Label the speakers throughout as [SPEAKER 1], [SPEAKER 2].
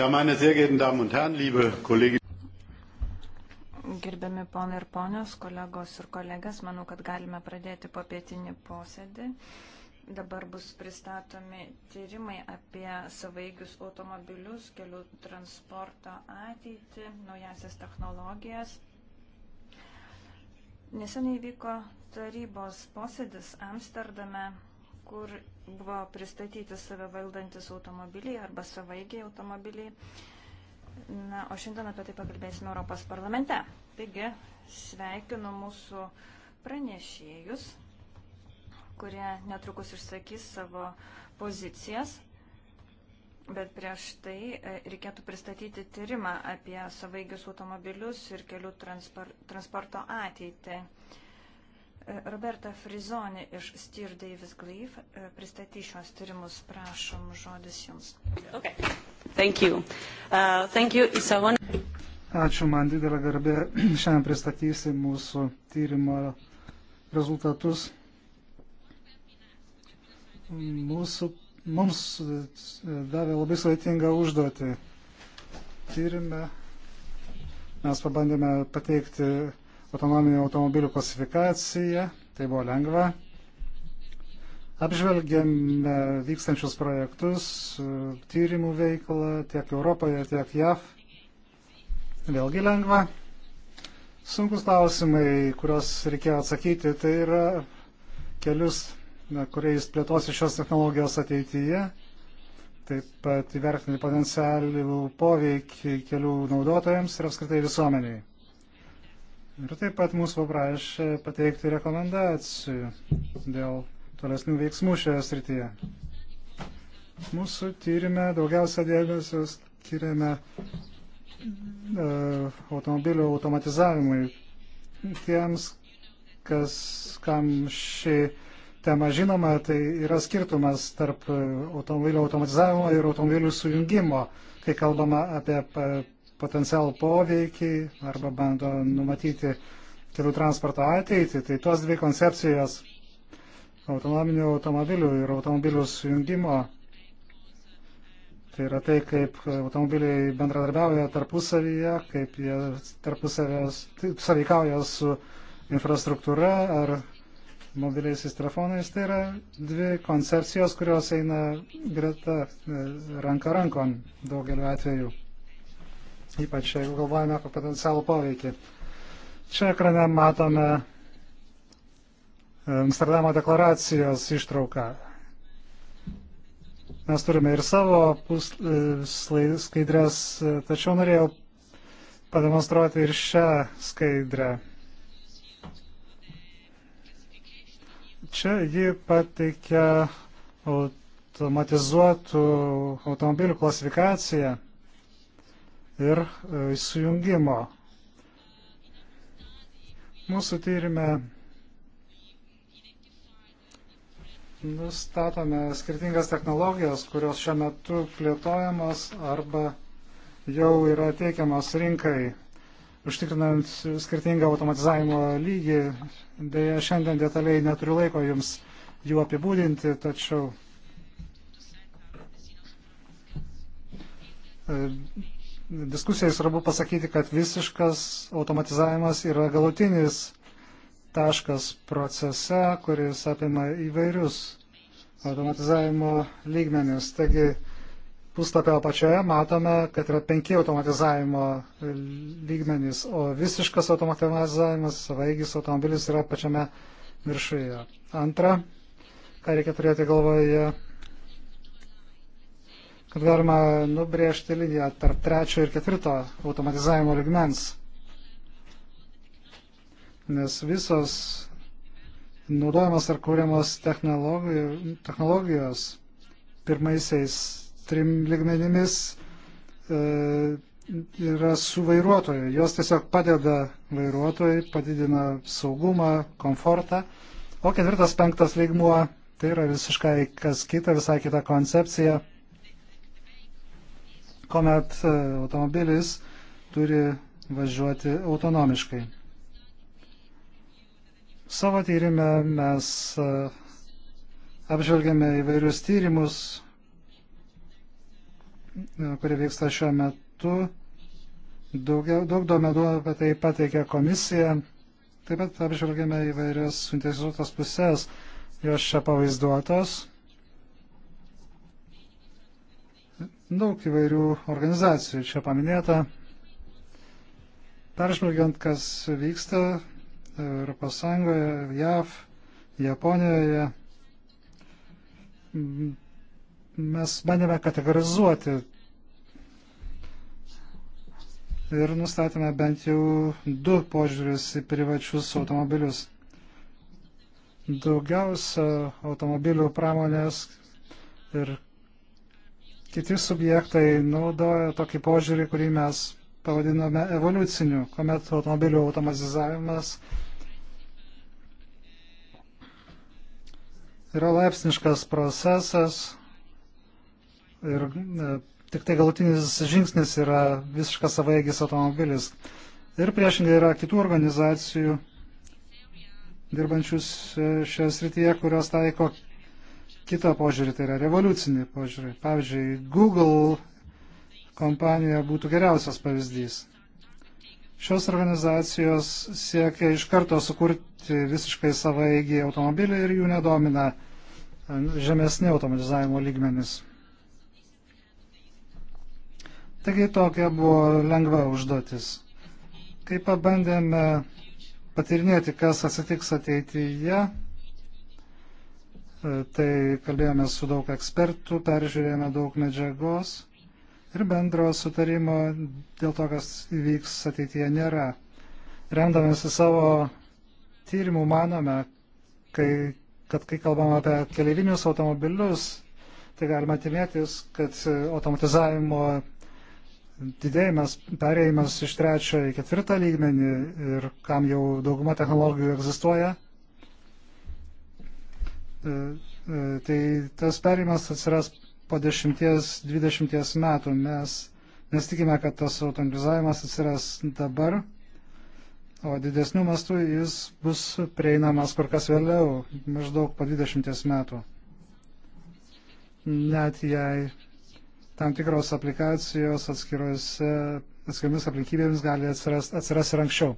[SPEAKER 1] Ja, meine sehr geehrten Damen und Herren, liebe Kolleginnen.
[SPEAKER 2] Gerbiami ponai ir ponios, kolegos ir kolegas, manau, kad galime pradėti popietinį posėdį. Dabar bus pristatomi tyrimai apie savaigius automobilius, kelių transporto ateitį, naujasias technologijas. Neseniai vyko tarybos posėdis Amsterdame kur buvo pristatyti save valdantis automobiliai arba savaigiai automobiliai. Na, o šiandien apie tai pakalbėsime Europos parlamente. Taigi, sveikinu mūsų pranešėjus, kurie netrukus išsakys savo pozicijas. Bet prieš tai e, reikėtų pristatyti tyrimą apie savaigius automobilius ir kelių transporto ateitį. E, Roberta Frizoni iš Steer Davis Glyph e, pristatys šios tyrimus. Prašom, žodis jums. Okay.
[SPEAKER 1] Thank you. Uh, thank you. One... Ačiū, man didelė garbė šiandien pristatysi mūsų tyrimo rezultatus. Mūsų, mums e, davė labai sudėtingą užduotį. Tyrime mes pabandėme pateikti autonominių automobilių klasifikaciją, tai buvo lengva. Apžvelgėme vykstančius projektus, tyrimų veiklą tiek Europoje, tiek JAV. Vėlgi lengva. Sunkus klausimai, kuriuos reikėjo atsakyti, tai yra kelius, kuriais plėtosi šios technologijos ateityje taip pat įvertinti potencialų poveikį kelių naudotojams ir apskritai visuomeniai. Ir taip pat mūsų paprašė pateikti rekomendacijų dėl tolesnių veiksmų šioje srityje. Mūsų tyrimė daugiausia dėmesio skiriame e, automobilių automatizavimui tiems, kas, kam šį temą žinoma, tai yra skirtumas tarp automobilių automatizavimo ir automobilių sujungimo, kai kalbama apie potencialų poveikį arba bando numatyti kelių transporto ateitį, tai tos dvi koncepcijos autonominių automobilių ir automobilių sujungimo, tai yra tai, kaip automobiliai bendradarbiauja tarpusavyje, kaip jie tarpusavyje sąveikauja su infrastruktūra ar mobiliaisiais telefonais, tai yra dvi koncepcijos, kurios eina greta e, ranka rankon daugeliu atveju ypač jeigu galvojame apie potencialų poveikį. Čia ekrane matome e, Amsterdamo deklaracijos ištrauką. Mes turime ir savo pus, e, skaidrės, e, tačiau norėjau pademonstruoti ir šią skaidrę. Čia ji pateikia automatizuotų automobilių klasifikaciją ir e, sujungimo. Mūsų tyrimė nustatome skirtingas technologijas, kurios šiuo metu plėtojamos arba jau yra teikiamos rinkai, užtikrinant skirtingą automatizavimo lygį. Deja, šiandien detaliai neturiu laiko jums jų apibūdinti, tačiau e, diskusijai svarbu pasakyti, kad visiškas automatizavimas yra galutinis taškas procese, kuris apima įvairius automatizavimo lygmenis. Taigi puslapio apačioje matome, kad yra penki automatizavimo lygmenys, o visiškas automatizavimas, savaigis automobilis yra pačiame viršuje. Antra, ką reikia turėti galvoje, kad galima nubrėžti liniją tarp trečio ir ketvirto automatizavimo ligmens, nes visos naudojamos ar kūriamos technologijos pirmaisiais trim ligmenimis e, yra su vairuotoju. Jos tiesiog padeda vairuotojai, padidina saugumą, komfortą. O ketvirtas, penktas lygmuo tai yra visiškai kas kita, visai kita koncepcija kuomet e, automobilis turi važiuoti autonomiškai. Savo tyrimę mes e, apžvelgėme įvairius tyrimus, e, kurie vyksta šiuo metu. Daugiau, daug duomenų apie tai pateikė komisija. Taip pat apžvelgėme įvairias suinteresuotas pusės, jos čia pavaizduotos. Daug įvairių organizacijų čia paminėta. Peržvelgiant, kas vyksta ES, JAV, Japonijoje, mes bandėme kategorizuoti ir nustatėme bent jau du požiūrius į privačius automobilius. Daugiausia automobilių pramonės ir Kiti subjektai naudoja tokį požiūrį, kurį mes pavadinome evoliuciniu, kuomet automobilių automatizavimas yra laipsniškas procesas ir e, tik tai galutinis žingsnis yra visiškas savaigis automobilis. Ir priešingai yra kitų organizacijų dirbančius e, šioje srityje, kurios taiko kitą požiūrį, tai yra revoliucinį požiūrį. Pavyzdžiui, Google kompanija būtų geriausias pavyzdys. Šios organizacijos siekia iš karto sukurti visiškai savaigį automobilį ir jų nedomina žemesni automatizavimo lygmenis. Taigi tokia buvo lengva užduotis. Kai pabandėme patirinėti, kas atsitiks ateityje, E, tai kalbėjome su daug ekspertų, peržiūrėjome daug medžiagos ir bendro sutarimo dėl to, kas vyks ateityje, nėra. Remdamėsi savo tyrimų manome, kai, kad kai kalbam apie keleivinius automobilius, tai galima timėtis, kad automatizavimo didėjimas, perėjimas iš trečio į ketvirtą lygmenį ir kam jau dauguma technologijų egzistuoja, E, e, tai tas perimas atsiras po 10-20 metų. Mes nesitikime, kad tas automatizavimas atsiras dabar, o didesnių mastų jis bus prieinamas kur kas vėliau, maždaug po 20 metų. Net jei tam tikros aplikacijos atskiromis aplinkybėmis gali atsiras, atsiras ir anksčiau.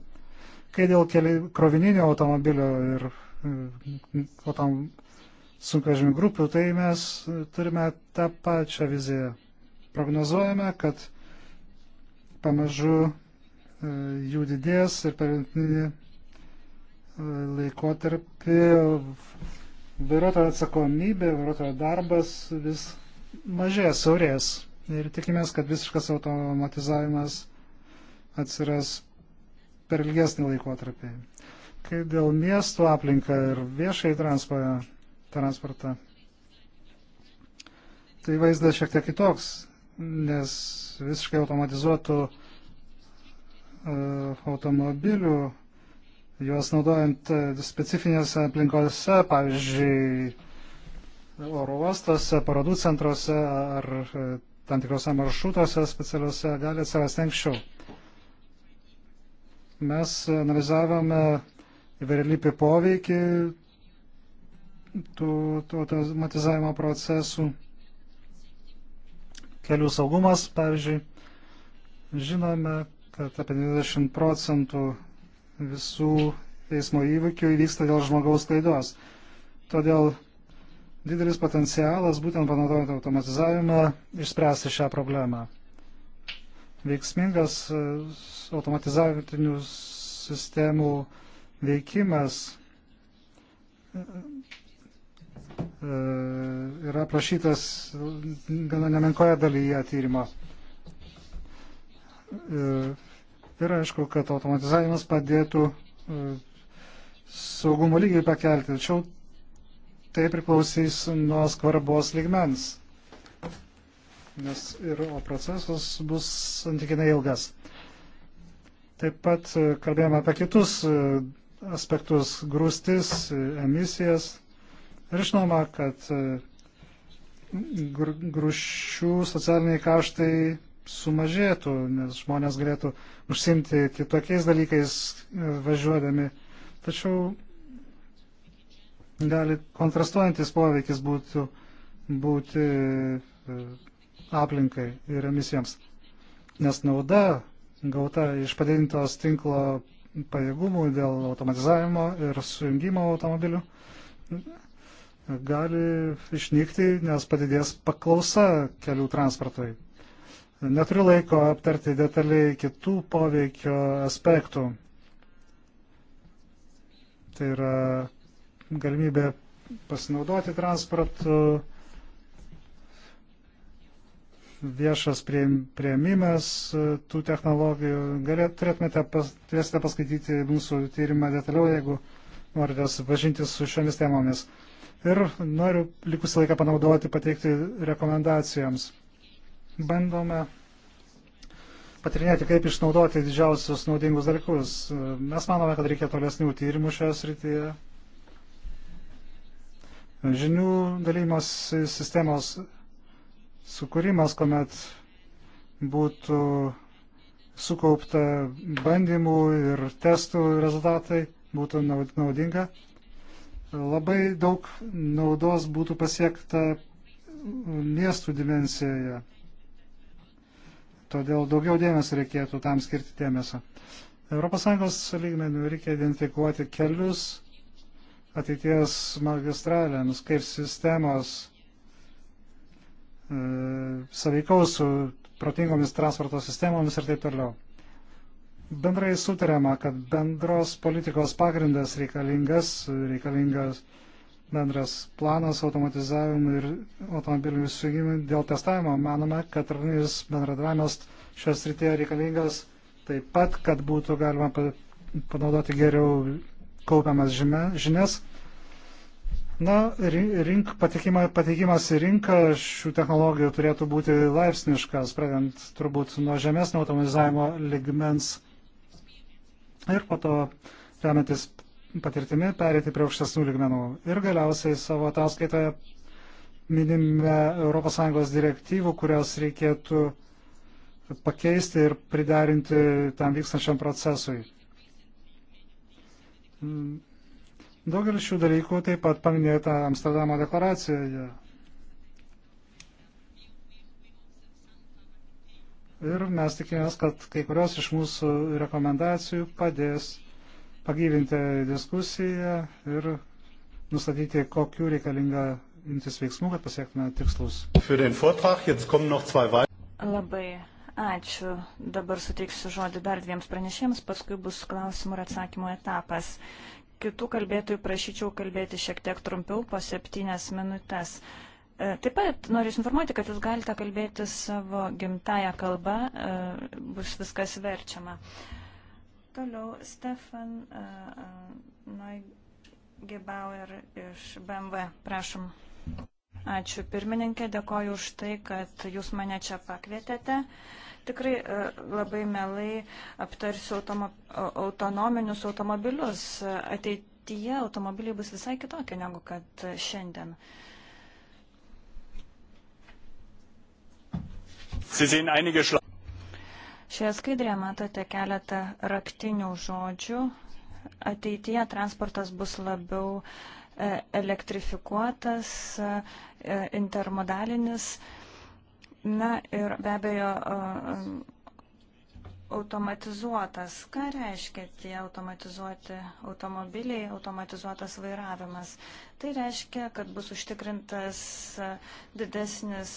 [SPEAKER 1] Kai dėl keli, krovininio automobilio ir e, autom, sunkvežimių grupių, tai mes turime tą pačią viziją. Prognozuojame, kad pamažu e, jų didės ir per e, laikotarpį vairuotojo atsakomybė, vairuotojo darbas vis mažės, saurės. Ir tikimės, kad visiškas automatizavimas atsiras per ilgesnį laikotarpį. Kai dėl miestų aplinką ir viešai transportą transportą. Tai vaizdas šiek tiek kitoks, nes visiškai automatizuotų uh, automobilių, juos naudojant uh, specifinėse aplinkose, pavyzdžiui, oro uostose, parodų centruose ar uh, tam tikrose maršrutuose specialiuose, gali atsirasti anksčiau. Mes analizavome įvairialypį poveikį tų, tų automatizavimo procesų. Kelių saugumas, pavyzdžiui, žinome, kad apie 20 procentų visų eismo įvykių įvyksta dėl žmogaus klaidos. Todėl didelis potencialas būtent panaudojant automatizavimą išspręsti šią problemą. Veiksmingas e, automatizavimų sistemų veikimas e, E, yra aprašytas gana nemenkoje dalyje tyrimo. E, ir aišku, kad automatizavimas padėtų e, saugumo lygį pakelti, tačiau tai priklausys nuo skvarbos lygmens, nes ir o procesas bus santykinai ilgas. Taip pat kalbėjome apie kitus aspektus - grūstis, emisijas, Ir žinoma, kad e, grušių socialiniai kaštai sumažėtų, nes žmonės galėtų užsimti kitokiais dalykais e, važiuodami. Tačiau gali kontrastuojantis poveikis būtų, būti e, aplinkai ir emisijoms. Nes nauda gauta iš padidintos tinklo pajėgumų dėl automatizavimo ir sujungimo automobilių gali išnykti, nes padidės paklausa kelių transportui. Neturiu laiko aptarti detaliai kitų poveikio aspektų. Tai yra galimybė pasinaudoti transportu, viešas prieimimas tų technologijų. Galėt, turėtumėte pas, turėsite paskaityti mūsų tyrimą detaliau, jeigu norite supažinti su šiomis temomis ir noriu likusį laiką panaudoti pateikti rekomendacijoms. Bandome patirinėti, kaip išnaudoti didžiausius naudingus dalykus. Mes manome, kad reikia tolesnių tyrimų šioje srityje. Žinių dalymos sistemos sukūrimas, kuomet būtų sukaupta bandymų ir testų rezultatai, būtų naudinga. Labai daug naudos būtų pasiekta miestų dimensijoje. Todėl daugiau dėmesio reikėtų tam skirti dėmesio. ES lygmenių reikia identifikuoti kelius ateities magistralėms, kaip sistemos e, saveikaus su protingomis transporto sistemomis ir taip toliau bendrai sutariama, kad bendros politikos pagrindas reikalingas, reikalingas bendras planas automatizavimui ir automobilių įsigymui dėl testavimo. Manome, kad tarnys bendradavimas šios rytėje reikalingas taip pat, kad būtų galima panaudoti geriau kaupiamas žinias. Na, rink, patikima, patikimas į rinką šių technologijų turėtų būti laipsniškas, pradant turbūt nuo žemesnio automatizavimo ligmens ir po to remiantis patirtimi perėti prie aukštesnių lygmenų. Ir galiausiai savo ataskaitoje minime ES direktyvų, kurios reikėtų pakeisti ir pridarinti tam vykstančiam procesui. Daugelis šių dalykų taip pat paminėta Amsterdamo deklaracijoje. Ir mes tikėjomės, kad kai kurios iš mūsų rekomendacijų padės pagyvinti diskusiją ir nustatyti, kokiu reikalinga imtis veiksmų, kad pasiektume tikslus.
[SPEAKER 2] Labai ačiū. Dabar suteiksiu žodį dar dviems pranešėjams, paskui bus klausimų ir atsakymų etapas. Kitų kalbėtojų prašyčiau kalbėti šiek tiek trumpiau, po septynias minutės. E, taip pat noriu Jūs informuoti, kad Jūs galite kalbėti savo gimtają kalbą, e, bus viskas verčiama. Toliau Stefan e, Neugebauer iš BMW, prašom. Ačiū pirmininkė, dėkoju už tai, kad Jūs mane čia pakvietėte. Tikrai labai melai aptarsiu automo, autonominius automobilius. Ateityje automobiliai bus visai kitokie negu kad šiandien. Uh, Šioje skaidrėje matote keletą raktinių žodžių. Ateityje transportas bus labiau e, elektrifikuotas, e, intermodalinis. Na ir be abejo, e, automatizuotas. Ką reiškia tie automatizuoti automobiliai, automatizuotas vairavimas? Tai reiškia, kad bus užtikrintas didesnis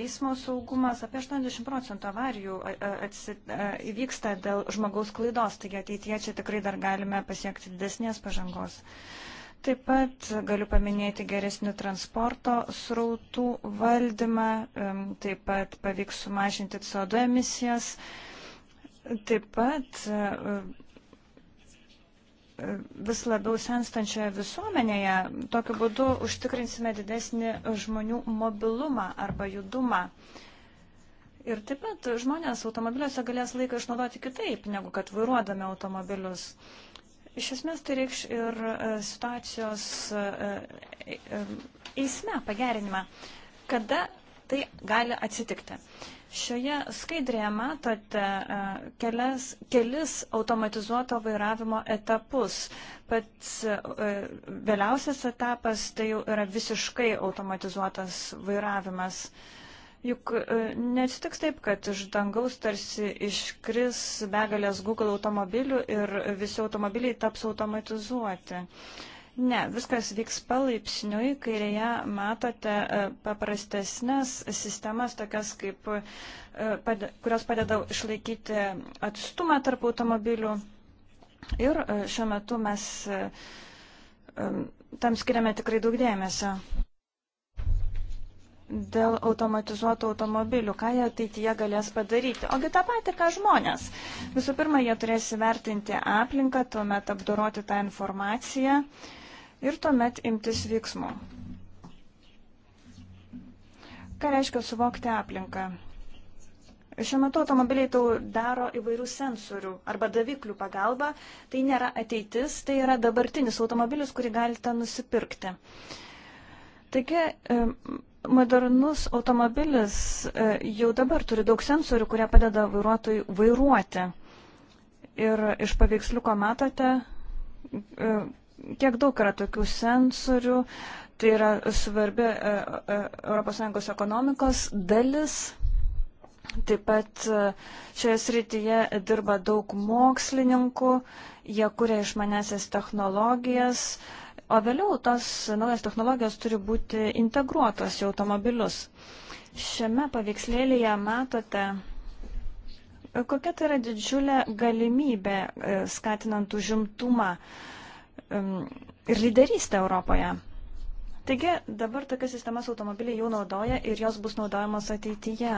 [SPEAKER 2] eismo saugumas. Apie 80 procentų avarijų įvyksta dėl žmogaus klaidos, taigi ateityje čia tikrai dar galime pasiekti didesnės pažangos. Taip pat galiu paminėti geresnių transporto srautų valdymą, taip pat pavyks sumažinti CO2 emisijas. Taip pat e, e, vis labiau senstančioje visuomenėje tokiu būdu užtikrinsime didesnį žmonių mobilumą arba judumą. Ir taip pat žmonės automobiliuose galės laiką išnaudoti kitaip, negu kad vairuodami automobilius. Iš esmės tai reikš ir e, situacijos eisme pagerinimą. Kada tai gali atsitikti. Šioje skaidrėje matote e, kelias, kelis automatizuoto vairavimo etapus. Pats e, vėliausias etapas tai jau yra visiškai automatizuotas vairavimas. Juk e, neatsitiks taip, kad iš dangaus tarsi iškris begalės Google automobilių ir visi automobiliai taps automatizuoti. Uh, Ne, viskas vyks palaipsniui. Kairėje matote e, paprastesnės sistemas, tokias kaip, e, kurios padeda išlaikyti atstumą tarp automobilių. Ir e, šiuo metu mes tam skiriame tikrai daug dėmesio. Dėl automatizuotų automobilių, ką jie ateityje galės padaryti. Ogi tą patį, ką žmonės. Visų pirma, jie turės įvertinti aplinką, tuomet apdoroti tą informaciją. Uh, ir tuomet imtis veiksmų. Ką reiškia suvokti aplinką? Šiuo metu automobiliai tau daro įvairių sensorių arba daviklių pagalba. Tai nėra ateitis, tai yra dabartinis automobilis, kurį galite nusipirkti. Taigi, e, modernus automobilis e, jau dabar turi daug sensorių, kurie padeda vairuotojui vairuoti. Ir iš paveiksliuko matote, e, tiek daug yra tokių sensorių, tai yra svarbi ES e, ekonomikos dalis. Taip pat e, šioje srityje dirba daug mokslininkų, jie kuria išmanesias technologijas, o vėliau tos naujas technologijos turi būti integruotos į automobilius. Šiame paveikslėlėje matote kokia tai yra didžiulė galimybė e, skatinant užimtumą. Uh, ir lyderystę Europoje. Taigi dabar tokias sistemas automobiliai jau naudoja ir jos bus naudojamos ateityje.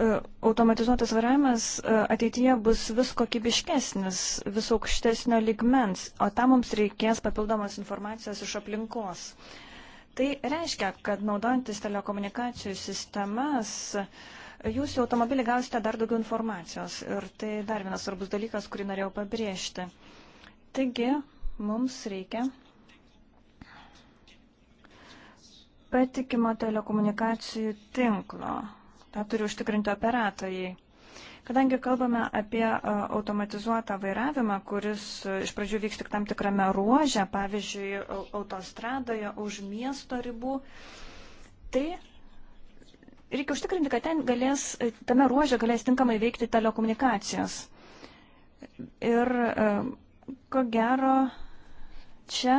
[SPEAKER 2] E, automatizuotas varavimas e, ateityje bus vis kokybiškesnis, vis aukštesnio ligmens, o tam mums reikės papildomos informacijos iš aplinkos. Tai reiškia, kad naudojantis telekomunikacijų sistemas uh, Jūs į automobilį gausite dar daugiau informacijos ir tai dar vienas svarbus dalykas, kurį norėjau pabrėžti. Taigi, mums reikia patikimo telekomunikacijų tinklo. Ta turi užtikrinti operatoriai. Kadangi kalbame apie automatizuotą vairavimą, kuris iš pradžių vyks tik tam tikrame ruože, pavyzdžiui, autostradoje už miesto ribų, tai reikia užtikrinti, kad ten galės, tame ruože galės tinkamai veikti telekomunikacijos. Ir e, ko gero, čia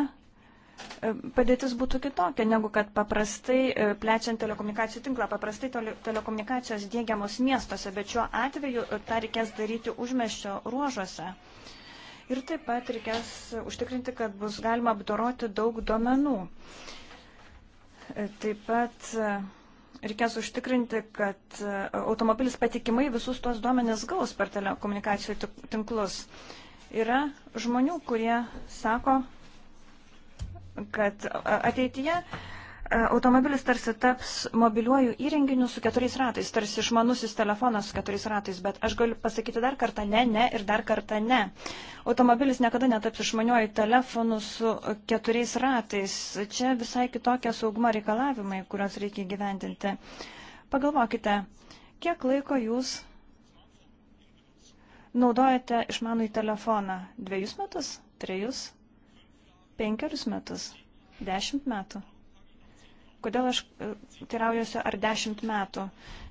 [SPEAKER 2] e, padėtis būtų kitokia, negu kad paprastai, e, plečiant telekomunikacijų tinklą, paprastai telekomunikacijos dėgiamos miestuose, bet šiuo atveju tą reikės daryti užmeščio ruožuose. Ir taip pat reikės užtikrinti, kad bus galima apdoroti daug duomenų. Taip pat reikės užtikrinti, kad e, automobilis patikimai visus tuos duomenis gaus per telekomunikacijų tinklus. Yra žmonių, kurie sako, kad ateityje uh, automobilis tarsi taps mobiliuoju įrenginiu su keturiais ratais, tarsi išmanusis telefonas su keturiais ratais, bet aš galiu pasakyti dar kartą ne, ne ir dar kartą ne. Automobilis niekada netaps išmaniuoju telefonu su keturiais ratais. Čia visai kitokie saugumo reikalavimai, kuriuos reikia gyvendinti. Pagalvokite, kiek laiko jūs naudojate išmanų į telefoną? Dviejus metus? Trejus? Penkerius metus? Dešimt metų? Kodėl aš e, teiraujuosi ar 10 metų?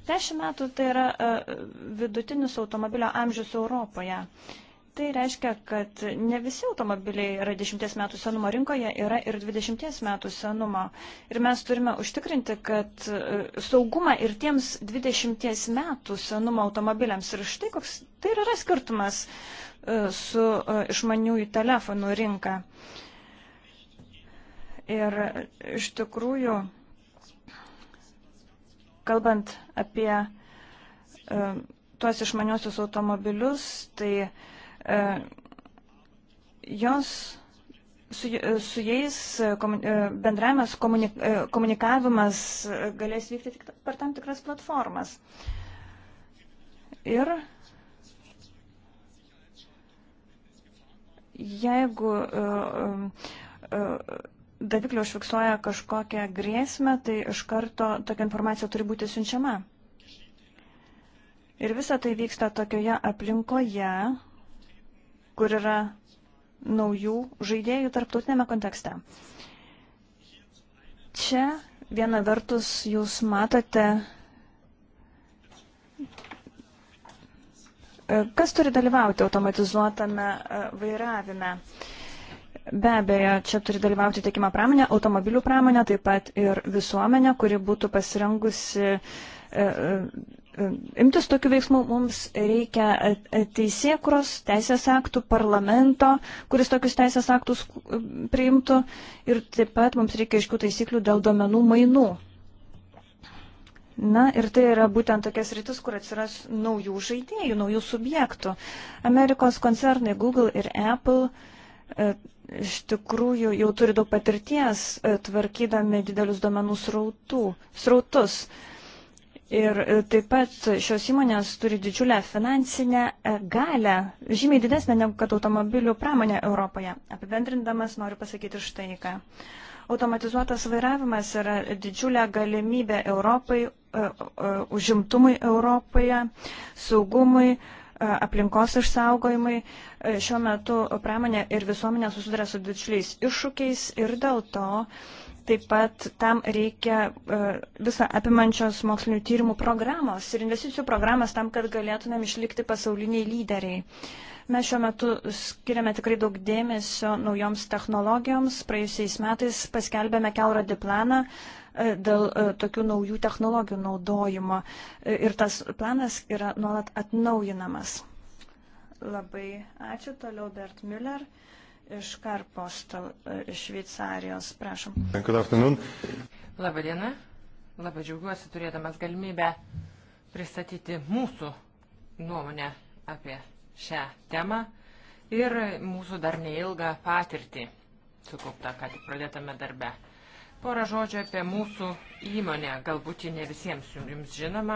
[SPEAKER 2] 10 metų tai yra e, vidutinis automobilio amžius Europoje. Tai reiškia, kad ne visi automobiliai yra 10 metų senumo rinkoje, yra ir 20 metų senumo. Ir mes turime užtikrinti, kad e, saugumą ir tiems 20 metų senumo automobiliams. Ir štai koks tai yra skirtumas su išmaniųjų telefonų rinka. Ir iš tikrųjų Kalbant apie uh, tuos išmaniosius automobilius, tai uh, jos su, e, su jais komun, bendravimas, komunik, komunikavimas galės vykti tik per tam tikras platformas. Ir jeigu uh, uh, davikliai užfiksuoja kažkokią grėsmę, tai iš karto tokia informacija turi būti siunčiama. Ir visa tai vyksta tokioje aplinkoje, kur yra naujų žaidėjų tarptautinėme kontekste. Čia viena vertus jūs matote, e, kas turi dalyvauti automatizuotame e, vairavime. Uh, Be abejo, čia turi dalyvauti tiekimo pramonė, automobilių pramonė, taip pat ir visuomenė, kuri būtų pasirengusi e, e, e imtis tokių veiksmų. Mums reikia e, e, teisėkros, teisės aktų, parlamento, kuris tokius teisės aktus priimtų ir taip pat mums reikia iškių taisyklių dėl domenų mainų. Na ir tai yra būtent tokias rytis, kur atsiras naujų žaidėjų, naujų subjektų. Amerikos koncernai Google ir Apple e, iš tikrųjų jau turi daug patirties e, tvarkydami didelius duomenų srautų, srautus. Ir e, taip pat šios įmonės turi didžiulę finansinę e, galę, žymiai didesnę negu kad automobilių pramonė Europoje. Apibendrindamas noriu pasakyti štai ką. Automatizuotas vairavimas yra didžiulė galimybė Europai, užimtumui Europoje, saugumui, aplinkos išsaugojimai. E, šiuo metu pramonė ir visuomenė susiduria su didžiuliais iššūkiais ir dėl to taip pat tam reikia e, visą apimančios mokslinių tyrimų programos ir investicijų programos tam, kad galėtumėm išlikti pasauliniai lyderiai. Mes šiuo metu skiriame tikrai daug dėmesio naujoms technologijoms. Praėjusiais metais paskelbėme kelrodį planą E, dėl e, tokių naujų technologijų naudojimo e, ir tas planas yra nuolat atnaujinamas. Labai ačiū. Toliau Bert Müller
[SPEAKER 3] iš Karpostal iš Šveicarijos. Prašom. Labą dieną. Labai džiaugiuosi turėdamas galimybę pristatyti mūsų nuomonę apie šią temą ir mūsų dar neilgą patirtį sukauptą, ką tik pradėtame darbe. Porą žodžių apie mūsų įmonę, galbūt ji ne visiems jums žinoma.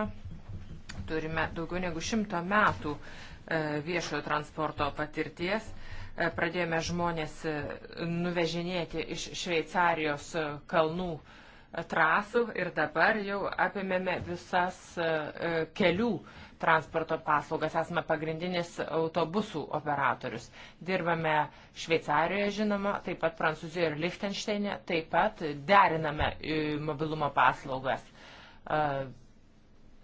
[SPEAKER 3] Turime daugiau negu šimto metų e, viešojo transporto patirties. E, pradėjome žmonės e, nuvežinėti iš Šveicarijos kalnų trasų ir dabar jau apimėme visas kelių uh, transporto paslaugas, esame pagrindinis autobusų operatorius. Dirbame Šveicarijoje, žinoma, taip pat Prancūzijoje ir Liechtensteine, taip pat deriname e, mobilumo paslaugas. E,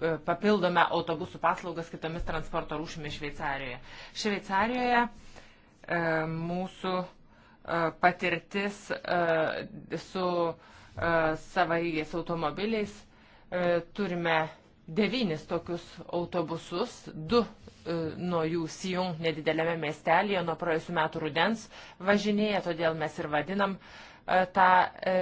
[SPEAKER 3] e, papildome autobusų paslaugas kitomis transporto rūšimis Šveicarijoje. Šveicarijoje mūsų patirtis su savaigės automobiliais turime devynis tokius autobusus, du e, nuo jų Sijung nedidelėme miestelėje nuo praėjusių metų rudens važinėja, todėl mes ir vadinam e, tą e,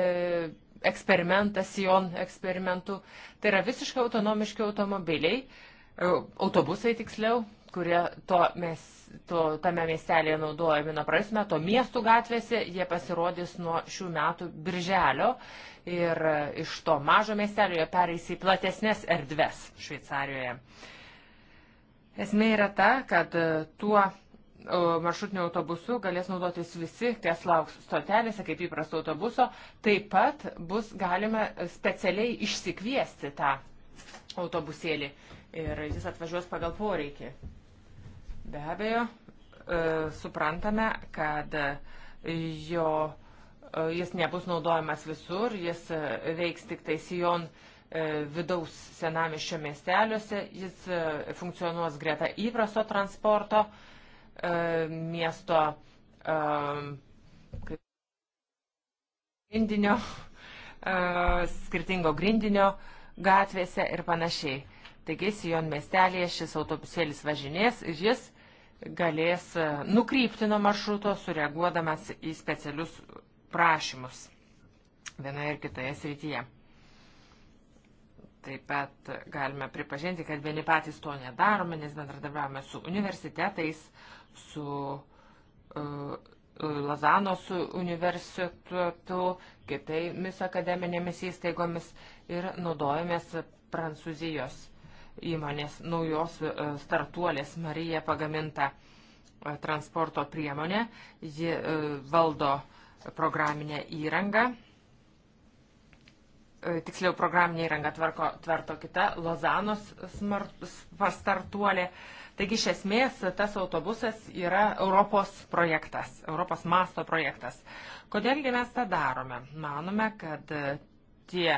[SPEAKER 3] eksperimentą Sijon eksperimentu. Tai yra visiškai autonomiški automobiliai, e, autobusai tiksliau, kurie to mes, to, tame miestelėje naudojami nuo praėjusių metų, miesto gatvėse jie pasirodys nuo šių metų birželio ir iš to mažo miestelio pereis į platesnės erdves Šveicarijoje. Esmė yra ta, kad e, tuo e, maršrutiniu autobusu galės naudotis visi, kas lauks stotelėse, kaip įprasto autobuso. Taip pat bus galima specialiai išsikviesti tą autobusėlį ir jis atvažiuos pagal poreikį. Be abejo, e, suprantame, kad jo E, jis nebus naudojamas visur, jis e, veiks tik tai Sijon e, vidaus senamiščio miesteliuose, jis funkcionuos greta įprasto transporto miesto grindinio, skirtingo grindinio gatvėse ir panašiai. Taigi Sijon miestelėje šis autobusėlis važinės ir jis galės nukrypti nuo maršruto, sureaguodamas į specialius prašymus vienoje ir kitoje srityje. Taip pat galime pripažinti, kad vieni patys to nedarome, nes bendradarbiavame su universitetais, su uh, Lazanos universitetu, kitomis akademinėmis įstaigomis ir naudojamės Prancūzijos įmonės naujos e, startuolės Marija pagaminta e, transporto priemonė. Ji valdo uh, programinę įrangą. E, tiksliau, programinė įranga tvarko, tvarto kita Lozanos smart, startuolė. Taigi, iš esmės, tas autobusas yra Europos projektas, Europos masto projektas. Kodėlgi mes tą darome? Manome, kad e, tie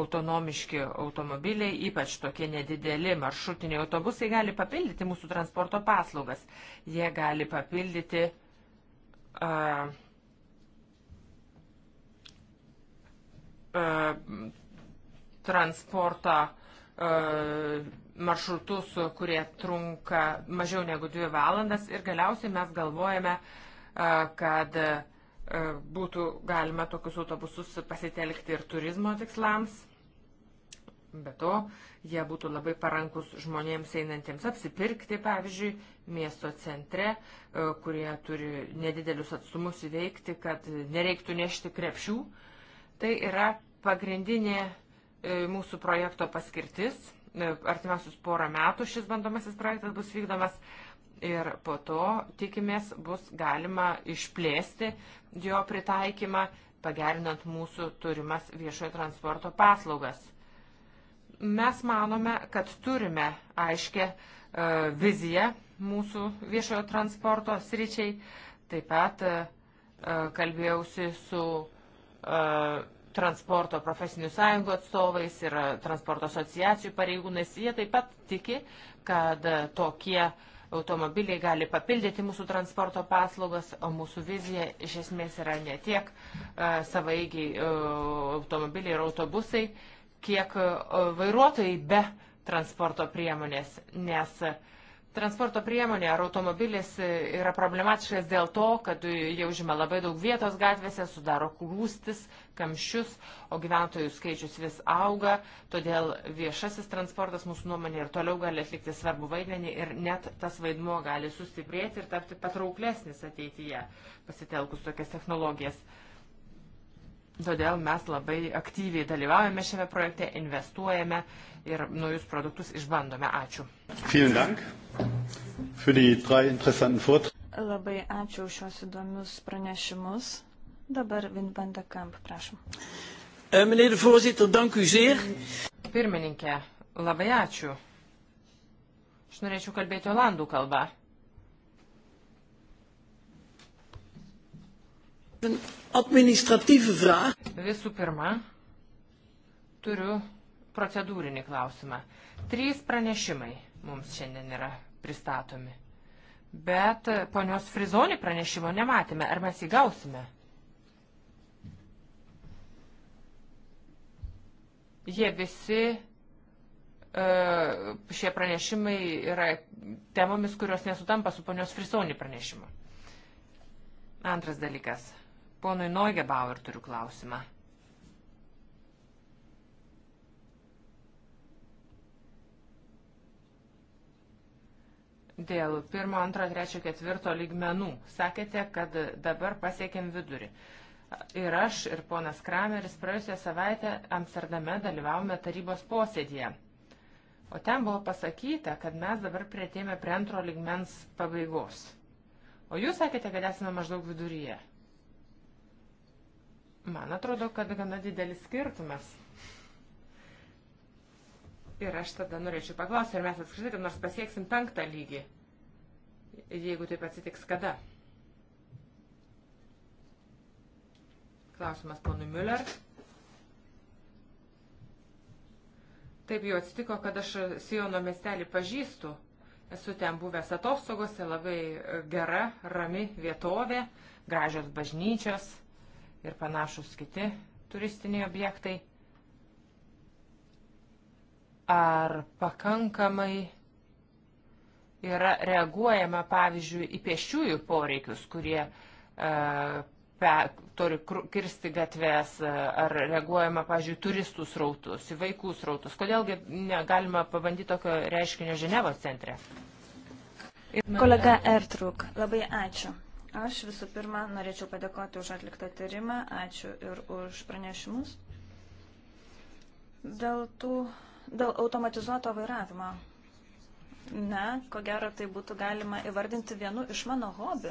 [SPEAKER 3] autonomiški automobiliai, ypač tokie nedideli maršrutiniai autobusai, gali papildyti mūsų transporto paslaugas. Jie gali papildyti uh, E, transporto e, maršrutus, kurie trunka mažiau negu 2 valandas ir galiausiai mes galvojame, e, kad būtų galima tokius autobusus pasitelkti ir turizmo tikslams. Be to, jie būtų labai parankus žmonėms einantiems apsipirkti, pavyzdžiui, miesto centre, kurie turi nedidelius atstumus įveikti, kad nereiktų nešti krepšių. Uh, Tai yra pagrindinė e, mūsų projekto paskirtis. E, artimiausius porą metų šis bandomasis projektas bus vykdomas ir po to, tikimės, bus galima išplėsti jo pritaikymą, pagerinant mūsų turimas viešojo transporto paslaugas. Mes manome, kad turime aiškę e, viziją mūsų viešojo transporto sričiai. Taip pat e, e kalbėjausi su e, E, transporto profesinių sąjungų atstovais ir transporto asociacijų pareigūnais. Jie taip pat tiki, kad tokie automobiliai gali papildyti mūsų transporto paslaugas, o mūsų vizija iš esmės yra ne tiek e, savaigiai e, automobiliai ir autobusai, kiek vairuotojai be transporto priemonės, nes uh, transporto priemonė ar automobilis yra problematiškas dėl to, kad jie užima labai daug vietos gatvėse, sudaro klūstis, kamščius, o gyventojų skaičius vis auga, todėl viešasis transportas mūsų nuomonė ir toliau gali atlikti svarbu vaidmenį ir net tas vaidmuo gali sustiprėti ir tapti patrauklesnis ateityje pasitelkus tokias technologijas. Todėl mes labai aktyviai dalyvaujame šiame projekte, investuojame ir naujus produktus išbandome. Ačiū.
[SPEAKER 2] Labai ačiū už šios įdomius pranešimus. Dabar Vinbanda Kamp, prašom.
[SPEAKER 1] Eh, meneer de
[SPEAKER 3] voorzitter, dank u zeer. Pirmininkė, labai ačiū. Aš norėčiau kalbėti olandų kalbą administratyvi vraag. Visų pirma, turiu procedūrinį klausimą. Trys pranešimai mums šiandien yra pristatomi. Bet ponios Frizonį pranešimo nematėme. Ar mes jį gausime? Jie visi e, šie pranešimai yra temomis, kurios nesutampa su ponios Frisonį pranešimu. Antras dalykas. Ponui Noigebauer turiu klausimą. Dėl pirmo, antro, trečio, ketvirto lygmenų. Sakėte, kad dabar pasiekėm vidurį. Ir aš, ir ponas Krameris praėjusią savaitę Amsterdame dalyvavome tarybos posėdėje. O ten buvo pasakyta, kad mes dabar prieėmėme prie antro lygmens pabaigos. O jūs sakėte, kad esame maždaug viduryje. Man atrodo, kad gana didelis skirtumas. Ir aš tada norėčiau paklausti, ar mes apskritai kaip nors pasieksim penktą lygį, jeigu taip atsitiks kada. Klausimas ponui Müller. Taip jau atsitiko, kad aš Siono miestelį pažįstu. Esu ten buvęs atostogose, labai gera, rami vietovė, gražios bažnyčios ir panašus kiti turistiniai objektai, ar pakankamai yra reaguojama, pavyzdžiui, į pešiųjų poreikius, kurie uh, pe, turi kirsti gatves, e, ar reaguojama, pavyzdžiui, turistų srautus, į vaikų srautus. Kodėlgi negalima pabandyti tokio reiškinio Ženevos centre? Ir... Kolega Ertruk,
[SPEAKER 2] labai ačiū. Aš visų pirma norėčiau padėkoti už atliktą tyrimą, ačiū ir už pranešimus. Dėl, tų, dėl automatizuoto vairavimo. Na, ko gero, tai būtų galima įvardinti vienu iš mano hobi.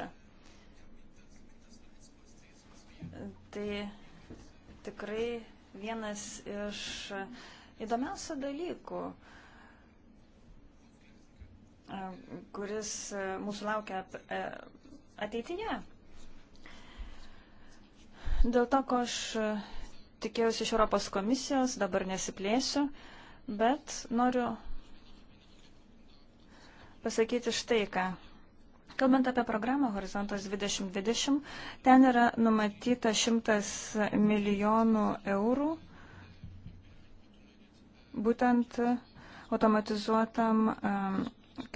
[SPEAKER 2] Tai tikrai vienas iš įdomiausių dalykų, kuris mūsų laukia ateityje. Dėl to, ko aš e, tikėjausi iš Europos komisijos, dabar nesiplėsiu, bet noriu pasakyti štai ką. Kalbant apie programą Horizontas 2020, ten yra numatyta 100 milijonų eurų būtent automatizuotam um,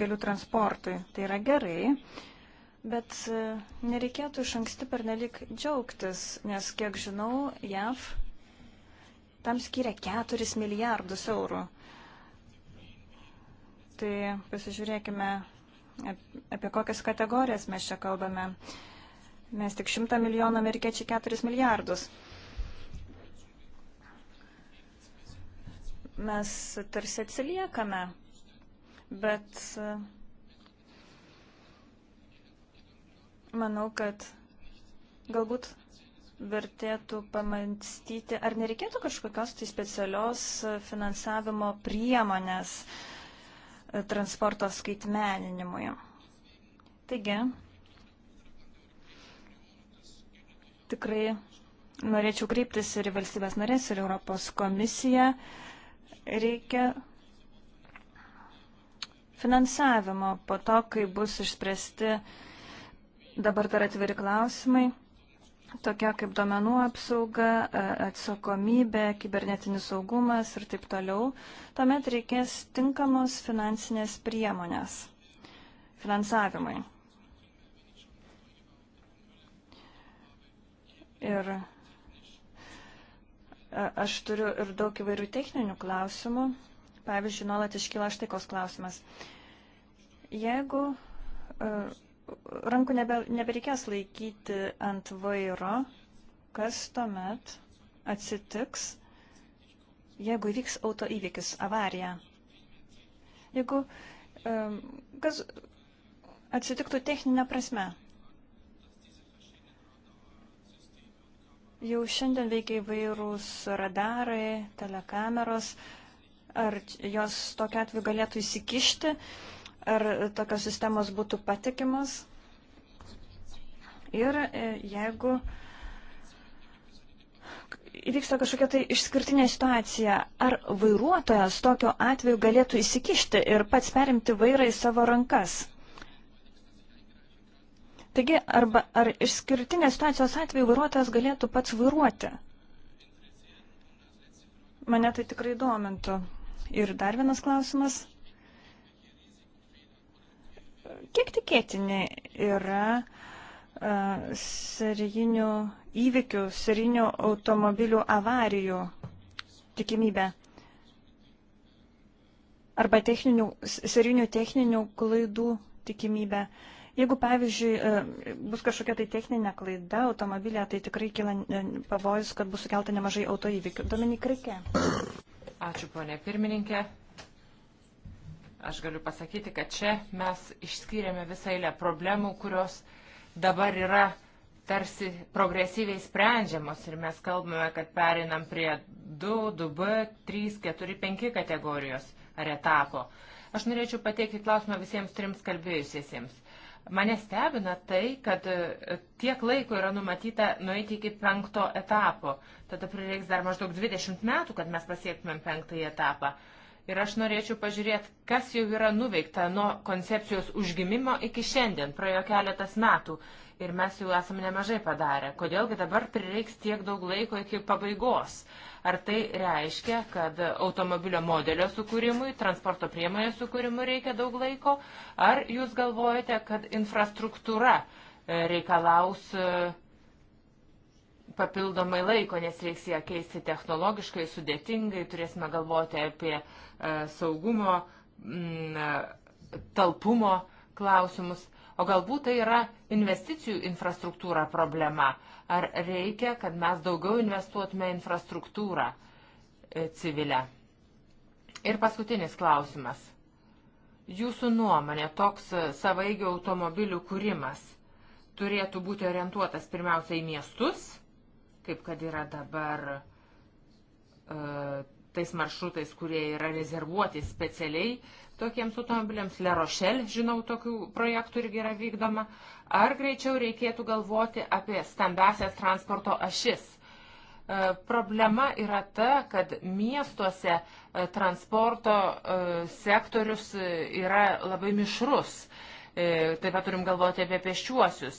[SPEAKER 2] kelių transportui. Tai yra gerai, Bet e, nereikėtų iš anksti pernelik džiaugtis, nes, kiek žinau, JAV tam skiria 4 milijardus eurų. Tai pasižiūrėkime, apie kokias kategorijas mes čia kalbame. Mes tik 100 milijonų amerikiečiai 4 milijardus. Mes tarsi atsiliekame, bet Manau, kad galbūt vertėtų pamastyti, ar nereikėtų kažkokios tai specialios finansavimo priemonės e, transporto skaitmeninimui. Taigi, tikrai norėčiau kreiptis ir į valstybės narės, ir Europos komisiją. Reikia finansavimo po to, kai bus išspręsti uh, Dabar dar atviri klausimai, tokie kaip domenų apsauga, e, atsakomybė, kibernetinis saugumas ir taip toliau. Tuomet reikės tinkamos finansinės priemonės finansavimai. Ir e, aš turiu ir daug įvairių techninių klausimų. Pavyzdžiui, nuolat iškyla štai koks klausimas. Jeigu uh, rankų nebe, nebereikės laikyti ant vairo, kas tuomet atsitiks, jeigu įvyks auto įvykis, avarija. Jeigu kas atsitiktų techninė prasme. Jau šiandien veikia įvairūs radarai, telekameros, ar jos tokia atveju galėtų įsikišti ar tokios sistemos būtų patikimas. Ir e, jeigu įvyksta kažkokia tai išskirtinė situacija, ar vairuotojas tokiu atveju galėtų įsikišti ir pats perimti vairą į savo rankas? Taigi, arba, ar išskirtinės situacijos atveju vairuotojas galėtų pats vairuoti? Mane tai tikrai domintų. Ir dar vienas klausimas. Kiek tikėtini yra e, serijinių įvykių, serijinių automobilių avarijų tikimybė? Arba techninių, serinių techninių klaidų tikimybė? Jeigu, pavyzdžiui, e, bus kažkokia tai techninė klaida automobilė, tai tikrai kyla e, pavojus, kad bus sukelta nemažai autoįvykių. Dominik Rikė.
[SPEAKER 3] Ačiū, ponė pirmininkė. Aš galiu pasakyti, kad čia mes išskyrėme visą eilę problemų, kurios dabar yra tarsi progresyviai sprendžiamos ir mes kalbame, kad perinam prie 2, 2B, 3, 4, 5 kategorijos ar etapo. Aš norėčiau pateikti klausimą visiems trims kalbėjusiesiems. Mane stebina tai, kad e, tiek laiko yra numatyta nueiti iki penkto etapo. Tada prireiks dar maždaug 20 metų, kad mes pasiektumėm penktąjį etapą. Ir aš norėčiau pažiūrėti, kas jau yra nuveikta nuo koncepcijos užgimimo iki šiandien, praėjo keletas metų. Ir mes jau esame nemažai padarę. Kodėlgi dabar prireiks tiek daug laiko iki pabaigos? Ar tai reiškia, kad automobilio modelio sukūrimui, transporto priemonės sukūrimui reikia daug laiko? Ar jūs galvojate, kad infrastruktūra e, reikalaus e, papildomai laiko, nes reiks ją keisti technologiškai, sudėtingai, turėsime galvoti apie e, saugumo, e, talpumo klausimus. O galbūt tai yra investicijų infrastruktūra problema. Ar reikia, kad mes daugiau investuotume infrastruktūrą e, civilę? Ir paskutinis klausimas. Jūsų nuomonė toks savaigio automobilių kūrimas turėtų būti orientuotas pirmiausia į miestus kaip kad yra dabar e, tais maršrutais, kurie yra rezervuoti specialiai tokiems automobiliams. Lerošel, žinau, tokių projektų irgi yra vykdoma. Ar greičiau reikėtų galvoti apie stambesias transporto ašis? E, problema yra ta, kad miestuose e, transporto sektorius yra labai mišrus E, taip pat turim galvoti apie pėsčiuosius.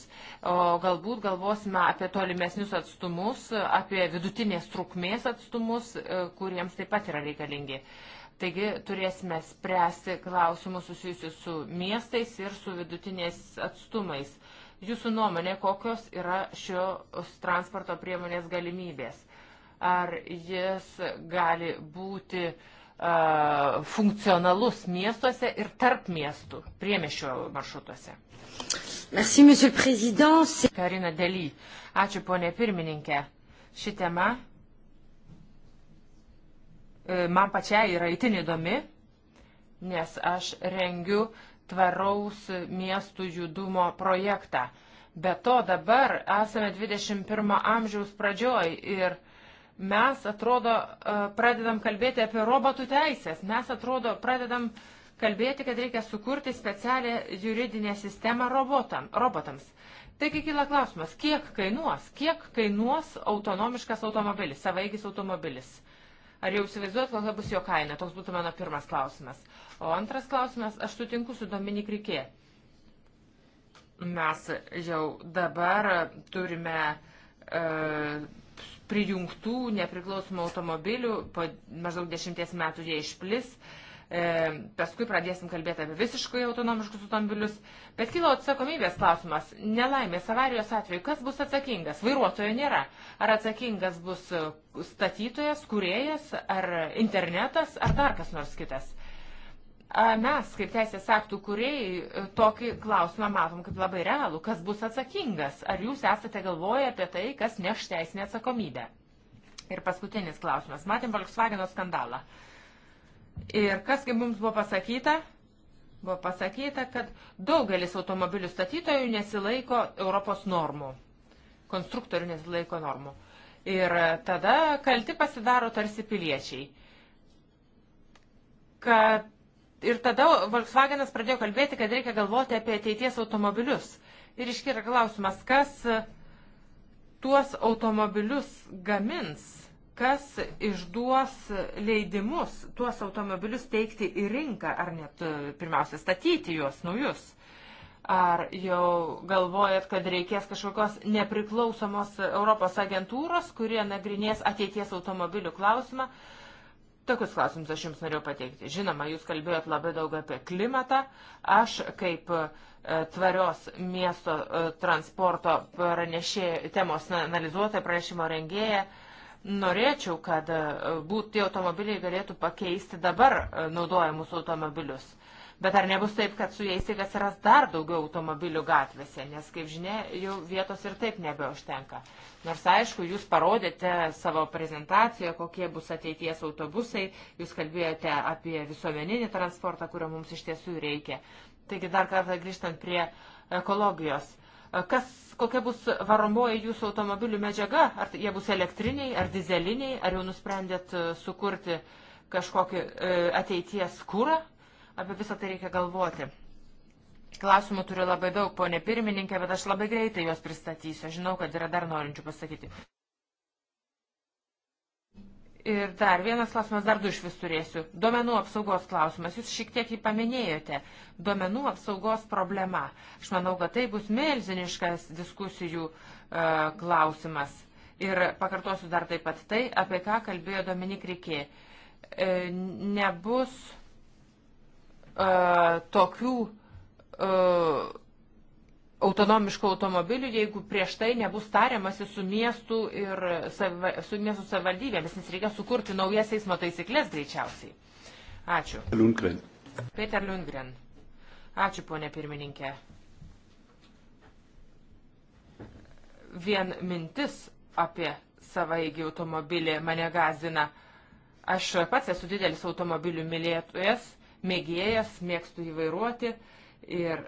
[SPEAKER 3] O galbūt galvosime apie tolimesnius atstumus, apie vidutinės trukmės atstumus, e, kuriems taip pat yra reikalingi. Taigi turėsime spręsti klausimus susijusius su miestais ir su vidutinės atstumais. Jūsų nuomonė, kokios yra šios transporto priemonės galimybės? Ar jis gali būti uh, funkcionalus miestuose ir tarp miestų, priemešio maršrutuose. Merci, monsieur le président. Karina Dely. Ačiū, ponė pirmininkė. Ši tema e, man pačiai yra itin įdomi, nes aš rengiu tvaraus miestų judumo projektą. Be to dabar esame 21 amžiaus pradžioj ir Mes, atrodo, e, pradedam kalbėti apie robotų teisės. Mes, atrodo, pradedam kalbėti, kad reikia sukurti specialią juridinę sistemą robotam, robotams. Taigi kyla klausimas, kiek kainuos, kiek kainuos autonomiškas automobilis, savaigis automobilis. Ar jau įsivaizduojat, kokia bus jo kaina? Toks būtų mano pirmas klausimas. O antras klausimas, aš sutinku su Dominik Rikė. Mes jau dabar turime e, prijungtų nepriklausomų automobilių, po maždaug dešimties metų jie išplis, e, paskui pradėsim kalbėti apie visiškai autonomiškus automobilius, bet kilo atsakomybės klausimas, nelaimės avarijos atveju, kas bus atsakingas, vairuotojo nėra, ar atsakingas bus statytojas, kuriejas, ar internetas, ar dar kas nors kitas. Mes, kaip teisės aktų kuriejai, e, tokį klausimą matom kaip labai realų. Kas bus atsakingas? Ar jūs esate galvoję apie tai, kas neš teisinę atsakomybę? Ir paskutinis klausimas. Matėm Volkswageno skandalą. Ir kas, kaip mums buvo pasakyta? Buvo pasakyta, kad daugelis automobilių statytojų nesilaiko Europos normų. Konstruktorių nesilaiko normų. Ir tada kalti pasidaro tarsi piliečiai. Kad Ir tada Volkswagenas pradėjo kalbėti, kad reikia galvoti apie ateities automobilius. Ir iškyra klausimas, kas tuos automobilius gamins, kas išduos leidimus tuos automobilius teikti į rinką, ar net e, pirmiausia statyti juos naujus. Ar jau galvojat, kad reikės kažkokios nepriklausomos Europos agentūros, kurie nagrinės ateities automobilių klausimą, Tokius klausimus aš Jums norėjau pateikti. Žinoma, Jūs kalbėjot labai daug apie klimatą. Aš kaip e, tvarios miesto e, transporto pranešė, temos analizuotoja pranešimo rengėja norėčiau, kad e, būt, tie automobiliai galėtų pakeisti dabar naudojamus automobilius. Bet ar nebus taip, kad su jais tik atsiras dar daugiau automobilių gatvėse, nes, kaip žinia, jau vietos ir taip nebeužtenka. Nors aišku, jūs parodėte savo prezentaciją, kokie bus ateities autobusai, jūs kalbėjote apie visuomeninį transportą, kurio mums iš tiesų reikia. Taigi dar kartą grįžtant prie ekologijos. Kas, kokia bus varomoji jūsų automobilių medžiaga? Ar jie bus elektriniai, ar dizeliniai, ar jau nusprendėt e, sukurti kažkokį e, ateities kūrą, Apie visą tai reikia galvoti. Klausimų turiu labai daug, ponė pirmininkė, bet aš labai greitai juos pristatysiu. Aš žinau, kad yra dar norinčių pasakyti. Ir dar vienas klausimas, dar du iš vis turėsiu. Duomenų apsaugos klausimas. Jūs šiek tiek jį paminėjote. Duomenų apsaugos problema. Aš manau, kad tai bus milziniškas diskusijų uh, klausimas. Ir pakartosiu dar taip pat tai, apie ką kalbėjo Dominik Rikė. E, nebus uh, tokių uh, autonomiškų automobilių, jeigu prieš tai nebus tariamasi su miestų ir sava, su miestų savivaldybėmis, nes reikia sukurti naujas eismo taisyklės greičiausiai. Ačiū. Lundgren. Peter Lundgren. Ačiū, ponė pirmininkė. Vien mintis apie savaigį automobilį mane gazina. Aš pats esu didelis automobilių mylėtojas mėgėjas, mėgstu jį vairuoti ir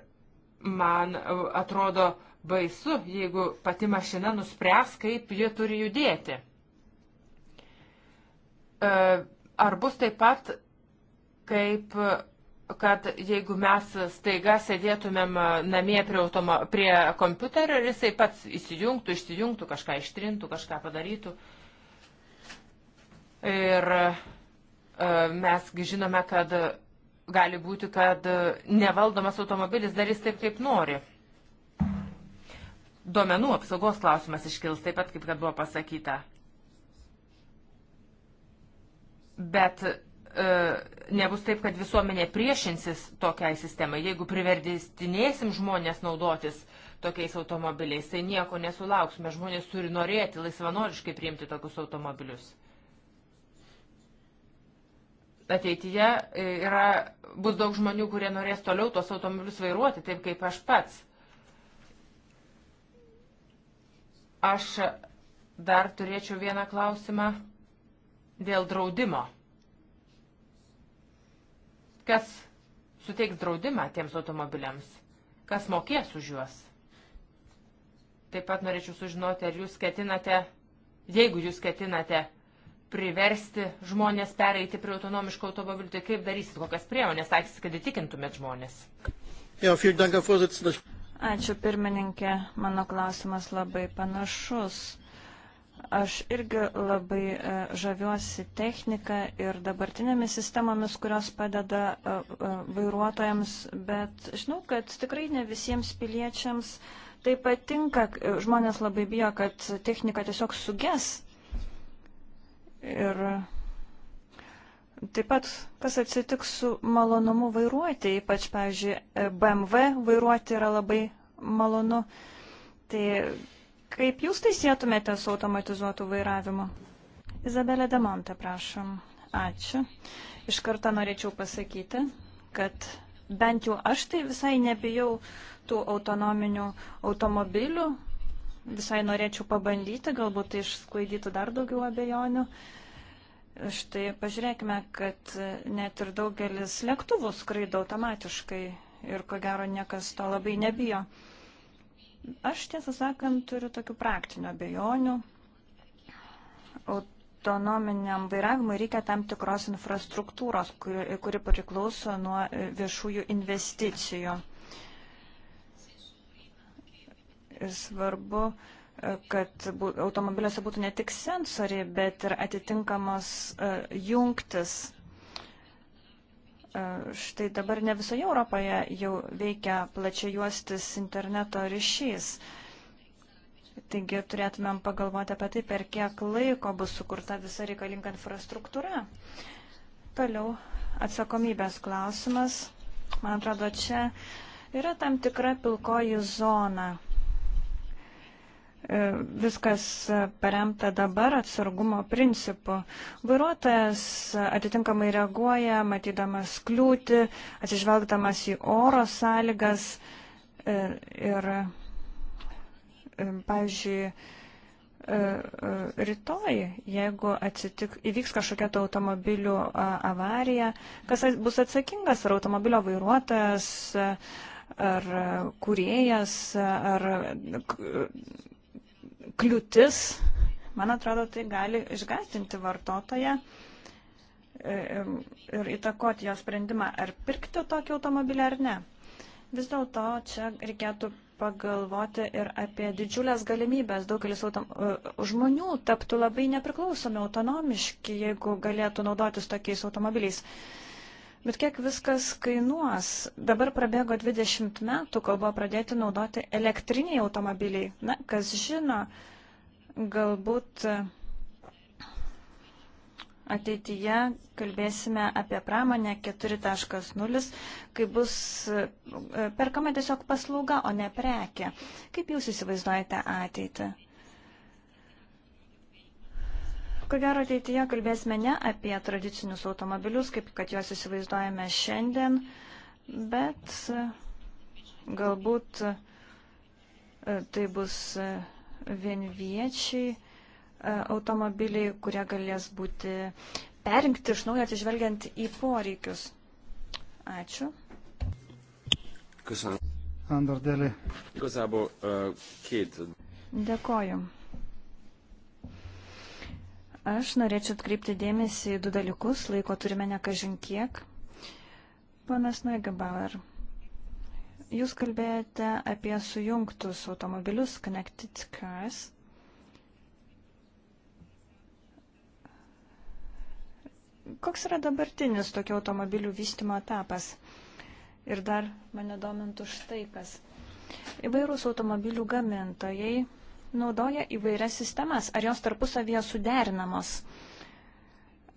[SPEAKER 3] man atrodo baisu, jeigu pati mašina nuspręs, kaip ji turi judėti. E, ar bus taip pat, kaip, kad jeigu mes staiga sėdėtumėm namie prie, automa, prie kompiuterio ir jisai pats įsijungtų, išsijungtų, kažką ištrintų, kažką padarytų. Ir e, mesgi žinome, kad gali būti, kad e, nevaldomas automobilis darys taip, kaip nori. Duomenų apsaugos klausimas iškils taip pat, kaip kad buvo pasakyta. Bet e, nebus taip, kad visuomenė priešinsis tokiai sistemai. Jeigu priverdistinėsim žmonės naudotis tokiais automobiliais, tai nieko nesulauksime. Žmonės turi norėti laisvanoriškai priimti tokius automobilius ateityje e, yra, bus daug žmonių, kurie norės toliau tos automobilius vairuoti, taip kaip aš pats. Aš dar turėčiau vieną klausimą dėl draudimo. Kas suteiks draudimą tiems automobiliams? Kas mokės už juos? Taip pat norėčiau sužinoti, ar jūs ketinate, jeigu jūs ketinate priversti žmonės pereiti prie autonomiško automobilių, tai kaip darysit, kokias priemonės taikysit, kad įtikintumėt žmonės?
[SPEAKER 1] Ja, Dank,
[SPEAKER 2] Ačiū pirmininkė, mano klausimas labai panašus. Aš irgi labai e, žaviuosi techniką ir dabartinėmis sistemomis, kurios padeda e, e, vairuotojams, bet žinau, kad tikrai ne visiems piliečiams tai patinka. Žmonės labai bijo, kad technika tiesiog suges Ir taip pat, kas atsitiks su malonumu vairuoti, ypač, pavyzdžiui, BMW vairuoti yra labai malonu. Tai kaip jūs tai sėtumėte su automatizuotu vairavimo? Izabelė Demonte, prašom. Ačiū. Iš karto norėčiau pasakyti, kad bent jau aš tai visai nebijau tų autonominių automobilių, Visai norėčiau pabandyti, galbūt tai išsklaidytų dar daugiau abejonių. Štai pažiūrėkime, kad net ir daugelis lėktuvų skraido automatiškai ir ko gero niekas to labai nebijo. Aš tiesą sakant turiu tokių praktinių abejonių. Autonominiam vairavimui reikia tam tikros infrastruktūros, kuri, kuri priklauso nuo viešųjų investicijų. svarbu, e, kad automobiliuose būtų ne tik sensoriai, bet ir atitinkamos e, jungtis. E, štai dabar ne visoje Europoje jau veikia plačiai juostis interneto ryšys. Taigi turėtumėm pagalvoti apie tai, per kiek laiko bus sukurta visa reikalinga infrastruktūra. Toliau atsakomybės klausimas. Man atrodo, čia yra tam tikra pilkoji zona viskas paremta dabar atsargumo principu. Vairuotojas atitinkamai reaguoja, matydamas kliūtį, atsižvelgdamas į oro sąlygas e, ir, e, pavyzdžiui, e, rytoj, jeigu atsitik, įvyks kažkokia to automobilių avarija, kas bus atsakingas, ar automobilio vairuotojas, ar kuriejas, ar kliūtis, man atrodo, tai gali išgastinti vartotoje ir, e, ir įtakoti jo sprendimą, ar pirkti tokį automobilį ar ne. Vis dėlto čia reikėtų pagalvoti ir apie didžiulės galimybės. Daugelis autom... E, žmonių taptų labai nepriklausomi, autonomiški, jeigu galėtų naudotis tokiais automobiliais. Uh, Bet kiek viskas kainuos? Dabar prabėgo 20 metų, kol buvo pradėti naudoti elektriniai automobiliai. Na, kas žino, galbūt e, ateityje kalbėsime apie pramonę 4.0, kai bus e, perkama tiesiog paslauga, o ne prekė. Kaip jūs įsivaizduojate ateitį? Ko gero ateityje kalbėsime ne apie tradicinius automobilius, kaip kad juos įsivaizduojame šiandien, bet e, galbūt e, tai bus e, vienviečiai automobiliai, kurie galės būti perinkti iš naujo atsižvelgiant į poreikius. Ačiū.
[SPEAKER 1] Köszönöm. Andor Deli. Igazából uh, két.
[SPEAKER 2] Dėkoju. Aš norėčiau atkreipti dėmesį į du dalykus, laiko turime nekažin kiek. Panas Neugebauer, jūs kalbėjote apie sujungtus automobilius Connected Cars. Koks yra dabartinis tokio automobilių vystimo etapas? Ir dar mane domintų štai kas. Įvairūs automobilių gamintojai naudoja įvairias sistemas. Ar jos tarpusavyje suderinamos?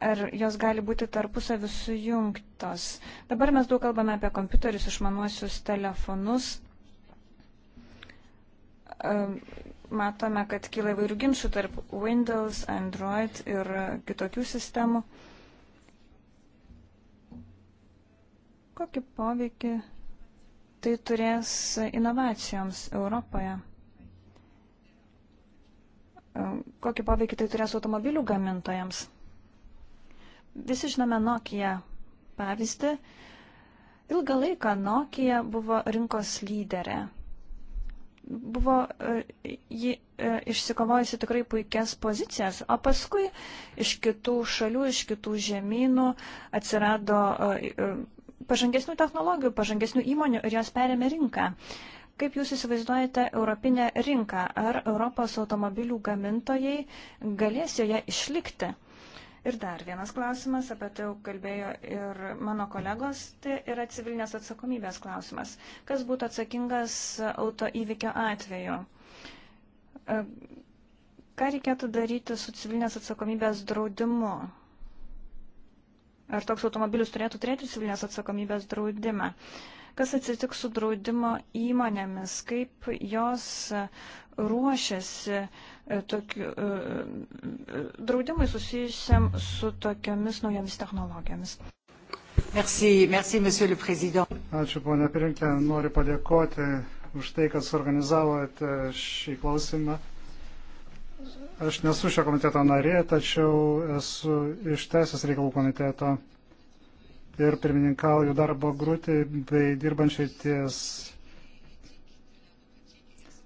[SPEAKER 2] Ar jos gali būti tarpusavį sujungtos? Dabar mes daug kalbame apie kompiuterius, išmanuosius telefonus. Matome, kad kyla įvairių ginčių tarp Windows, Android ir kitokių sistemų. Kokį poveikį tai turės inovacijoms Europoje? E, kokį poveikį tai turės automobilių gamintojams. Visi žinome Nokia pavyzdį. Ilgą laiką Nokia buvo rinkos lyderė. Buvo e, ji e, išsikovojusi tikrai puikias pozicijas, o paskui iš kitų šalių, iš kitų žemynų atsirado pažangesnių technologijų, pažangesnių įmonių ir jos perėmė rinką. Kaip Jūs įsivaizduojate europinę rinką? Ar Europos automobilių gamintojai galės joje išlikti? Ir dar vienas klausimas, apie tai jau kalbėjo ir mano kolegos, tai yra civilinės atsakomybės klausimas. Kas būtų atsakingas auto įvykio atveju? E, ką reikėtų daryti su civilinės atsakomybės draudimu? Ar toks automobilis turėtų turėti civilinės atsakomybės draudimą? Uh, Kas atsitiks su draudimo įmonėmis, kaip jos ruošiasi e, tokiu, e, e, draudimui susijusiam su tokiamis naujomis technologijomis.
[SPEAKER 1] Merci, merci, monsieur le président. Ačiū, ponia Pirinkė, noriu padėkoti už tai, kad suorganizavote šį klausimą. Aš nesu šio komiteto narė, tačiau esu iš Teisės reikalų komiteto ir pirmininkauju darbo grupį bei dirbančiai ties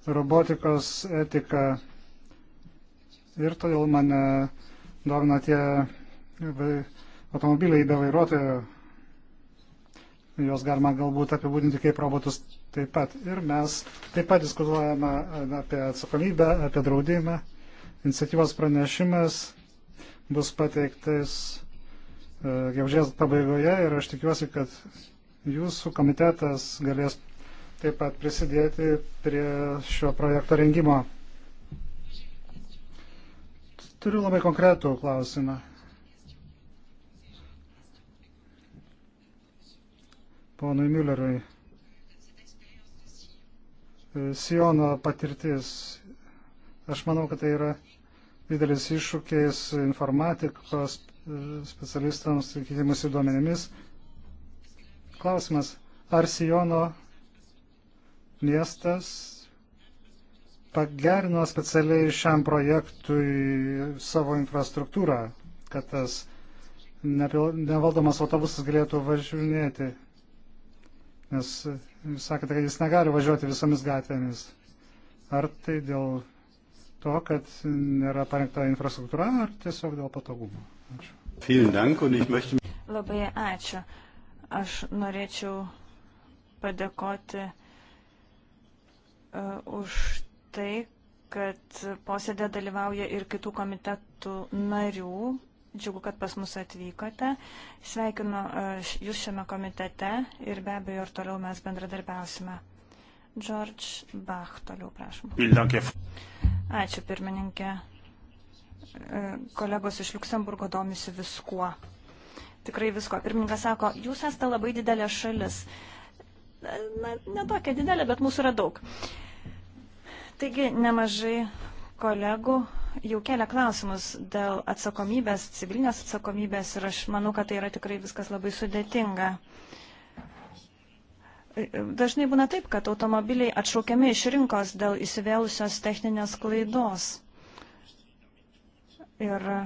[SPEAKER 1] robotikos etika. Ir todėl mane domina tie automobiliai be vairuotojo. Juos galima galbūt apibūdinti kaip robotus taip pat. Ir mes taip pat diskutuojame apie atsakomybę, apie draudimą. Iniciatyvos pranešimas bus pateiktas E, gegužės pabaigoje ir aš tikiuosi, kad jūsų komitetas galės taip pat prisidėti prie šio projekto rengimo. Turiu labai konkretų klausimą. Ponui Müllerui. E, Siono patirtis. Aš manau, kad tai yra didelis iššūkis informatikos specialistams keitimusi duomenimis. Klausimas, ar Sijono miestas pagerino specialiai šiam projektui savo infrastruktūrą, kad tas nevaldomas autobusas galėtų važinėti, nes jūs sakėte, kad jis negali važiuoti visomis gatvėmis. Ar tai dėl to, kad nėra parengta infrastruktūra, ar tiesiog dėl patogumo? Ačiū.
[SPEAKER 2] Labai ačiū. Aš norėčiau padėkoti uh, už tai, kad posėdė dalyvauja ir kitų komitetų narių. Džiugu, kad pas mus atvykote. Sveikinu uh, jūs šiame komitete ir be abejo ir toliau mes bendradarbiausime. George Bach, toliau prašom. Ačiū pirmininkė. E, kolegos iš Luksemburgo domisi viskuo. Tikrai visko. Pirmininkas sako, jūs esate labai didelė šalis. E, na, netokia didelė, bet mūsų yra daug. Taigi nemažai kolegų jau kelia klausimus dėl atsakomybės, civilinės atsakomybės ir aš manau, kad tai yra tikrai viskas labai sudėtinga. E, dažnai būna taip, kad automobiliai atšaukiami iš rinkos dėl įsivėlusios techninės klaidos. Ir e,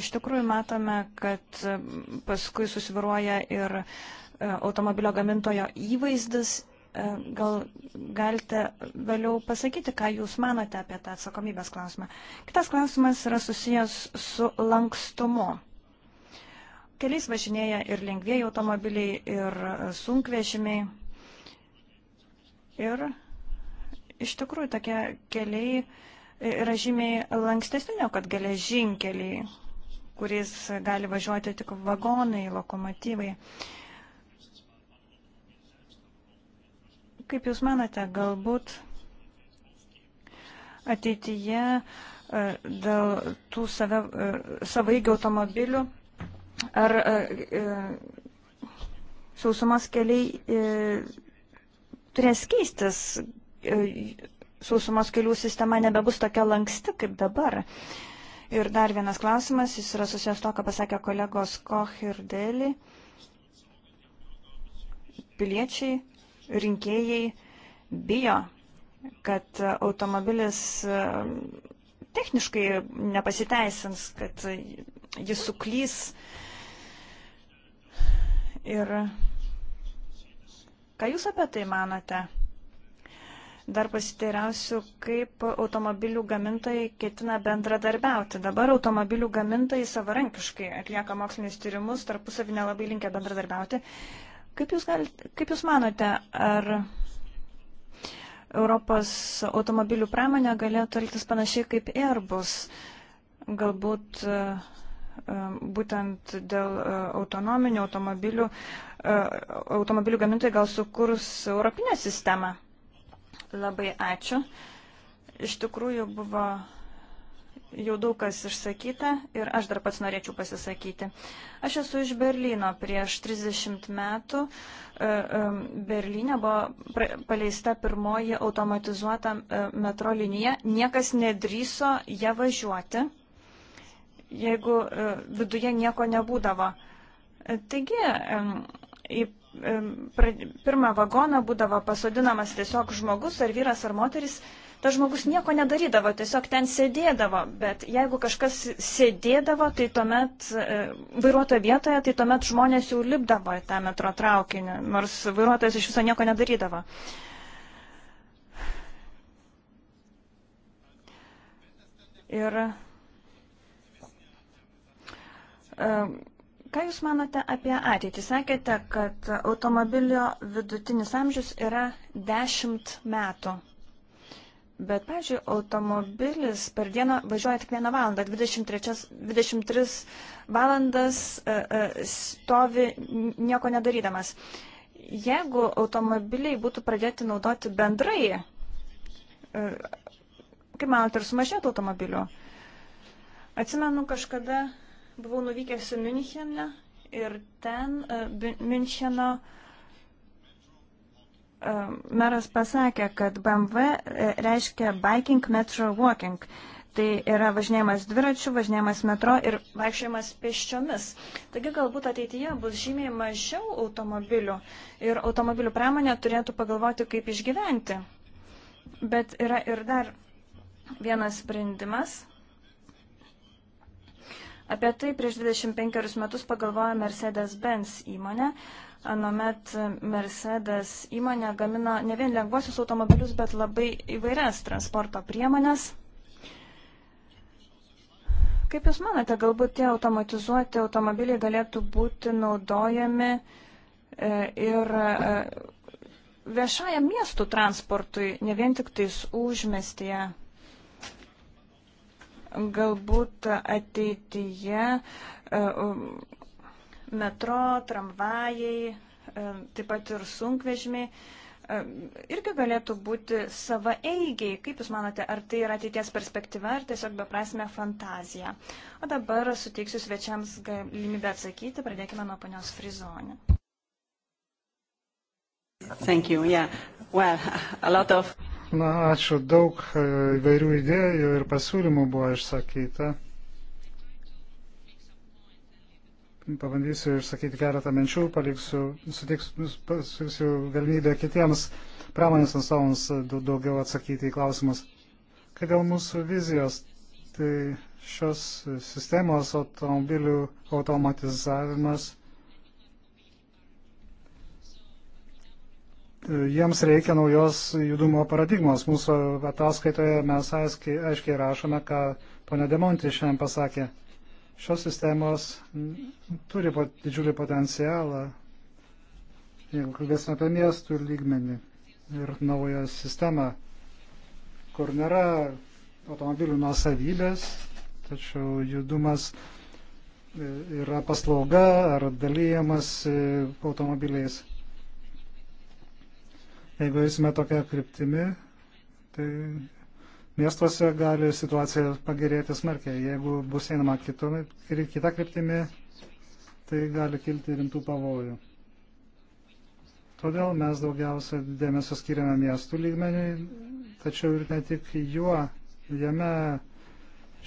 [SPEAKER 2] iš tikrųjų matome, kad e, paskui susviruoja ir e, automobilio gamintojo įvaizdis. Gal galite vėliau pasakyti, ką Jūs manote apie tą atsakomybės klausimą. Kitas klausimas yra susijęs su lankstumu. Keliais važinėja ir lengvėjai automobiliai, ir sunkvežimiai. Ir iš tikrųjų tokie keliai uh, yra žymiai lankstesni, negu kad geležinkeliai, kuriais gali važiuoti tik vagonai, lokomotyvai. Kaip Jūs manate, galbūt ateityje e, dėl tų save, e, savaigių automobilių ar e, sausumos keliai turės keistis sausumos kelių sistema nebebus tokia lanksti kaip dabar. Ir dar vienas klausimas, jis yra susijęs to, ką pasakė kolegos Koch ir Deli. Piliečiai, rinkėjai bijo, kad automobilis e, techniškai nepasiteisins, kad jis suklys. Ir ką jūs apie tai manote? Dar pasiteirausiu, kaip automobilių gamintojai ketina bendradarbiauti. Dabar automobilių gamintojai savarankiškai atlieka mokslinius tyrimus, tarpusavį nelabai linkia bendradarbiauti. Kaip jūs, galite, kaip jūs manote, ar Europos automobilių pramonė galėtų elgtis panašiai kaip Airbus? Galbūt e, e, būtent dėl e, autonominių automobilių, automobilių gamintojai gal sukurs Europinę sistemą? Labai ačiū. Iš tikrųjų buvo jau daug kas išsakyta ir aš dar pats norėčiau pasisakyti. Aš esu iš Berlyno. Prieš 30 metų e, e, Berlyne buvo paleista pirmoji automatizuota e, metro linija. Niekas nedryso ją važiuoti, jeigu viduje nieko nebūdavo. Taigi, į pirmą vagoną būdavo pasodinamas tiesiog žmogus, ar vyras, ar moteris, tas žmogus nieko nedarydavo, tiesiog ten sėdėdavo. Bet jeigu kažkas sėdėdavo, tai tuomet e, vairuotojo vietoje, tai tuomet žmonės jau lipdavo į tą metro traukinį, nors vairuotojas iš viso nieko nedarydavo. Ir um, Ką Jūs manote apie ateitį? Sakėte, kad automobilio vidutinis amžius yra 10 metų. Bet, pavyzdžiui, automobilis per dieną važiuoja tik vieną valandą, 23, 23 valandas e, e, stovi nieko nedarydamas. Jeigu automobiliai būtų pradėti naudoti bendrai, e, kaip manote, ar sumažėtų automobilių? Atsimenu, kažkada Buvau nuvykęs į Müncheną ir ten e, Müncheno e, meras pasakė, kad BMW e, reiškia biking, metro, walking. Tai yra važinėjimas dviračių, važinėjimas metro ir vaikščiojimas pėsčiomis. Taigi galbūt ateityje bus žymiai mažiau automobilių ir automobilių pramonė turėtų pagalvoti, kaip išgyventi. Bet yra ir dar vienas sprendimas, Apie tai prieš 25 metus pagalvojo Mercedes-Benz įmonė. Anomet Mercedes įmonė gamino ne vien lengvosius automobilius, bet labai įvairias transporto priemonės. Kaip Jūs manate, galbūt tie automatizuoti automobiliai galėtų būti naudojami e, ir e, viešajam miestų transportui, ne vien tik tais užmestyje? Galbūt ateityje e, metro, tramvajai, e, taip pat ir sunkvežimiai e, irgi galėtų būti savaeigiai. Kaip Jūs manote, ar tai yra ateities perspektyva, ar tiesiog beprasme fantazija? O dabar suteiksiu svečiams galimybę atsakyti. Pradėkime nuo panios Frizonė. Thank you. Yeah. Well, a lot
[SPEAKER 1] of Na, ačiū daug e, įvairių idėjų ir pasiūlymų buvo išsakyta. Pabandysiu išsakyti keletą minčių, paliksiu, sutiksiu, sutiksiu galimybę kitiems pramonės atstovams daugiau atsakyti į klausimus. Kai dėl mūsų vizijos, tai šios sistemos automobilių automatizavimas jiems reikia naujos judumo paradigmos. Mūsų ataskaitoje mes aiškiai, aiškiai rašome, ką ponė Demonti šiandien pasakė. Šios sistemos turi pot, didžiulį potencialą, jeigu kalbėsime apie miestų lygmenį ir naują sistemą, kur nėra automobilių nuosavybės, tačiau judumas e, yra paslauga ar dalyjamas automobiliais Jeigu eisime tokia kryptimi, tai miestuose gali situacija pagerėti smarkiai. Jeigu bus einama kito, kita kryptimi, tai gali kilti rimtų pavojų. Todėl mes daugiausia dėmesio skiriame miestų lygmeniui, tačiau ir ne tik juo, jame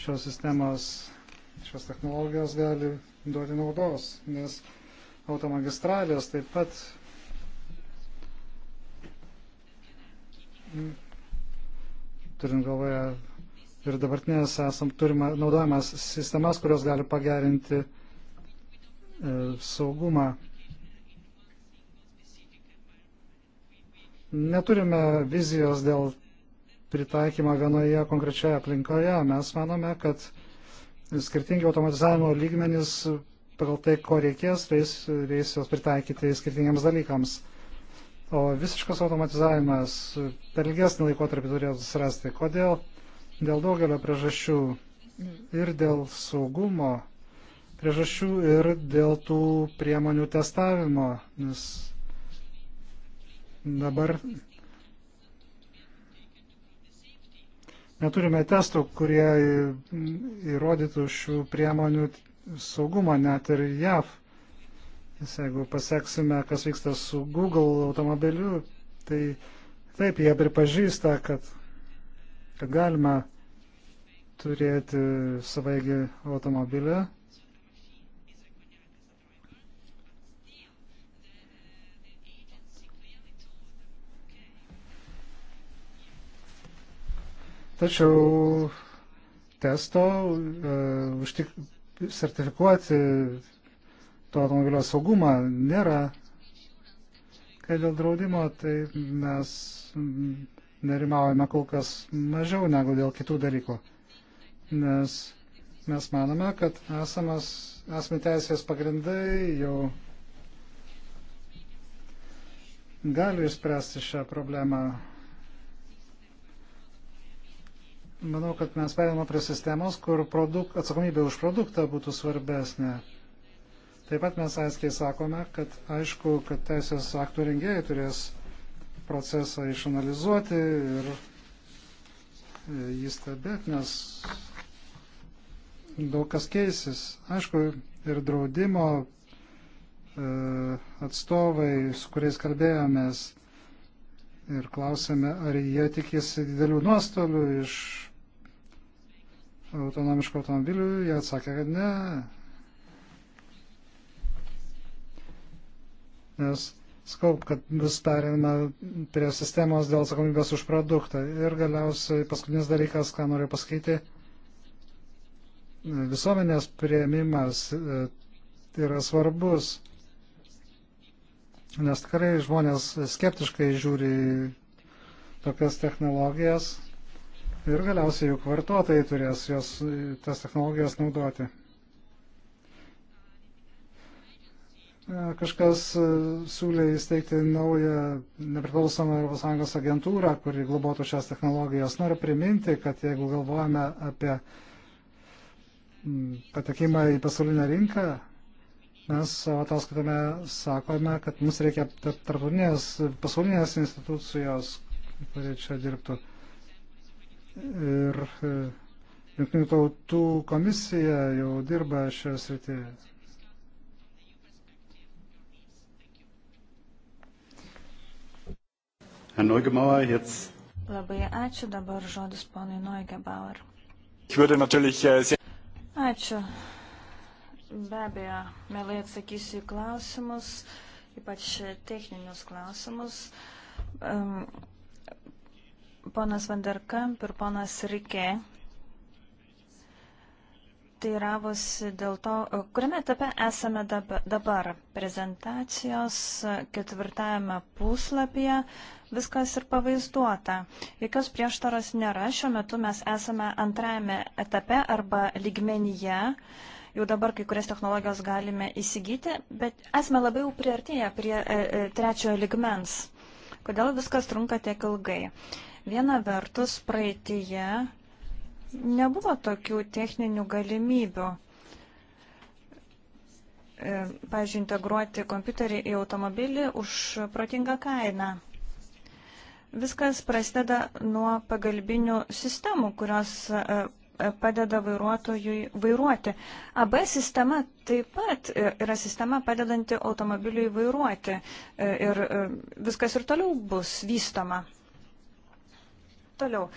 [SPEAKER 1] šios sistemos, šios technologijos gali duoti naudos, nes automagistralės taip pat turint galvoje ir dabartinės esam turima, naudojamas sistemas, kurios gali pagerinti e, saugumą. Neturime vizijos dėl pritaikymo vienoje konkrečioje aplinkoje. Mes manome, kad skirtingi automatizavimo lygmenys pagal tai, ko reikės, reis, reis jos pritaikyti skirtingiams dalykams. O visiškas automatizavimas per ilgesnį laikotarpį turėtų atsirasti. Kodėl? Dėl daugelio priežasčių ir dėl saugumo priežasčių ir dėl tų priemonių testavimo, nes dabar neturime testų, kurie įrodytų šių priemonių saugumą net ir JAV jeigu paseksime, kas vyksta su Google automobiliu, tai taip, jie pripažįsta, kad, kad galima turėti savaigį automobilį. Tačiau testo uh, užtik, sertifikuoti to automobilio saugumą nėra. Kai dėl draudimo, tai mes nerimaujame kol kas mažiau negu dėl kitų dalykų, nes mes manome, kad esamas, esami teisės pagrindai jau gali išspręsti šią problemą. Manau, kad mes perėjome prie sistemos, kur produk, atsakomybė už produktą būtų svarbesnė. Taip pat mes aiškiai sakome, kad aišku, kad teisės aktų rengėjai turės procesą išanalizuoti ir e, jį stebėti, nes daug kas keisis. Aišku, ir draudimo e, atstovai, su kuriais kalbėjomės ir klausėme, ar jie tikėsi didelių nuostolių iš autonomiškų automobilių, jie atsakė, kad ne, nes skau, kad bus perinama prie sistemos dėl atsakomybės už produktą. Ir galiausiai paskutinis dalykas, ką noriu pasakyti, visuomenės prieimimas e, yra svarbus, nes tikrai žmonės skeptiškai žiūri tokias technologijas ir galiausiai juk vartotojai turės jos, tas technologijas naudoti. E, kažkas e, siūlė įsteigti naują nepriklausomą ES agentūrą, kuri globotų šias technologijas. Noriu priminti, kad jeigu galvojame apie patekimą į pasaulinę rinką, mes savo ataskaitame sakome, kad mums reikia tarptautinės pasaulinės institucijos, kurie čia dirbtų. Ir e, Junktinių tautų komisija jau dirba šioje srityje Herr Neugebauer, jetzt.
[SPEAKER 2] Labai ačiū dabar žodis ponui Neugebauer.
[SPEAKER 1] Äh,
[SPEAKER 2] ačiū. Be abejo, mielai atsakysiu į klausimus, ypač techninius klausimus. Um, ponas Vanderkamp ir ponas Rike teiravosi dėl to, kuriame etape esame dabar. Prezentacijos ketvirtajame puslapyje viskas ir pavaizduota. Jokios prieštaros nėra, šiuo metu mes esame antrajame etape arba lygmenyje. Jau dabar kai kurias technologijos galime įsigyti, bet esame labai jau priartėję prie e, e, trečiojo ligmens. Kodėl viskas trunka tiek ilgai? Viena vertus, praeitįje nebuvo tokių techninių galimybių. E, pavyzdžiui, integruoti kompiuterį į automobilį už protingą kainą. Viskas prasideda nuo pagalbinių sistemų, kurios e, padeda vairuotojui vairuoti. AB sistema taip pat e, yra sistema padedanti automobiliui vairuoti ir viskas ir toliau bus vystoma. Toliau.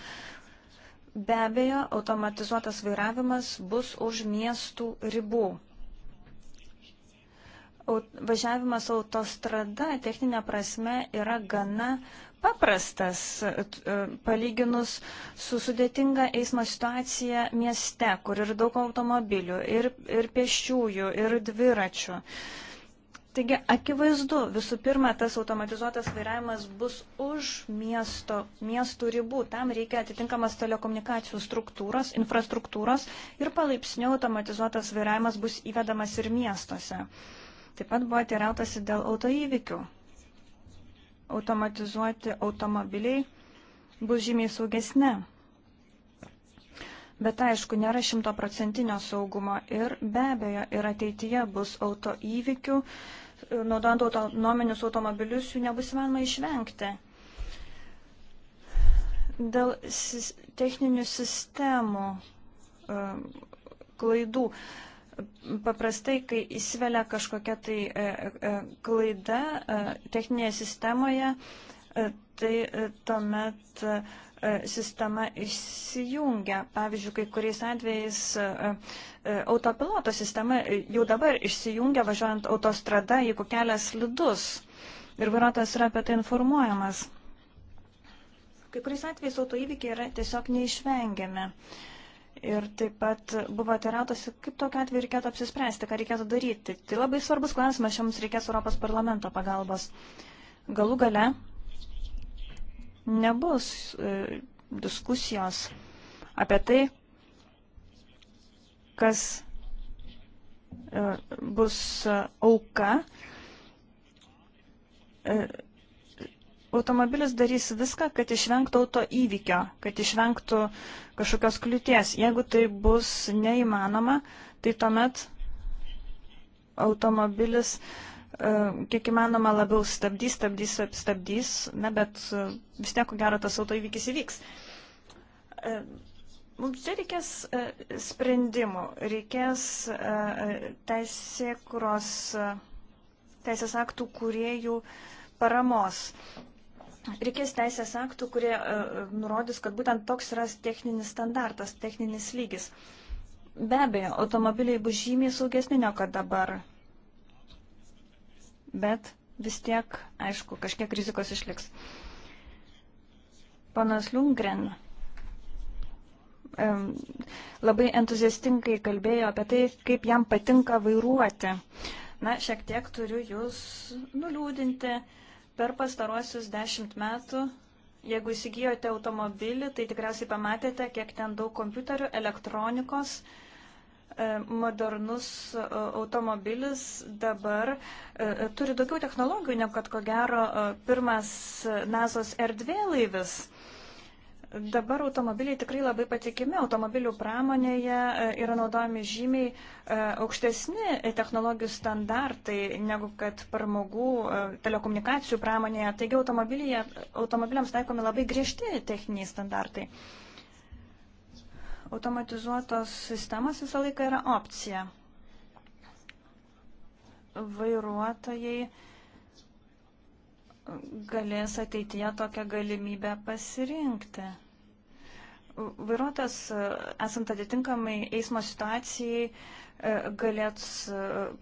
[SPEAKER 2] Be abejo, automatizuotas vairavimas bus už miestų ribų. Važiavimas autostrada techninė prasme yra gana paprastas, e, palyginus su sudėtinga eismo situacija mieste, kur yra daug automobilių ir, ir pėščiųjų, ir dviračių. Uh, Taigi akivaizdu, visų pirma, tas automatizuotas vairavimas bus už miesto, miestų ribų. Tam reikia atitinkamas telekomunikacijų struktūros, infrastruktūros ir palaipsniui automatizuotas vairavimas bus įvedamas ir miestuose. Taip pat buvo teirautasi dėl autoįvykių. Automatizuoti automobiliai bus žymiai saugesni. Bet aišku, nėra šimtoprocentinio saugumo ir be abejo ir ateityje bus auto įvykių, naudojant autonominius automobilius jų nebus įmanoma išvengti. Dėl techninių sistemų e, klaidų. Paprastai, kai įsivelia kažkokia tai e, e, klaida techninėje sistemoje, tai tuomet E, sistema išsijungia. Pavyzdžiui, kai kuriais atvejais e, e, autopiloto sistema jau dabar išsijungia važiuojant autostrada, jeigu kelias slidus ir vairuotojas yra apie tai informuojamas. Kai kuriais atvejais autoįvykiai yra tiesiog neišvengiami. Ir taip pat buvo teratosi, kaip tokiu atveju reikėtų apsispręsti, ką reikėtų daryti. Tai labai svarbus klausimas, čia mums reikės Europos parlamento pagalbos. Galų gale nebus e, diskusijos apie tai, kas e, bus auka. E, automobilis darys viską, kad išvengtų auto įvykio, kad išvengtų kažkokios kliūties. Jeigu tai bus neįmanoma, tai tuomet automobilis uh, E, kiek įmanoma labiau stabdys, stabdys, stabdys, na, bet e, vis tiek, ko gero, tas autoįvykis įvyks. E, mums čia reikės sprendimų, reikės teisėkuros, teisės aktų kuriejų paramos. Reikės teisės aktų, kurie nurodys, kad būtent toks yra techninis standartas, techninis lygis. Be abejo, automobiliai bus žymiai saugesni negu dabar bet vis tiek, aišku, kažkiek rizikos išliks. Panas Lundgren labai entuziastingai kalbėjo apie tai, kaip jam patinka vairuoti. Na, šiek tiek turiu jūs nuliūdinti. Per pastaruosius dešimt metų, jeigu įsigijote automobilį, tai tikriausiai pamatėte, kiek ten daug kompiuterių, elektronikos, uh, E, modernus e, automobilis dabar e, turi daugiau technologijų, negu kad ko gero pirmas NASOS erdvėlaivis. Dabar automobiliai tikrai labai patikimi. Automobilių pramonėje yra naudojami žymiai aukštesni technologijų standartai negu kad pramogų telekomunikacijų pramonėje. Taigi automobiliams taikomi labai griežti techniniai standartai. Uh, Automatizuotos sistemos visą laiką yra opcija. Vairuotojai galės ateityje tokią galimybę pasirinkti. Vairuotas, esant atitinkamai eismo situacijai, galėt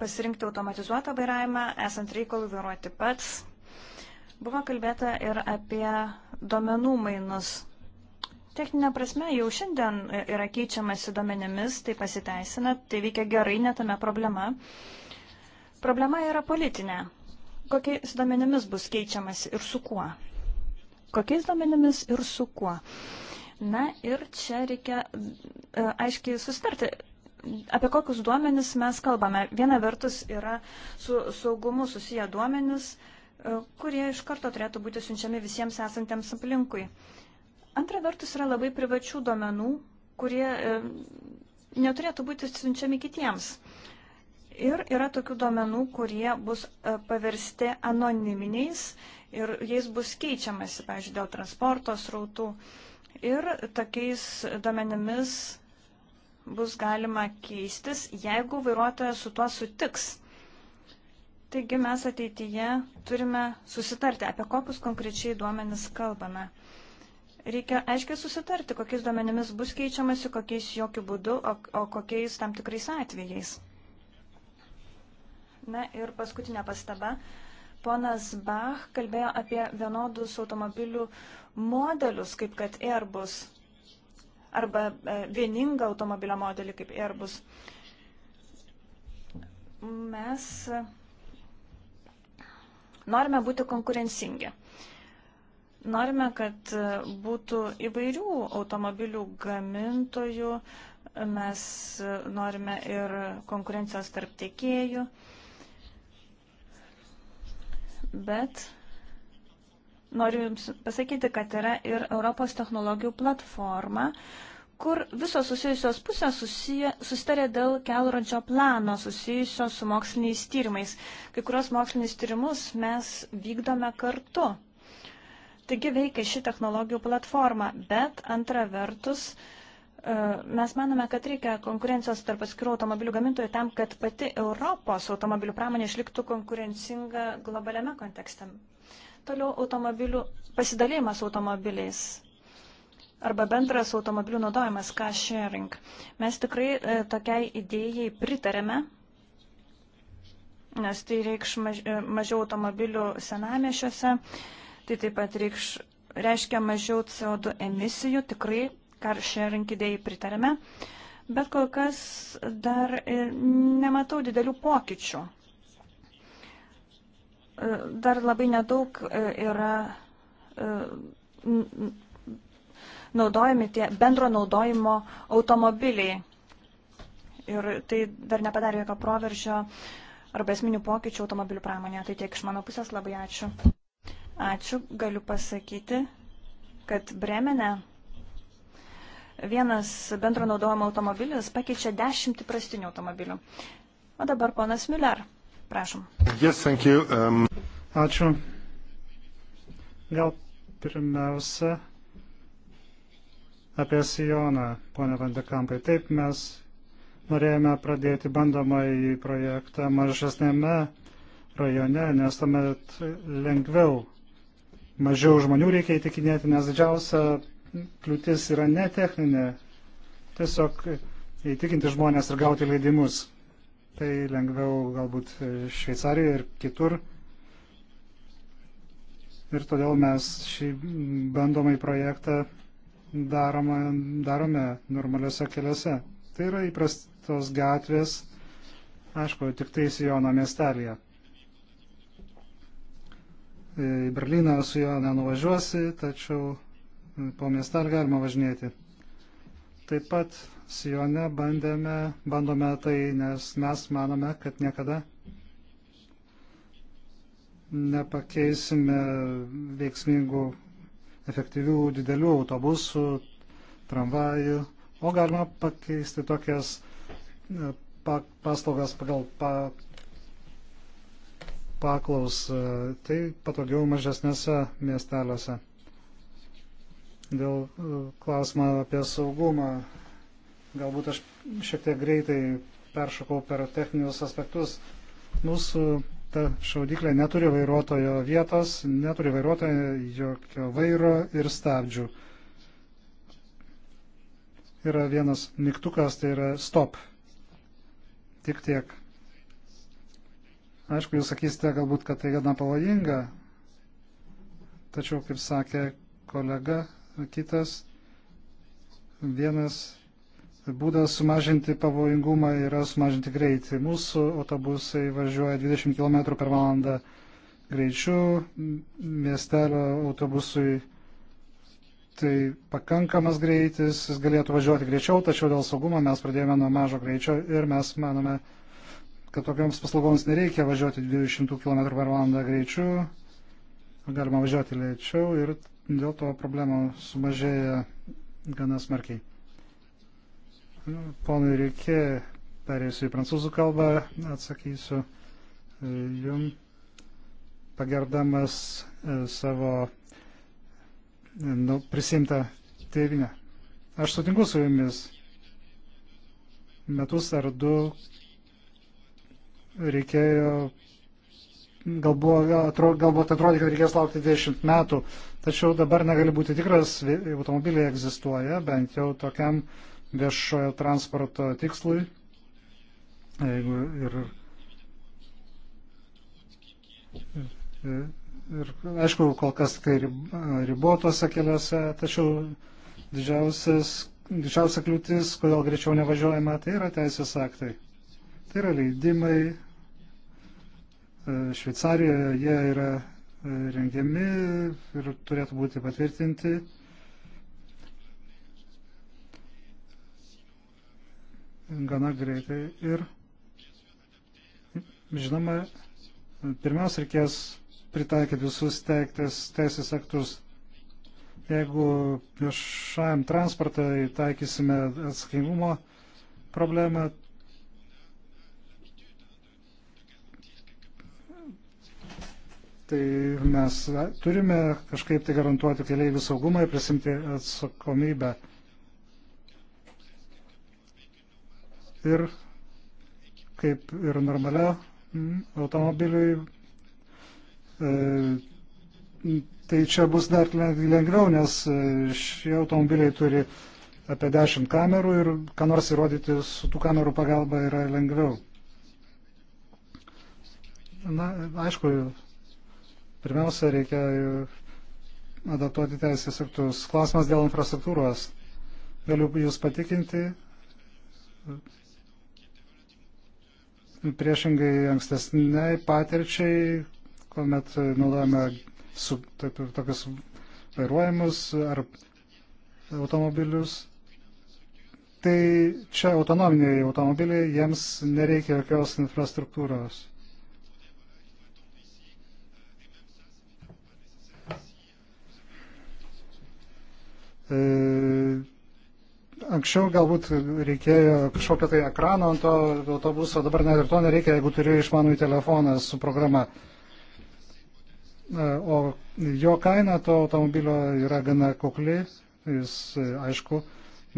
[SPEAKER 2] pasirinkti automatizuotą vairavimą, esant reikalų vairuoti pats. Buvo kalbėta ir apie duomenų mainus. Techninė prasme jau šiandien yra keičiamasi domenėmis, tai pasiteisina, tai veikia gerai, netame problema. Problema yra politinė. Kokiais domenimis bus keičiamasi ir su kuo? Kokiais domenimis ir su kuo? Na ir čia reikia e, aiškiai sustarti apie kokius duomenis mes kalbame. Viena vertus yra su saugumu susiję duomenis, e, kurie iš karto turėtų būti siunčiami visiems esantiems aplinkui. Antra vertus yra labai privačių duomenų, kurie e, neturėtų būti siunčiami kitiems. Ir yra tokių duomenų, kurie bus e, paversti anoniminiais ir jais bus keičiamasi, pavyzdžiui, dėl transporto srautų. Ir tokiais duomenimis bus galima keistis, jeigu vairuotojas su tuo sutiks. Taigi mes ateityje turime susitarti, apie kokius konkrečiai duomenis kalbame. Reikia aiškiai susitarti, kokiais duomenimis bus keičiamasi, kokiais jokių būdų, o, o kokiais tam tikrais atvejais. Na ir paskutinė pastaba. Ponas Bach kalbėjo apie vienodus automobilių modelius, kaip kad Airbus, arba e, vieningą automobilio modelį kaip Airbus. Mes norime būti konkurencingi. Norime, kad e, būtų įvairių automobilių gamintojų, mes e, norime ir konkurencijos tarp tiekėjų, bet noriu Jums pasakyti, kad yra ir Europos technologijų platforma, kur visos susijusios pusės susiję, sustarė dėl kelrodžio plano susijusio su moksliniais tyrimais. Kai kurios moksliniais tyrimus mes vykdome kartu. Taigi veikia ši technologijų platforma, bet antra vertus, e, mes manome, kad reikia konkurencijos tarp atskirų automobilių gamintojų tam, kad pati Europos automobilių pramonė išliktų konkurencinga globaliame kontekste. Toliau automobilių pasidalėjimas automobiliais arba bendras automobilių naudojimas, car sharing. Mes tikrai e, tokiai idėjai pritarėme, nes tai reikš maž, e, mažiau automobilių senamešiuose. E, Tai taip pat reikš, reiškia mažiau CO2 emisijų, tikrai karšėrink idėjai pritarėme, bet kol kas dar nematau didelių pokyčių. Dar labai nedaug e, yra e, naudojami tie bendro naudojimo automobiliai. Ir tai dar nepadarė jokio proveržio arba esminių pokyčių automobilių pramonėje. Tai tiek iš mano pusės labai ačiū. Ačiū, galiu pasakyti, kad Bremene vienas bendro naudojimo automobilis pakeičia dešimtį prastinių automobilių. O dabar ponas Miller, prašom.
[SPEAKER 1] Yes, thank you. Um... Ačiū. Gal pirmiausia apie Sijoną, ponė Vandekampai. Taip mes norėjome pradėti bandomąjį projektą mažesnėme rajone, nes tuomet lengviau mažiau žmonių reikia įtikinėti, nes didžiausia kliūtis yra ne techninė, tiesiog įtikinti žmonės ir gauti leidimus. Tai lengviau galbūt Šveicarijoje ir kitur. Ir todėl mes šį bandomąjį projektą darome, darome normaliuose keliuose. Tai yra įprastos gatvės, aišku, tik tai Sijono miestelėje į Berliną su juo nenuvažiuosi, tačiau po miestą ar galima važinėti. Taip pat Sijone bandėme, bandome tai, nes mes manome, kad niekada nepakeisime veiksmingų, efektyvių, didelių autobusų, tramvajų, o galima pakeisti tokias e, paslaugas pagal pa, paklaus, tai patogiau mažesnėse miesteliuose. Dėl e, klausimą apie saugumą, galbūt aš šiek tiek greitai peršokau per techninius aspektus. Mūsų ta šaudyklė neturi vairuotojo vietos, neturi vairuotojo jokio vairo ir stabdžių. Yra vienas mygtukas, tai yra stop. Tik tiek. Aišku, jūs sakysite galbūt, kad tai gana pavojinga, tačiau, kaip sakė kolega kitas, vienas būdas sumažinti pavojingumą yra sumažinti greitį. Mūsų autobusai važiuoja 20 km per valandą greičiu, miestelio autobusui tai pakankamas greitis, jis galėtų važiuoti greičiau, tačiau dėl saugumo mes pradėjome nuo mažo greičio ir mes manome, kad tokiams paslaugoms nereikia važiuoti 200 km per valandą greičiu, galima važiuoti lėčiau ir dėl to problemų sumažėja gana smarkiai. Ponui Rikė, perėsiu į prancūzų kalbą, atsakysiu e, jum, pagerdamas e, savo e, nu, prisimtą tėvinę. Aš sutinku su jumis metus ar du reikėjo, galbūt atrodė, kad reikės laukti 20 metų, tačiau dabar negali būti tikras, automobiliai egzistuoja, bent jau tokiam viešojo transporto tikslui. Jeigu ir, ir, ir aišku, kol kas tai ribotose keliuose, tačiau didžiausias, didžiausia kliūtis, kodėl greičiau nevažiuojama, tai yra teisės aktai. Tai yra leidimai, E, Šveicarijoje jie yra e, rengiami ir turėtų būti patvirtinti. Gana greitai ir žinoma, pirmiausia reikės pritaikyti visus teisės aktus. Jeigu viešajam transportui taikysime atsakingumo problemą, tai mes turime kažkaip tai garantuoti keleivių saugumą ir prisimti atsakomybę. Ir kaip ir normalia mm, automobiliui, e, tai čia bus dar lengviau, nes e, šie automobiliai turi apie 10 kamerų ir ką nors įrodyti su tų kamerų pagalba yra lengviau. Na, aišku, Pirmiausia, reikia e, adaptuoti teisės aktus. Klausimas dėl infrastruktūros. Galiu Jūs patikinti, priešingai ankstesniai patirčiai, kuomet naudojame su, taip, tokius vairuojamus ar automobilius. Tai čia autonominiai automobiliai, jiems nereikia jokios infrastruktūros. E, anksčiau galbūt reikėjo kažkokio tai ekrano ant to autobuso, dabar net ir to nereikia, jeigu turi išmanųjį telefoną su programa. E, o jo kaina to automobilio yra gana kukli, jis e, aišku,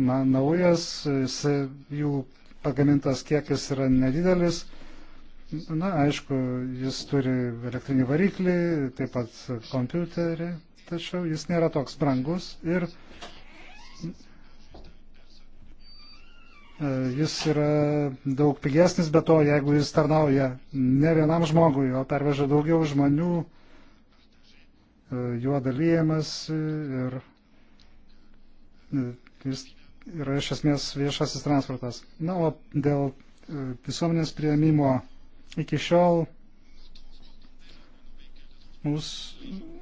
[SPEAKER 1] na, naujas, jis, jų pagamintas kiekis yra nedidelis. Na, aišku, jis turi elektrinį variklį, taip pat kompiuterį, tačiau jis nėra toks brangus ir e, jis yra daug pigesnis, bet to jeigu jis tarnauja ne vienam žmogui, o perveža daugiau žmonių, e, juo dalyjamas ir e, jis yra iš esmės viešasis transportas. Na, o dėl visuomenės prieimimo iki šiol mūsų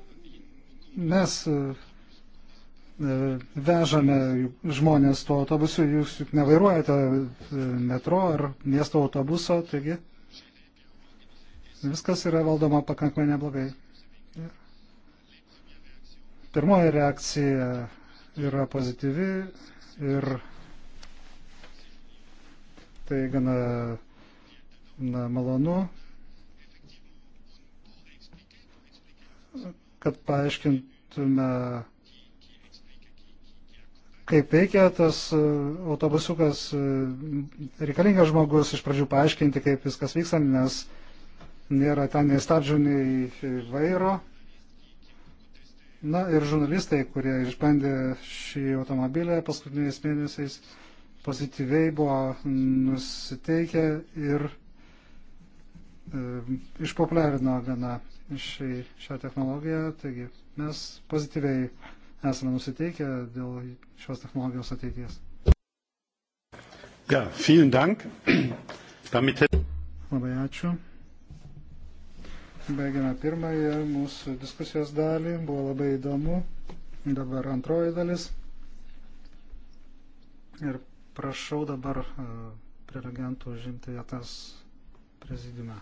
[SPEAKER 1] Mes e, e, vežame žmonės tuo autobusu, jūs juk nevairuojate e, metro ar miesto autobuso, taigi viskas yra valdoma pakankamai neblogai. Pirmoji reakcija yra pozityvi ir tai gana na, malonu, kad paaiškintume, kaip veikia tas e, autobusiukas, e, reikalingas žmogus iš pradžių paaiškinti, kaip viskas vyksta, nes nėra ten nei stabdžių, nei vairo. Na ir žurnalistai, kurie išbandė šį automobilį paskutiniais mėnesiais, pozityviai buvo nusiteikę ir E, išpopuliarino gana šį, šią technologiją, taigi mes pozityviai esame nusiteikę dėl šios technologijos ateities. Ja, vielen Dank. Damit... Labai ačiū. Baigiame pirmąją mūsų diskusijos dalį. Buvo labai įdomu. Dabar antroji dalis. Ir prašau dabar uh, prelegentų užimti vietas prezidiume.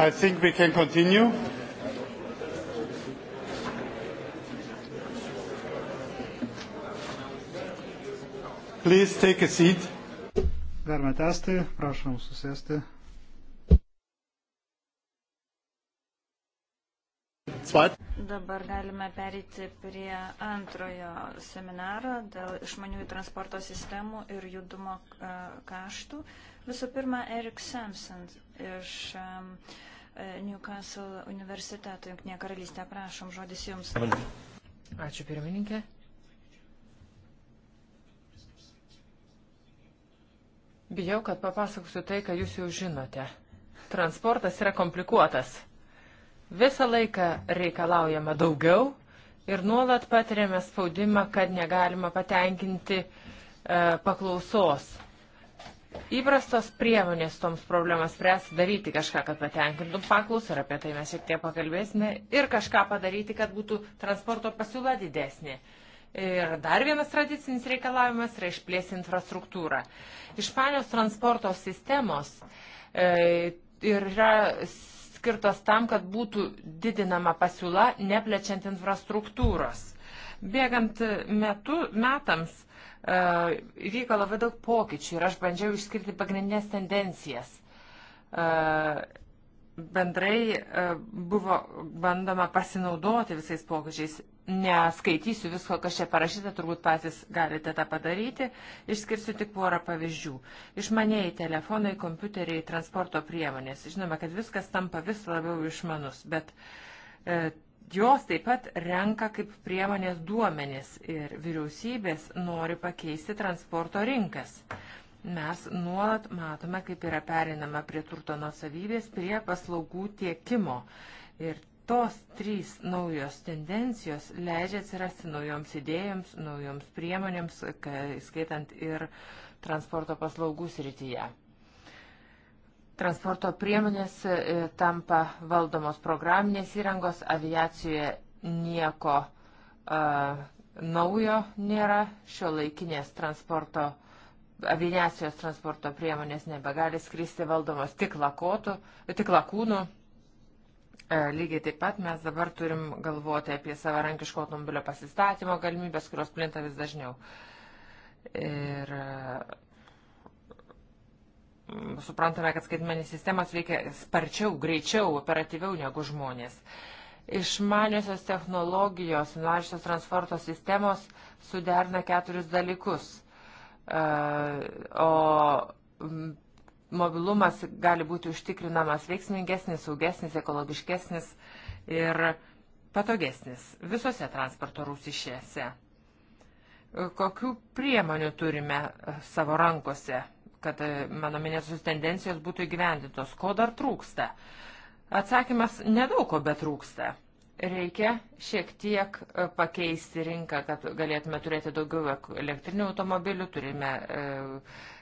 [SPEAKER 1] I think we can continue. Please take a seat. Galime tęsti, prašom susėsti.
[SPEAKER 2] Dabar galime perėti prie antrojo seminaro dėl išmaniųjų transporto sistemų ir judumo e, kaštų. Visų pirma, Erik Samson iš e, e, Newcastle universiteto Junktinėje karalystėje. Prašom, žodis jums.
[SPEAKER 3] Ačiū pirmininkė. Bijau, kad papasakosiu tai, ką jūs jau žinote. Transportas yra komplikuotas Visą laiką reikalaujama daugiau ir nuolat patiriame spaudimą, kad negalima patenkinti e, paklausos. Įprastos priemonės toms problemas spręs daryti kažką, kad patenkintum paklaus ir apie tai mes šiek tiek pakalbėsime ir kažką padaryti, kad būtų transporto pasiūla didesnė. Ir dar vienas tradicinis reikalavimas yra išplėsti infrastruktūrą. Išpanios transporto sistemos e, yra skirtos tam, kad būtų didinama pasiūla, neplečiant infrastruktūros. Bėgant metu, metams uh, e, vyko labai daug pokyčių ir aš bandžiau išskirti pagrindinės tendencijas. Uh, bendrai uh, buvo bandoma pasinaudoti visais pokyčiais neskaitysiu visko, kas čia parašyta, turbūt patys galite tą padaryti. Išskirsiu tik porą pavyzdžių. Išmaniai telefonai, kompiuteriai, transporto priemonės. Žinome, kad viskas tampa vis labiau išmanus, bet e, jos taip pat renka kaip priemonės duomenis ir vyriausybės nori pakeisti transporto rinkas. Mes nuolat matome, kaip yra perinama prie turto nusavybės, prie paslaugų tiekimo. Ir Tos trys naujos tendencijos leidžia atsirasti naujoms idėjoms, naujoms priemonėms, skaitant ir transporto paslaugų srityje. Transporto priemonės e, tampa valdomos programinės įrangos, aviacijoje nieko uh, naujo nėra, šio laikinės transporto, aviacijos transporto priemonės nebegali skristi valdomos tik, lakotų, tik lakūnų E, lygiai taip pat mes dabar turim galvoti apie savarankiško automobilio pasistatymo galimybės, kurios plinta vis dažniau. Ir e, suprantame, kad skaitmenės sistemas veikia sparčiau, greičiau, operatyviau negu žmonės. Išmaniosios technologijos, nuaršios transporto sistemos suderina keturis dalykus. E, o mobilumas gali būti užtikrinamas veiksmingesnis, saugesnis, ekologiškesnis ir patogesnis visose transporto rūsišėse. Kokių priemonių turime savo rankose, kad e, mano minėtos tendencijos būtų įgyvendintos? Ko dar trūksta? Atsakymas nedaug ko betrūksta. Reikia šiek tiek e, pakeisti rinką, kad galėtume turėti daugiau elektrinių automobilių, turime e,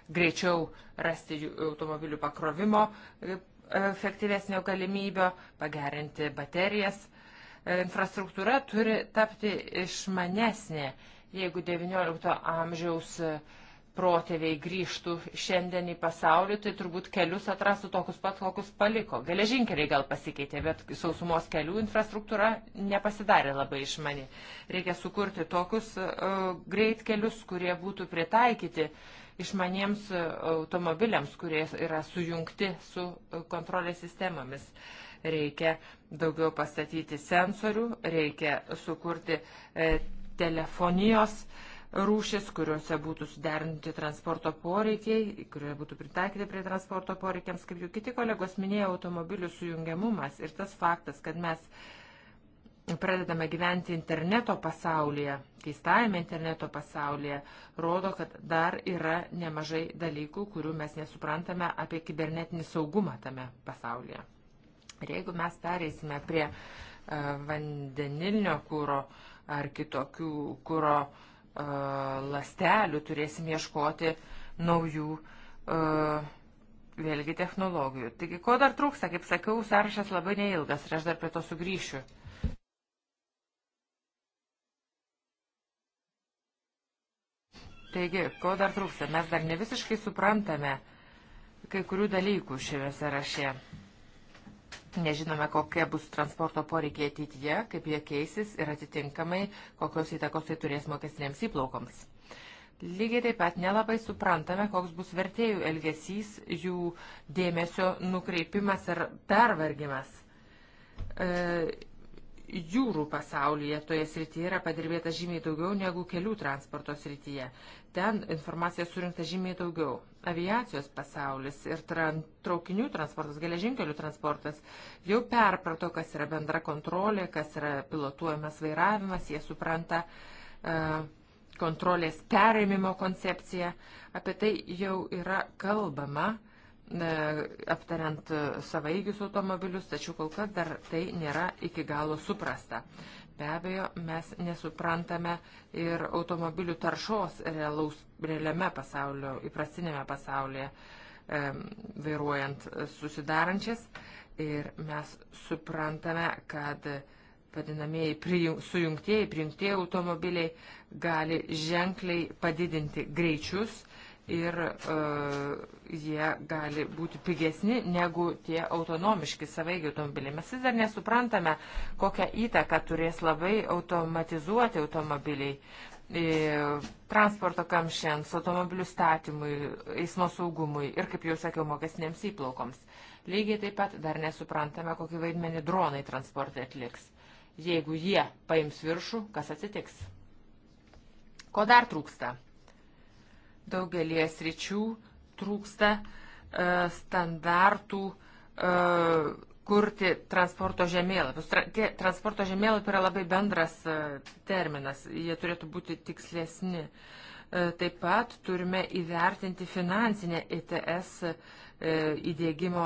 [SPEAKER 3] greičiau rasti automobilių pakrovimo e, efektyvesnio galimybio, pagerinti baterijas. E, infrastruktūra turi tapti išmanesnė, jeigu XIX amžiaus e, protėviai grįžtų šiandien į pasaulį, tai turbūt kelius atrastų tokius pat, kokius paliko. Geležinkeliai gal pasikeitė, bet sausumos kelių infrastruktūra nepasidarė labai išmani. Reikia sukurti tokius uh, greitkelius, kurie būtų pritaikyti uh, išmaniems e, automobiliams, kurie yra sujungti su e, kontrolės sistemomis. Reikia daugiau pastatyti sensorių, reikia sukurti e, telefonijos rūšis, kuriuose būtų suderinti transporto poreikiai, kurie būtų pritaikyti prie transporto poreikiams, kaip jau kiti kolegos minėjo, automobilių sujungiamumas ir tas faktas, kad mes pradedame gyventi interneto pasaulyje, keistajame interneto pasaulyje, rodo, kad dar yra nemažai dalykų, kurių mes nesuprantame apie kibernetinį saugumą tame pasaulyje. Ir jeigu mes pereisime prie e, vandenilinio kūro ar kitokių kūro e, lastelių, turėsim ieškoti naujų e, vėlgi technologijų. Taigi, ko dar trūksta, kaip sakiau, sąrašas labai neilgas ir aš dar prie to sugrįšiu. Taigi, ko dar trūksta? Mes dar ne visiškai suprantame kai kurių dalykų šiame sąraše. Nežinome, kokie bus transporto poreikiai ateityje, kaip jie keisis ir atitinkamai, kokios įtakos tai turės mokestinėms įplaukoms. Lygiai taip pat nelabai suprantame, koks bus vertėjų elgesys, jų dėmesio nukreipimas ar pervargimas. E, jūrų pasaulyje toje srityje yra padirbėta žymiai daugiau negu kelių transporto srityje. Ten informacija surinkta žymiai daugiau. Aviacijos pasaulis ir tran, traukinių transportas, geležinkelių transportas jau perprato, kas yra bendra kontrolė, kas yra pilotuojamas vairavimas, jie supranta uh, kontrolės perėmimo koncepciją. Apie tai jau yra kalbama E, aptariant savaigius automobilius, tačiau kol kas dar tai nėra iki galo suprasta. Be abejo, mes nesuprantame ir automobilių taršos realaus, realiame pasaulio, įprastinėme pasaulyje e, vairuojant susidarančias. Ir mes suprantame, kad vadinamieji prijung, sujungtieji, prijungtieji automobiliai gali ženkliai padidinti greičius ir uh, jie gali būti pigesni negu tie autonomiški savaigiai automobiliai. Mes vis dar nesuprantame, kokią įtaką turės labai automatizuoti automobiliai e, transporto kamščiams, automobilių statymui, eismo saugumui ir, kaip jau sakiau, mokesnėms įplaukoms. Lygiai taip pat dar nesuprantame, kokį vaidmenį dronai transportai atliks. Jeigu jie paims viršų, kas atsitiks? Ko dar trūksta? Daugelie sričių trūksta e, standartų e, kurti transporto žemėlapius. Tra, tie transporto žemėlapiai yra labai bendras e, terminas, jie turėtų būti tikslesni. E, taip pat turime įvertinti finansinę ETS E, įdėgymo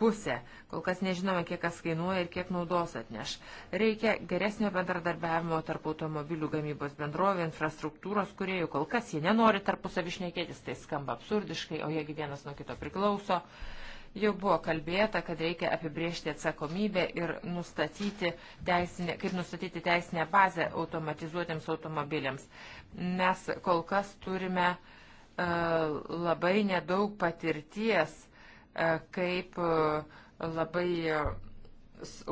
[SPEAKER 3] pusę. Kol kas nežinome, kiek kas kainuoja ir kiek naudos atneš. Reikia geresnio bendradarbiavimo tarp automobilių gamybos bendrovė, infrastruktūros kuriejų. Kol kas jie nenori tarpusavišnekėtis, tai skamba absurdiškai, o jiegi vienas nuo kito priklauso. Jau buvo kalbėta, kad reikia apibriežti atsakomybę ir nustatyti teisinę, kaip nustatyti teisinę bazę automatizuotiems automobiliams. Mes kol kas turime uh, labai nedaug patirties E, kaip e, labai e,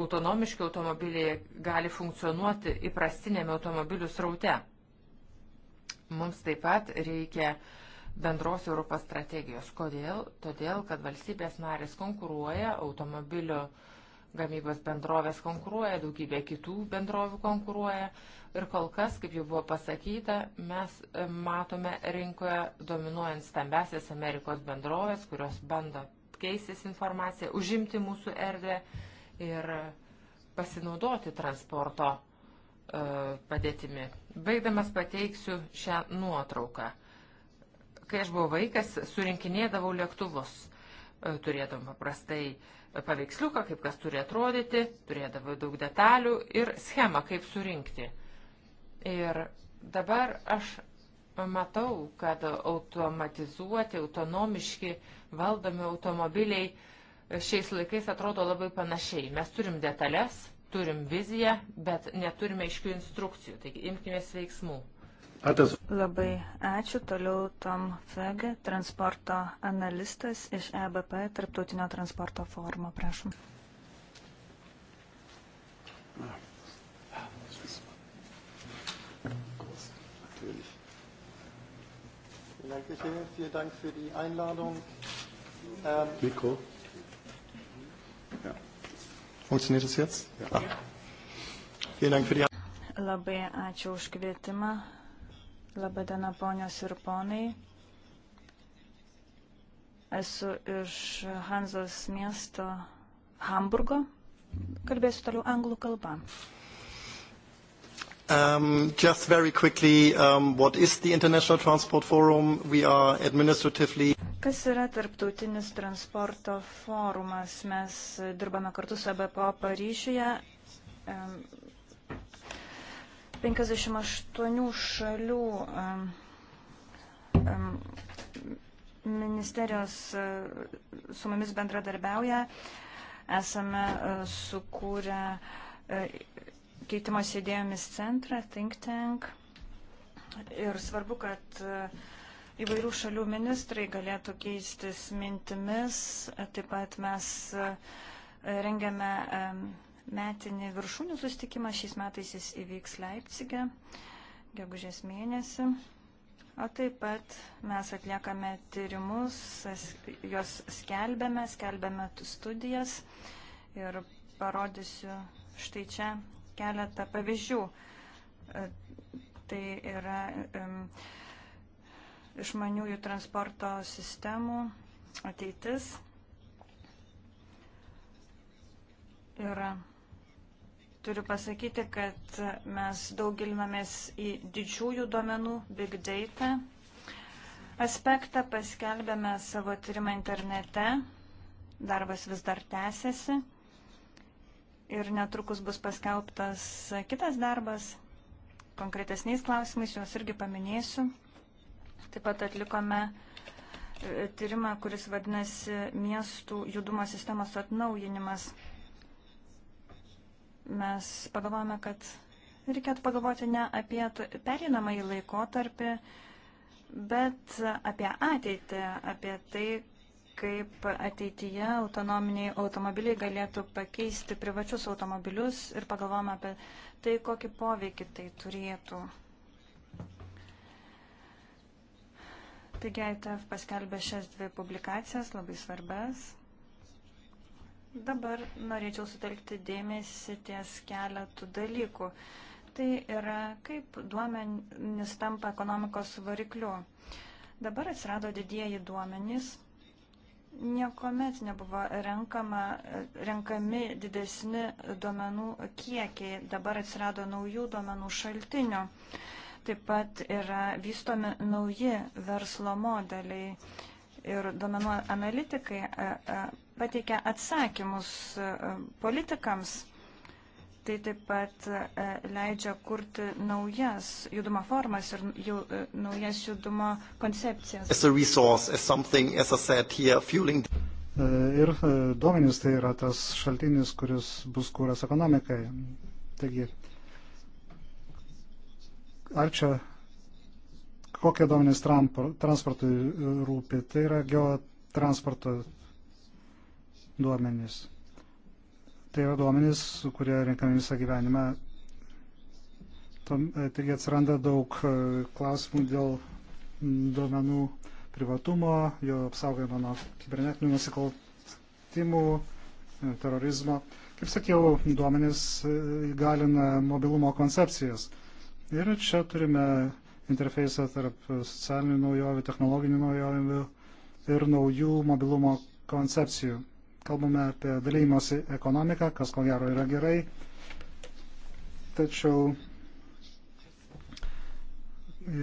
[SPEAKER 3] autonomiški automobiliai gali funkcionuoti įprastinėme automobilių sraute. Mums taip pat reikia bendros Europos strategijos. Kodėl? Todėl, kad valstybės narės konkuruoja, automobilių gamybos bendrovės konkuruoja, daugybė kitų bendrovių konkuruoja. Ir kol kas, kaip jau buvo pasakyta, mes matome rinkoje dominuojant stambesės Amerikos bendrovės, kurios bando keistis informaciją, užimti mūsų erdvę ir pasinaudoti transporto e, padėtimi. Baigdamas pateiksiu šią nuotrauką. Kai aš buvau vaikas, surinkinėdavau lėktuvus. E, Turėtum paprastai paveiksliuką, kaip kas turi atrodyti, turėdavau daug detalių ir schemą, kaip surinkti. Ir dabar aš matau, kad automatizuoti, autonomiški uh, valdomi automobiliai šiais laikais atrodo labai panašiai. Mes turim detalės, turim viziją, bet neturime iškių instrukcijų. Taigi imkimės veiksmų.
[SPEAKER 1] Atas.
[SPEAKER 2] Labai ačiū. Toliau Tom Fege, transporto analistas iš EBP, Tarptautinio transporto forumo. Prašom.
[SPEAKER 1] Danke sehr, vielen Dank für die Einladung. Ähm, Mikro. Ja. Funktioniert es jetzt? Ja. Ah. Vielen Dank für die
[SPEAKER 2] Labai ačiū už kvietimą. Labadiena, ponios ir ponai. Esu iš Hanzos miesto Hamburgo. Kalbėsiu toliau anglų kalbą.
[SPEAKER 1] Um, just very quickly, um, what is the International Transport Forum? We are administratively.
[SPEAKER 2] Kas yra tarptautinis transporto forumas? Mes dirbame kartu su ABPO e Paryžiuje. Um, 58 šalių um, um, ministerijos uh, su mumis bendradarbiauja. Esame uh, sukūrę uh, keitimas idėjomis centrą, think tank. Ir svarbu, kad e, įvairių šalių ministrai galėtų keistis mintimis. Taip pat mes e, rengiame e, metinį viršūnių sustikimą. Šiais metais jis įvyks Leipcige, gegužės mėnesį. O taip pat mes atliekame tyrimus, juos skelbėme, skelbėme studijas ir parodysiu štai čia keletą pavyzdžių. E, tai yra išmaniųjų transporto sistemų ateitis. Ir turiu pasakyti, kad mes daug gilinamės į didžiųjų duomenų, big data aspektą, paskelbėme savo tyrimą internete, darbas vis dar tęsiasi ir netrukus bus paskelbtas kitas darbas. Konkretesniais klausimais juos irgi paminėsiu. Taip pat atlikome e, tyrimą, kuris vadinasi miestų judumo sistemos atnaujinimas. Mes pagalvojame, kad reikėtų pagalvoti ne apie perinamąjį laikotarpį, bet apie ateitį, apie tai, kaip ateityje autonominiai automobiliai galėtų pakeisti privačius automobilius ir pagalvojame apie tai, kokį poveikį tai turėtų. Taigi ITF paskelbė šias dvi publikacijas, labai svarbes. Dabar norėčiau sutelkti dėmesį ties keletų dalykų. Tai yra, kaip duomenys tampa ekonomikos varikliu. Dabar atsirado didieji duomenys, niekuomet nebuvo renkama, renkami didesni duomenų kiekiai, dabar atsirado naujų duomenų šaltinių. Taip pat yra vystomi nauji verslo modeliai ir duomenų analitikai e, e, pateikia atsakymus e, politikams Tai taip pat e, leidžia kurti naujas judumo formas ir jau, e, naujas judumo koncepcijas. As
[SPEAKER 3] resource, as as here, fueling...
[SPEAKER 1] E, ir duomenys tai yra tas šaltinis, kuris bus kūras ekonomikai. Taigi, ar čia kokie duomenys transportui rūpi? Tai yra geotransporto duomenys. Tai yra duomenys, kurie renkami visą gyvenimą. E, taigi atsiranda daug e, klausimų dėl duomenų privatumo, jo apsaugojimo nuo kibernetinių nusikaltimų, e, terorizmo. Kaip sakiau, duomenys įgalina mobilumo koncepcijas. Ir čia turime interfejsą tarp socialinių naujovių, technologinių naujovių ir naujų mobilumo koncepcijų. Kalbame apie dalymosi ekonomiką, kas ko gero yra gerai. Tačiau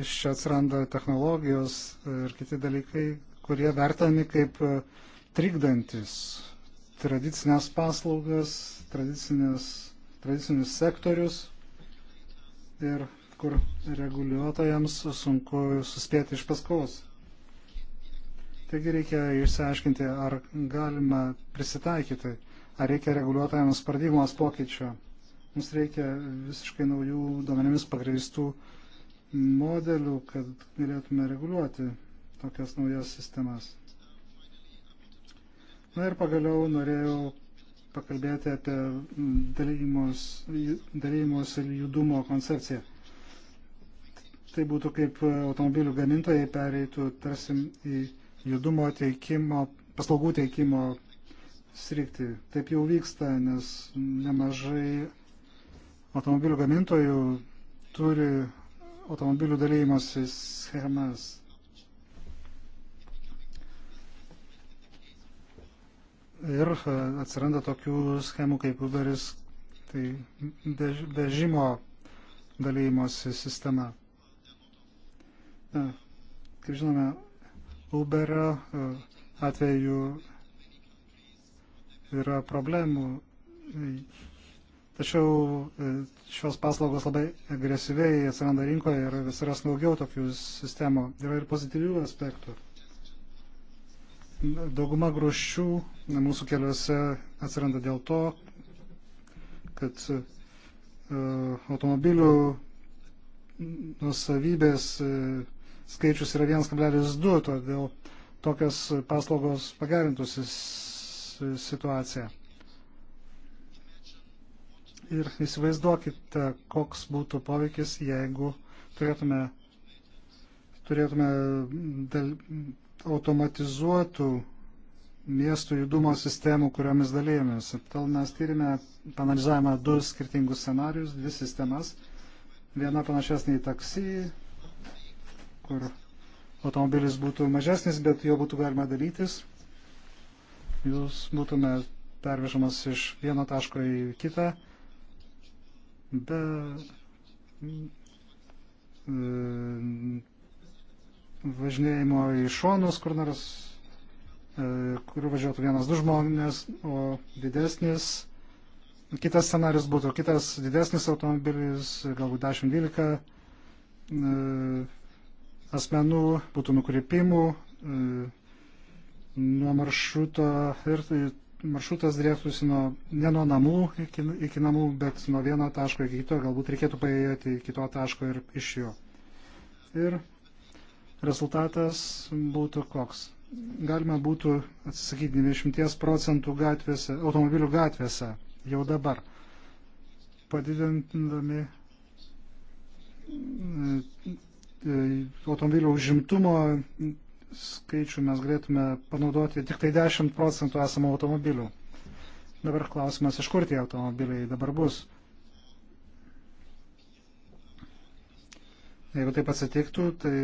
[SPEAKER 1] iš čia atsiranda technologijos ir kiti dalykai, kurie vertami kaip e, trikdantis tradicinės paslaugas, tradicinius sektorius ir kur reguliuotojams sunku suspėti iš paskos. Taigi reikia išsiaiškinti, ar galima prisitaikyti, ar reikia reguliuotojams paradigmos pokyčio. Mums reikia visiškai naujų duomenimis pagrįstų modelių, kad galėtume reguliuoti tokias naujas sistemas. Na ir pagaliau norėjau pakalbėti apie dalymos ir judumo koncepciją. Tai būtų kaip automobilių gamintojai pereitų tarsi į judumo teikimo, paslaugų teikimo sritį. Taip jau vyksta, nes nemažai automobilių gamintojų turi automobilių dalymosi schemas. Ir atsiranda tokių schemų kaip Uberis, tai vežimo dalymosi sistema. Na, kaip žinome, Uberio e, atveju yra problemų. Tačiau e, šios paslaugos labai agresyviai atsiranda rinkoje ir vis yra daugiau tokių sistemų. Yra ir pozityvių aspektų. Dauguma gruščių mūsų keliuose atsiranda dėl to, kad e, automobilių nusavybės skaičius yra 1,2, todėl tokios paslaugos pagerintų situaciją. Ir įsivaizduokite, koks būtų poveikis, jeigu turėtume, turėtume dal, automatizuotų miestų judumo sistemų, kuriomis dalyjomės. Tol mes tyrime, panalizavome du skirtingus scenarius, dvi sistemas. Viena panašesnė į taksi, kur automobilis būtų mažesnis, bet jo būtų galima dalytis. Jūs būtume pervežamas iš vieno taško į kitą be mm, e, važinėjimo į šonus, kur nors, e, kur važiuotų vienas du žmonės, o didesnis, kitas scenarius būtų, kitas didesnis automobilis, galbūt 10-12 asmenų, būtų nukreipimų e, nuo maršruto ir e, maršrutas drėstųsi nuo, ne nuo namų iki, iki namų, bet nuo vieno taško iki kito, galbūt reikėtų paėjoti iki kito taško ir iš jo. Ir rezultatas būtų koks. Galima būtų atsisakyti 90 procentų gatvėse, automobilių gatvėse jau dabar, padidindami e, E, automobilių užimtumo skaičių mes galėtume panaudoti tik tai 10 procentų esamų automobilių. Dabar klausimas, iš kur tie automobiliai dabar bus? Jeigu taip atsitiktų, tai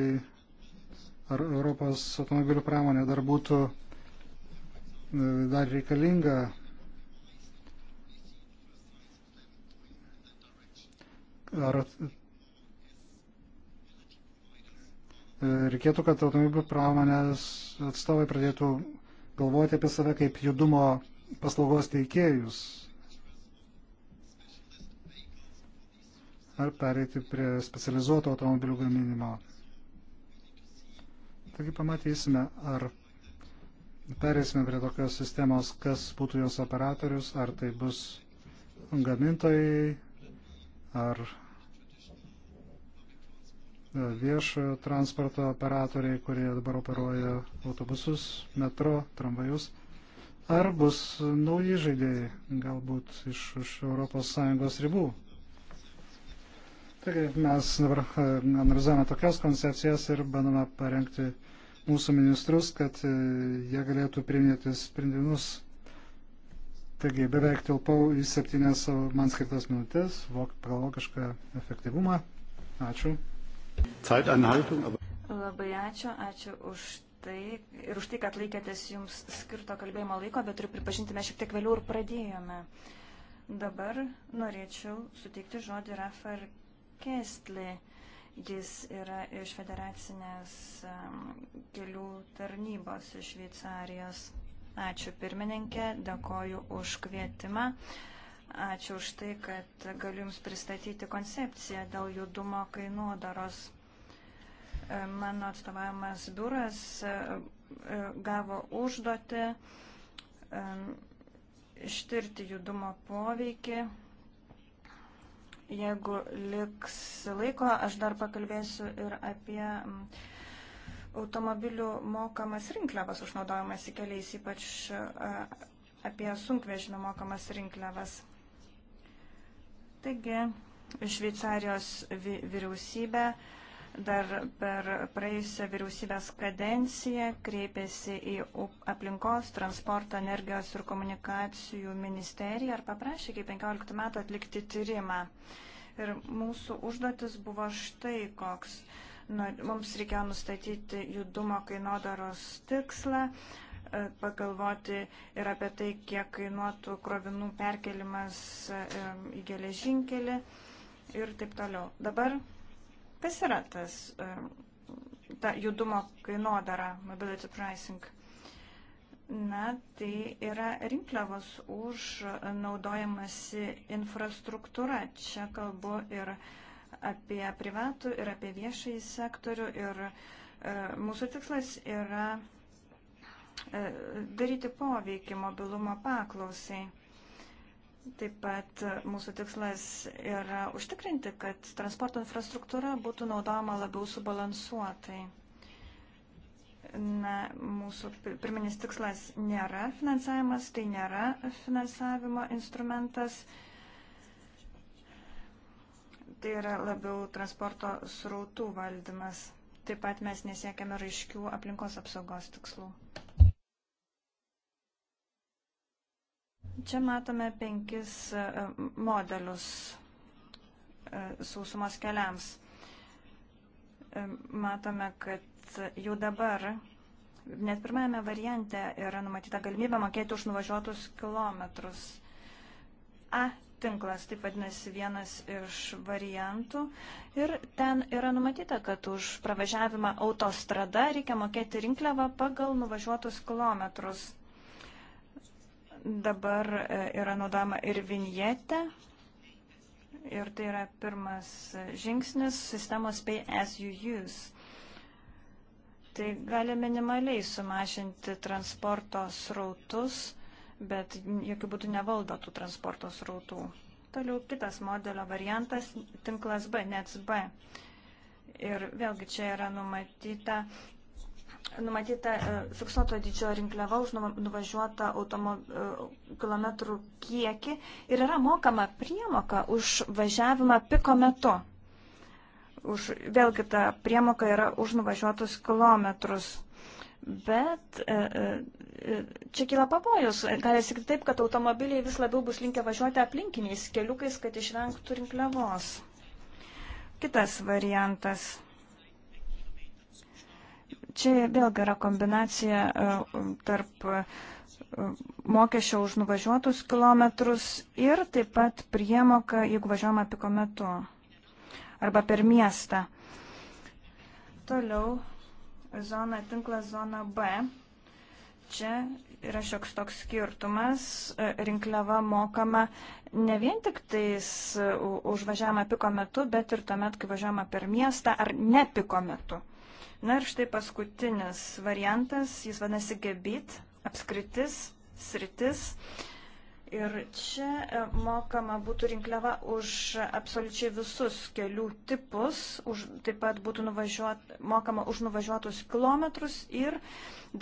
[SPEAKER 1] ar Europos automobilių pramonė dar būtų e, dar reikalinga ar reikėtų, kad automobilių pramonės atstovai pradėtų galvoti apie save kaip judumo paslaugos teikėjus. Ar pereiti prie specializuoto automobilių gaminimo. Taigi pamatysime, ar perėsime prie tokios sistemos, kas būtų jos operatorius, ar tai bus gamintojai, ar viešojo transporto operatoriai, kurie dabar operuoja autobusus, metro, tramvajus. Ar bus nauji žaidėjai, galbūt iš, iš ES ribų? Taigi mes dabar e, analizuojame tokias koncepcijas ir bandome parengti mūsų ministrus, kad e, jie galėtų priminėti sprendimus. Taigi beveik tilpau į septynės man skirtas minutės, pagal vokišką efektyvumą. Ačiū.
[SPEAKER 2] Labai ačiū, ačiū už tai ir už tai, kad laikėtės jums skirto kalbėjimo laiko, bet turiu pripažinti, mes šiek tiek vėliau ir pradėjome. Dabar norėčiau suteikti žodį Rafar Kestli. Jis yra iš federacinės um, kelių tarnybos iš Šveicarijos. Ačiū pirmininkė, dėkoju už kvietimą. Ačiū už tai, kad galiu Jums pristatyti koncepciją dėl judumo kainodaros. E, mano atstovavimas biuras e, e, gavo užduotį ištirti judumo poveikį. Jeigu liks laiko, aš dar pakalbėsiu ir apie automobilių mokamas rinkliavas užnaudojamas į keliais, ypač apie sunkvežimio mokamas rinkliavas. Taigi, Šveicarijos vyriausybė dar per praėjusią vyriausybės kadenciją kreipėsi į aplinkos, transporto, energijos ir komunikacijų ministeriją ir paprašė iki 15 metų atlikti tyrimą. Ir mūsų užduotis buvo štai koks. Nu, mums reikėjo nustatyti judumo kainodaros tikslą, E, pagalvoti ir apie tai, kiek kainuotų krovinų perkelimas e, į geležinkelį ir taip toliau. Dabar kas yra tas e, ta judumo kainodara, mobility pricing? Na, tai yra rinkliavos už naudojimasi infrastruktūra. Čia kalbu ir apie privatų, ir apie viešąjį sektorių. Ir e, mūsų tikslas yra E, daryti poveikį mobilumo paklausai. Taip pat mūsų tikslas yra užtikrinti, kad transporto infrastruktūra būtų naudojama labiau subalansuotai. Na, mūsų pirminis tikslas nėra finansavimas, tai nėra finansavimo instrumentas. Tai yra labiau transporto srautų valdymas. Taip pat mes nesiekiame raiškių aplinkos apsaugos tikslų. Čia matome penkis e, modelius e, sausumos keliams. E, matome, kad jau dabar, net pirmajame variante yra numatyta galimybė mokėti už nuvažiuotus kilometrus. A tinklas, taip vadinasi vienas iš variantų. Ir ten yra numatyta, kad už pravažiavimą autostrada reikia mokėti rinkliavą pagal nuvažiuotus kilometrus. Dabar e, yra naudojama ir vinjetė. Ir tai yra pirmas žingsnis sistemos pay as you use. Tai gali minimaliai sumažinti transporto srautus, bet jokių būdų nevaldo tų transporto srautų. Toliau kitas modelio variantas - tinklas B, NETS B. Ir vėlgi čia yra numatyta numatyta e, fiksuoto dydžio rinkliava už nuvažiuotą e, kilometrų kiekį ir yra mokama priemoka už važiavimą piko metu. Už, vėlgi ta priemoka yra už nuvažiuotus kilometrus. Bet e, čia kyla pavojus. Gali sakyti taip, kad automobiliai vis labiau bus linkę važiuoti aplinkiniais keliukais, kad išvengtų rinkliavos. Kitas variantas Čia vėlgi yra kombinacija e, um, tarp e, mokesčio už nuvažiuotus kilometrus ir taip pat priemoka, jeigu važiuojama piko metu arba per miestą. Toliau zona, tinklas zona B. Čia yra šioks toks skirtumas. E, rinkliava mokama ne vien tik tais už važiavimą piko metu, bet ir tuomet, kai važiavimą per miestą ar ne piko metu. Na ir štai paskutinis variantas, jis vadinasi gebit, apskritis, sritis. Ir čia e, mokama būtų rinkliava už absoliučiai visus kelių tipus, už, taip pat būtų nuvažiuot, mokama už nuvažiuotus kilometrus ir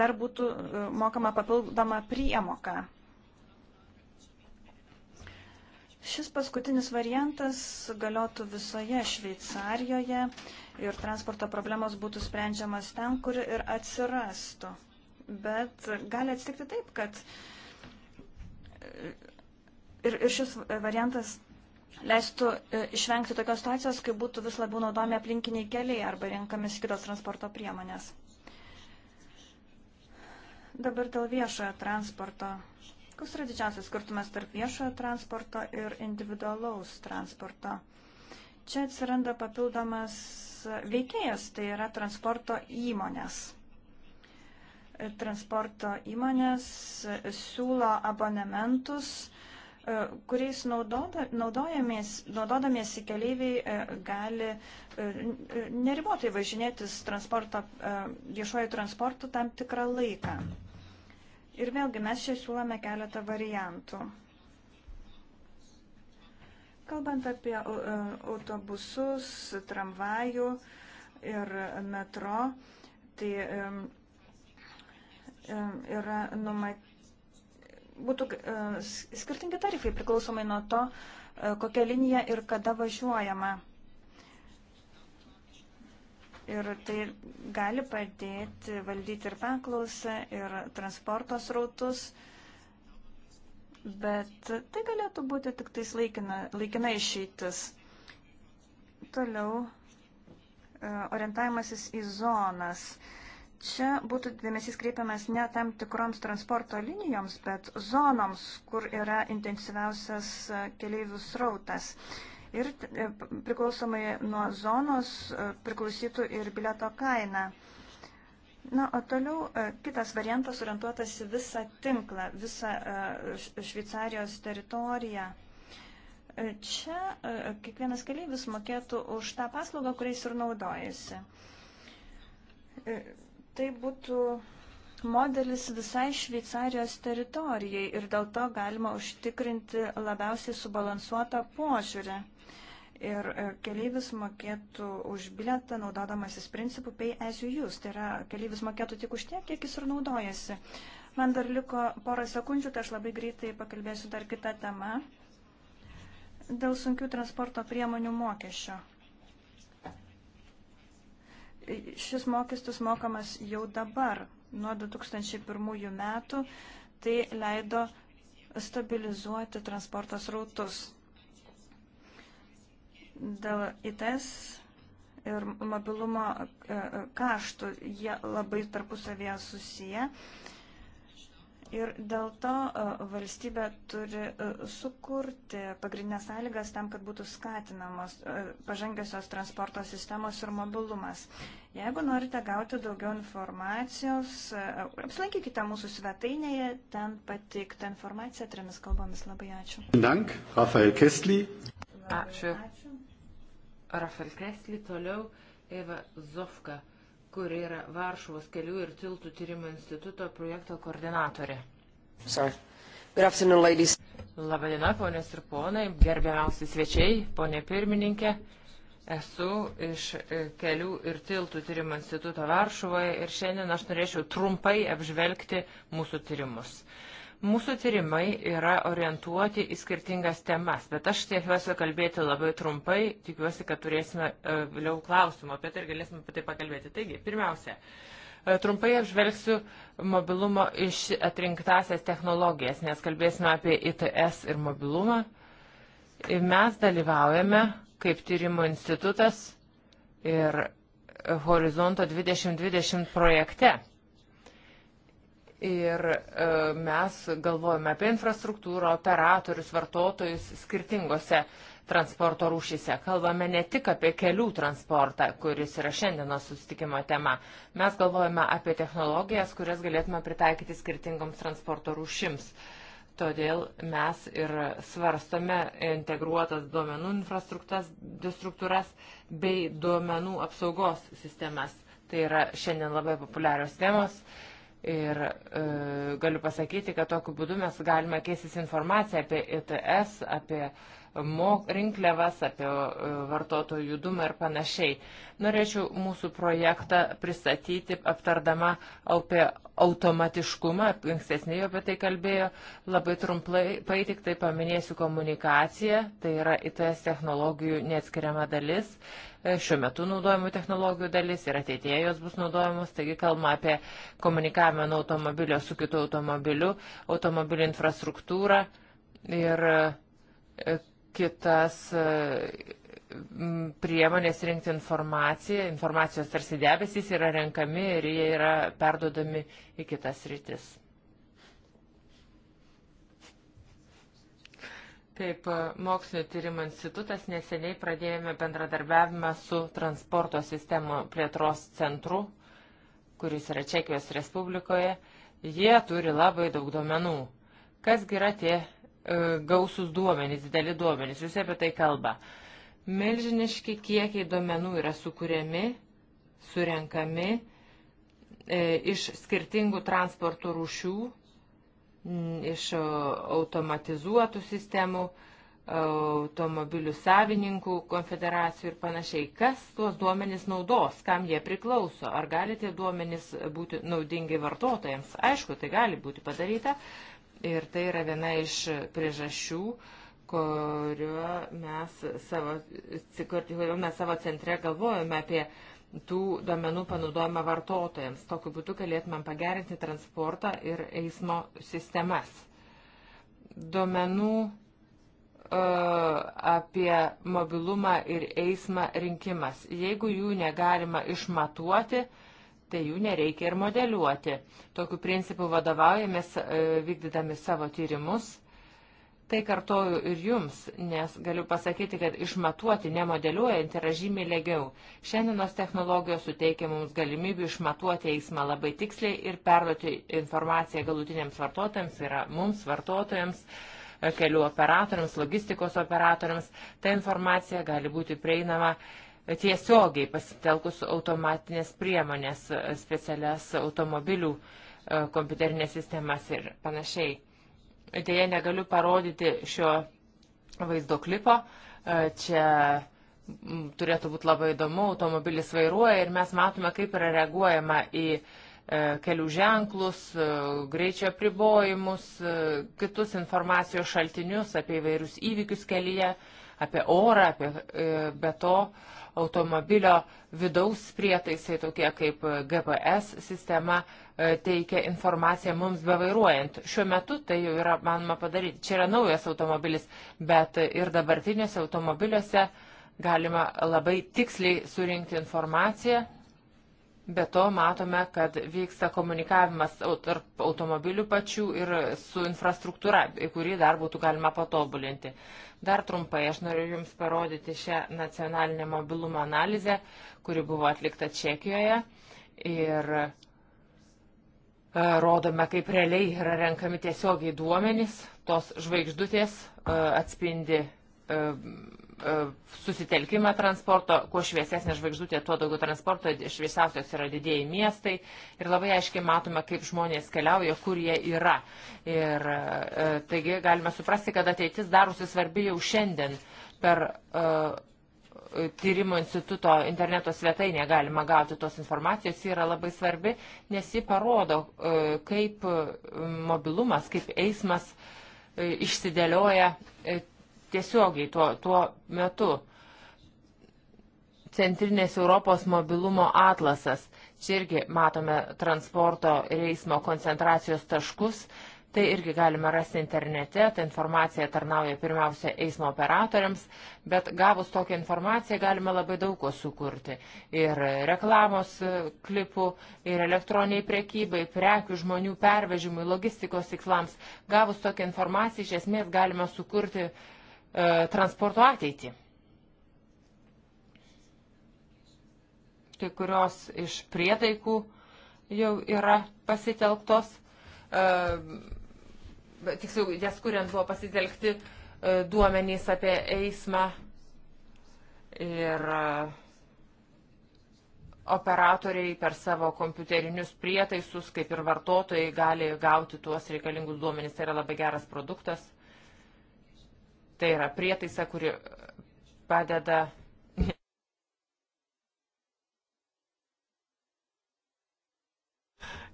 [SPEAKER 2] dar būtų e, mokama papildoma priemoka Šis paskutinis variantas galiotų visoje Šveicarijoje ir transporto problemos būtų sprendžiamas ten, kur ir atsirastų. Bet gali atsitikti taip, kad ir, ir šis variantas leistų e, išvengti tokios situacijos, kai būtų vis labiau naudomi aplinkiniai keliai arba renkamis kitos transporto priemonės. Dabar dėl viešojo transporto Koks yra didžiausias skirtumas tarp viešojo transporto ir individualaus transporto? Čia atsiranda papildomas veikėjas, tai yra transporto įmonės. Transporto įmonės siūlo abonementus, e, kuriais naudodamiesi keleiviai e, gali e, neribotai važinėtis transporto, viešuoju transportu tam tikrą laiką. Ir vėlgi mes čia siūlome keletą variantų. Kalbant apie e, autobusus, tramvajų ir metro, tai e, e, yra numatyti būtų skirtingi tarifai priklausomai nuo to, kokia linija ir kada važiuojama. Ir tai gali padėti valdyti ir paklausą, ir transporto srautus. Bet tai galėtų būti tik tais laikina, laikina išeitis. Toliau e, orientavimasis į zonas. Čia būtų dėmesys kreipiamas ne tam tikroms transporto linijoms, bet zonoms, kur yra intensyviausias e, keleivių srautas. Uh, ir e, priklausomai nuo zonos e, priklausytų ir bileto kaina. Na, o toliau e, kitas variantas orientuotas į visą tinklą, visą Šveicarijos teritoriją. Čia kiekvienas keleivis mokėtų už tą paslaugą, kuriais ir naudojasi. Tai būtų modelis visai Šveicarijos teritorijai ir dėl to galima užtikrinti labiausiai subalansuotą požiūrį ir e, keleivis mokėtų už biletą naudodamasis principu pay as you use. Tai yra, keleivis mokėtų tik už tiek, kiek jis ir naudojasi. Man dar liko porą sekundžių, tai aš labai greitai pakalbėsiu dar kitą temą. Dėl sunkių transporto priemonių mokesčio. Šis mokestis mokamas jau dabar, nuo 2001 metų, tai leido stabilizuoti transporto srautus dėl ITS ir mobilumo e, e, kaštų. Jie labai tarpusavėje susiję. Ir dėl to e, valstybė turi sukurti pagrindinės sąlygas tam, kad būtų skatinamos pažangiosios transporto sistemos ir mobilumas. Jeigu norite gauti daugiau informacijos, apsilankykite mūsų svetainėje, ten pateikta informacija trimis kalbomis. Labai ačiū. Dank,
[SPEAKER 1] Rafael Kestly.
[SPEAKER 3] Ačiū. Rafael Kresli, toliau Eva Zofka, kuri yra Varšuvos kelių ir tiltų tyrimo instituto projekto koordinatorė. Sorry. Good afternoon, ladies. Labadiena, ponės ir ponai, gerbiamiausi svečiai, ponė pirmininkė. Esu iš e, kelių ir tiltų tyrimo instituto Varšuvoje ir šiandien aš norėčiau trumpai apžvelgti mūsų tyrimus. Uh, Mūsų tyrimai yra orientuoti į skirtingas temas, bet aš tikiuosi kalbėti labai trumpai, tikiuosi, kad turėsime e, vėliau klausimų apie tai ir galėsime apie tai pakalbėti. Taigi, pirmiausia, e, trumpai apžvelgsiu mobilumo iš atrinktasias technologijas, nes kalbėsime apie ITS ir mobilumą. Ir mes dalyvaujame kaip tyrimo institutas ir Horizonto 2020 projekte Ir e, mes galvojame apie infrastruktūrą, operatorius, vartotojus skirtingose transporto rūšyse. Kalbame ne tik apie kelių transportą, kuris yra šiandienos susitikimo tema. Mes galvojame apie technologijas, kurias galėtume pritaikyti skirtingoms transporto rūšims. Todėl mes ir svarstome integruotas duomenų infrastruktūras bei duomenų apsaugos sistemas. Tai yra šiandien labai populiarios temos. Uh, Ir e, galiu pasakyti, kad tokiu būdu mes galime keistis informaciją apie ETS, apie mok, rinkliavas, apie e, vartotojų judumą ir panašiai. Norėčiau mūsų projektą pristatyti, aptardama apie automatiškumą, ankstesnėje apie tai kalbėjo, labai trumpai tik tai paminėsiu komunikaciją, tai yra ITS technologijų neatskiriama dalis. E, E, šiuo metu naudojamų technologijų dalis ir ateitėje jos bus naudojamos. Taigi kalbama apie komunikavimą nuo automobilio su kitu automobiliu, automobilio infrastruktūrą ir e, kitas e, priemonės rinkti informaciją. Informacijos tarsi debesys yra renkami ir jie yra perdodami į kitas rytis. Kaip e, mokslinio tyrimo institutas neseniai pradėjome bendradarbiavimą su transporto sistemų plėtros centru, kuris yra Čekijos Respublikoje. Jie turi labai daug duomenų. Kasgi yra tie e, gausus duomenys, dideli duomenys, jūs apie tai kalba. Milžiniški kiekiai duomenų yra sukūriami, surenkami e, iš skirtingų transporto rūšių Mm, iš automatizuotų sistemų, automobilių savininkų, konfederacijų ir panašiai. Kas tuos duomenys naudos, kam jie priklauso, ar gali tie duomenys būti naudingi vartotojams? Aišku, tai gali būti padaryta ir tai yra viena iš priežasčių, kurio mes savo, kurio mes savo centre galvojame apie uh, tų duomenų panaudojimą vartotojams. Tokiu būdu galėtumėm pagerinti transportą ir eismo sistemas. Duomenų e, apie mobilumą ir eismą rinkimas. Jeigu jų negalima išmatuoti, tai jų nereikia ir modeliuoti. Tokiu principu vadovaujamės e, vykdydami savo tyrimus. E, Tai kartoju ir jums, nes galiu pasakyti, kad išmatuoti nemodeliuojant yra žymiai lėgiau. Šiandienos technologijos suteikia mums galimybių išmatuoti eismą labai tiksliai ir perduoti informaciją galutiniams vartotojams, tai yra mums vartotojams, kelių operatoriams, logistikos operatoriams. Ta informacija gali būti prieinama tiesiogiai pasitelkus automatinės priemonės, specialias automobilių e, kompiuterinės sistemas ir panašiai Dėja negaliu parodyti šio vaizdo klipo. E, čia turėtų būti labai įdomu, automobilis vairuoja ir mes matome, kaip yra reaguojama į e, kelių ženklus, e, greičio apribojimus, kitus informacijos šaltinius apie įvairius įvykius kelyje apie orą, apie e, be to automobilio vidaus prietaisai, tokie kaip GPS sistema, e, teikia informaciją mums bevairuojant. Šiuo metu tai jau yra manoma padaryti. Čia yra naujas automobilis, bet ir dabartiniuose automobiliuose galima labai tiksliai surinkti informaciją Be to matome, kad vyksta komunikavimas tarp automobilių pačių ir su infrastruktūra, kurį dar būtų galima patobulinti. Dar trumpai aš noriu Jums parodyti šią nacionalinę mobilumo analizę, kuri buvo atlikta Čekijoje. Ir e, rodome, kaip realiai yra renkami tiesiogiai duomenys. Tos žvaigždutės e, atspindi e, E, susitelkimą transporto, kuo šviesesnė žvaigždutė, tuo daugiau transporto, šviesiausios yra didėjai miestai ir labai aiškiai matome, kaip žmonės keliauja, kur jie yra. Ir e, taigi galime suprasti, kad ateitis darosi svarbi jau šiandien per uh, e, tyrimo instituto interneto svetainė galima gauti tos informacijos, ji yra labai svarbi, nes ji parodo, uh, kaip mobilumas, kaip eismas išsidėlioja tiesiogiai tuo, tuo metu. Centrinės Europos mobilumo atlasas. Čia irgi matome transporto ir eismo koncentracijos taškus. Tai irgi galime rasti internete, ta informacija tarnauja pirmiausia eismo operatoriams, bet gavus tokią informaciją galime labai daug ko sukurti. Ir reklamos e, klipų, ir elektroniniai priekybai, prekių žmonių pervežimui, logistikos tikslams. Gavus tokią informaciją iš esmės galime sukurti uh, E, transporto ateitį. Kai kurios iš prietaikų jau yra pasitelktos, e, tiksliau, jas kuriant buvo pasitelkti e, duomenys apie eismą ir operatoriai per savo kompiuterinius prietaisus, kaip ir vartotojai, gali gauti tuos reikalingus duomenys. Tai yra labai geras produktas. Tai yra prietaisa, kuri e, padeda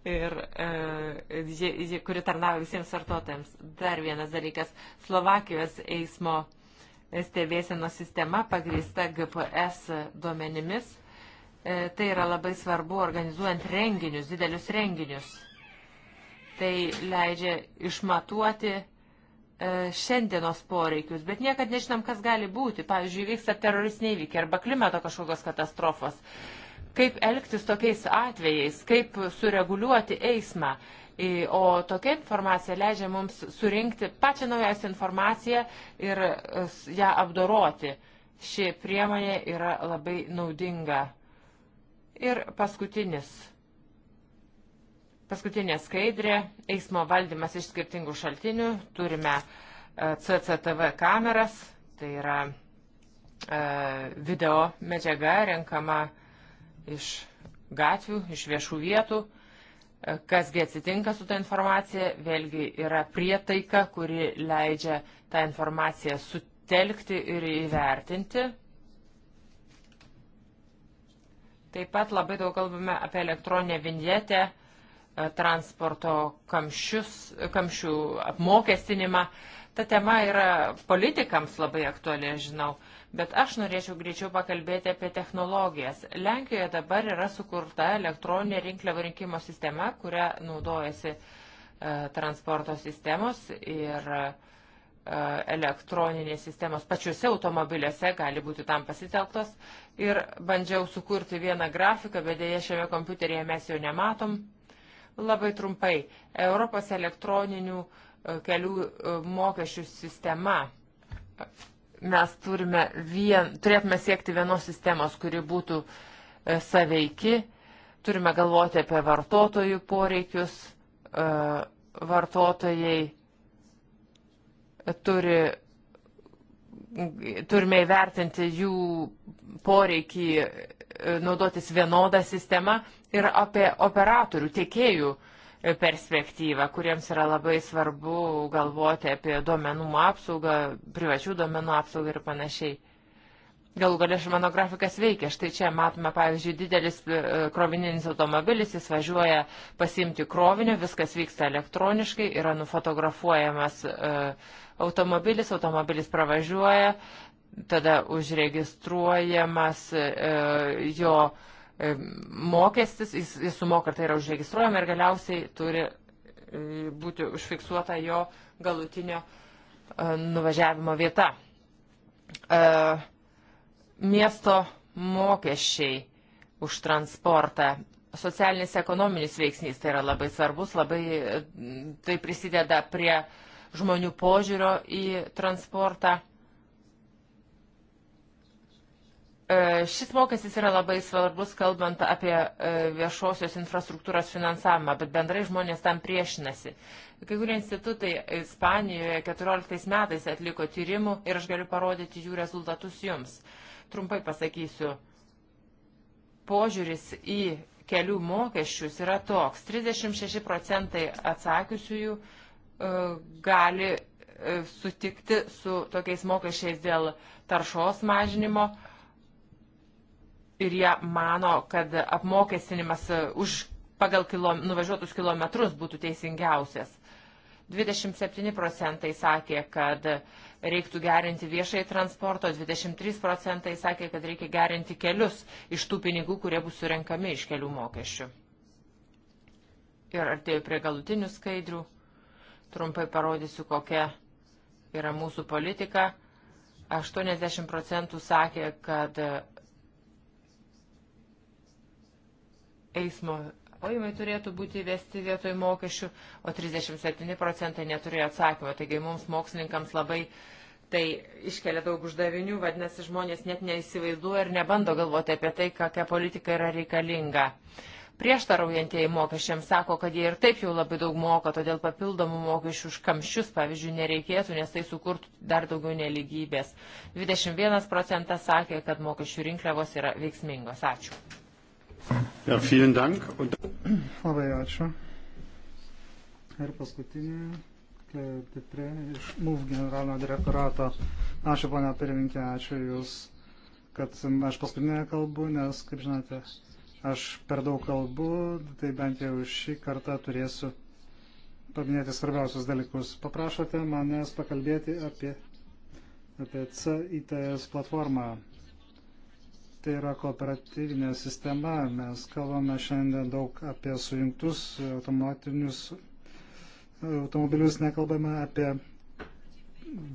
[SPEAKER 3] ir e, kuri tarnauja visiems vartotojams. Dar vienas dalykas. Slovakijos eismo stebėsenos sistema pagrįsta GPS duomenimis. E, tai yra labai svarbu organizuojant renginius, didelius renginius. Tai leidžia išmatuoti E, šiandienos poreikius, bet niekad nežinom, kas gali būti. Pavyzdžiui, vyksta teroristiniai įvykiai arba klimato kažkokios katastrofos. Kaip elgtis tokiais atvejais, kaip sureguliuoti eismą. O tokia informacija leidžia mums surinkti pačią naujausią informaciją ir e, ją apdoroti. Ši priemonė yra labai naudinga. Ir paskutinis Paskutinė skaidrė - eismo valdymas iš skirtingų šaltinių. Turime e, CCTV kameras, tai yra e, video medžiaga renkama iš gatvių, iš viešų vietų. E, Kasgi atsitinka su ta informacija, vėlgi yra prietaika, kuri leidžia tą informaciją sutelkti ir įvertinti. Taip pat labai daug kalbame apie elektroninę vinjetę, transporto kamščius, kamščių apmokestinimą. Ta tema yra politikams labai aktuali, žinau, bet aš norėčiau greičiau pakalbėti apie technologijas. Lenkijoje dabar yra sukurta elektroninė rinkliavų rinkimo sistema, kuria naudojasi e, transporto sistemos ir e, elektroninės sistemos pačiuose automobiliuose gali būti tam pasitelktos. Ir bandžiau sukurti vieną grafiką, bet dėja šiame kompiuteryje mes jo nematom. Mm Labai trumpai. Europos elektroninių e, kelių e, mokesčių sistema. Mes turime vien, turėtume siekti vienos sistemos, kuri būtų e, saveiki. Turime galvoti apie vartotojų poreikius. Vartotojai turi, turime įvertinti jų poreikį naudotis vienodą sistemą ir apie operatorių, tiekėjų perspektyvą, kuriems yra labai svarbu galvoti apie duomenų apsaugą, privačių duomenų apsaugą ir panašiai. Galų galę mano grafikas veikia. Štai čia matome, pavyzdžiui, didelis e, krovininis automobilis, jis važiuoja pasimti krovinio, viskas vyksta elektroniškai, yra nufotografuojamas e, automobilis, automobilis pravažiuoja, tada užregistruojamas e, jo. E, E, mokestis, jis, jis sumoka, tai yra užregistruojama ir galiausiai turi e, būti užfiksuota jo galutinio e, nuvažiavimo vieta. Miesto mokesčiai už transportą socialinis ekonominis veiksnys tai yra labai svarbus, labai tai prisideda prie žmonių požiūrio į transportą. E, šis mokestis yra labai svarbus, kalbant apie e, viešosios infrastruktūros finansavimą, bet bendrai žmonės tam priešinasi. Kai kurie institutai Ispanijoje 14 metais atliko tyrimų ir aš galiu parodyti jų rezultatus jums. Trumpai pasakysiu, požiūris į kelių mokesčius yra toks. 36 procentai atsakiusiųjų e, gali sutikti su tokiais mokesčiais dėl taršos mažinimo ir jie mano, kad apmokestinimas e, už pagal kilo, nuvažiuotus kilometrus būtų teisingiausias. 27 procentai sakė, kad reiktų gerinti viešai transporto, 23 procentai sakė, kad reikia gerinti kelius iš tų pinigų, kurie bus surenkami iš kelių mokesčių. Ir artėjau prie galutinių skaidrių. Trumpai parodysiu, kokia yra mūsų politika. 80 procentų sakė, kad eismo pajamai turėtų būti įvesti vietoj mokesčių, o 37 procentai neturėjo atsakymo. Taigi mums mokslininkams labai tai iškelia daug uždavinių, vadinasi, žmonės net neįsivaizduoja ir nebando galvoti apie tai, kokia politika yra reikalinga. Prieštaraujantieji mokesčiams sako, kad jie ir taip jau labai daug moka, todėl papildomų mokesčių už kamščius, pavyzdžiui, nereikėtų, nes tai sukurtų dar daugiau neligybės. 21 procentas sakė, kad mokesčių rinkliavos yra veiksmingos. Ačiū.
[SPEAKER 1] Ja, vielen Dank. Und... Labai ačiū. Ir paskutinė, Kleopatra iš MUV generalinio direktorato. Ačiū, ponia pirmininkė, ačiū Jūs, kad aš paskutinė kalbu, nes, kaip žinote, aš per daug kalbu, tai bent jau šį kartą turėsiu paminėti svarbiausius dalykus. Paprašote manęs pakalbėti apie, apie CITS platformą. Tai yra kooperatyvinė sistema. Mes kalbame šiandien daug apie sujungtus automobilius, nekalbame apie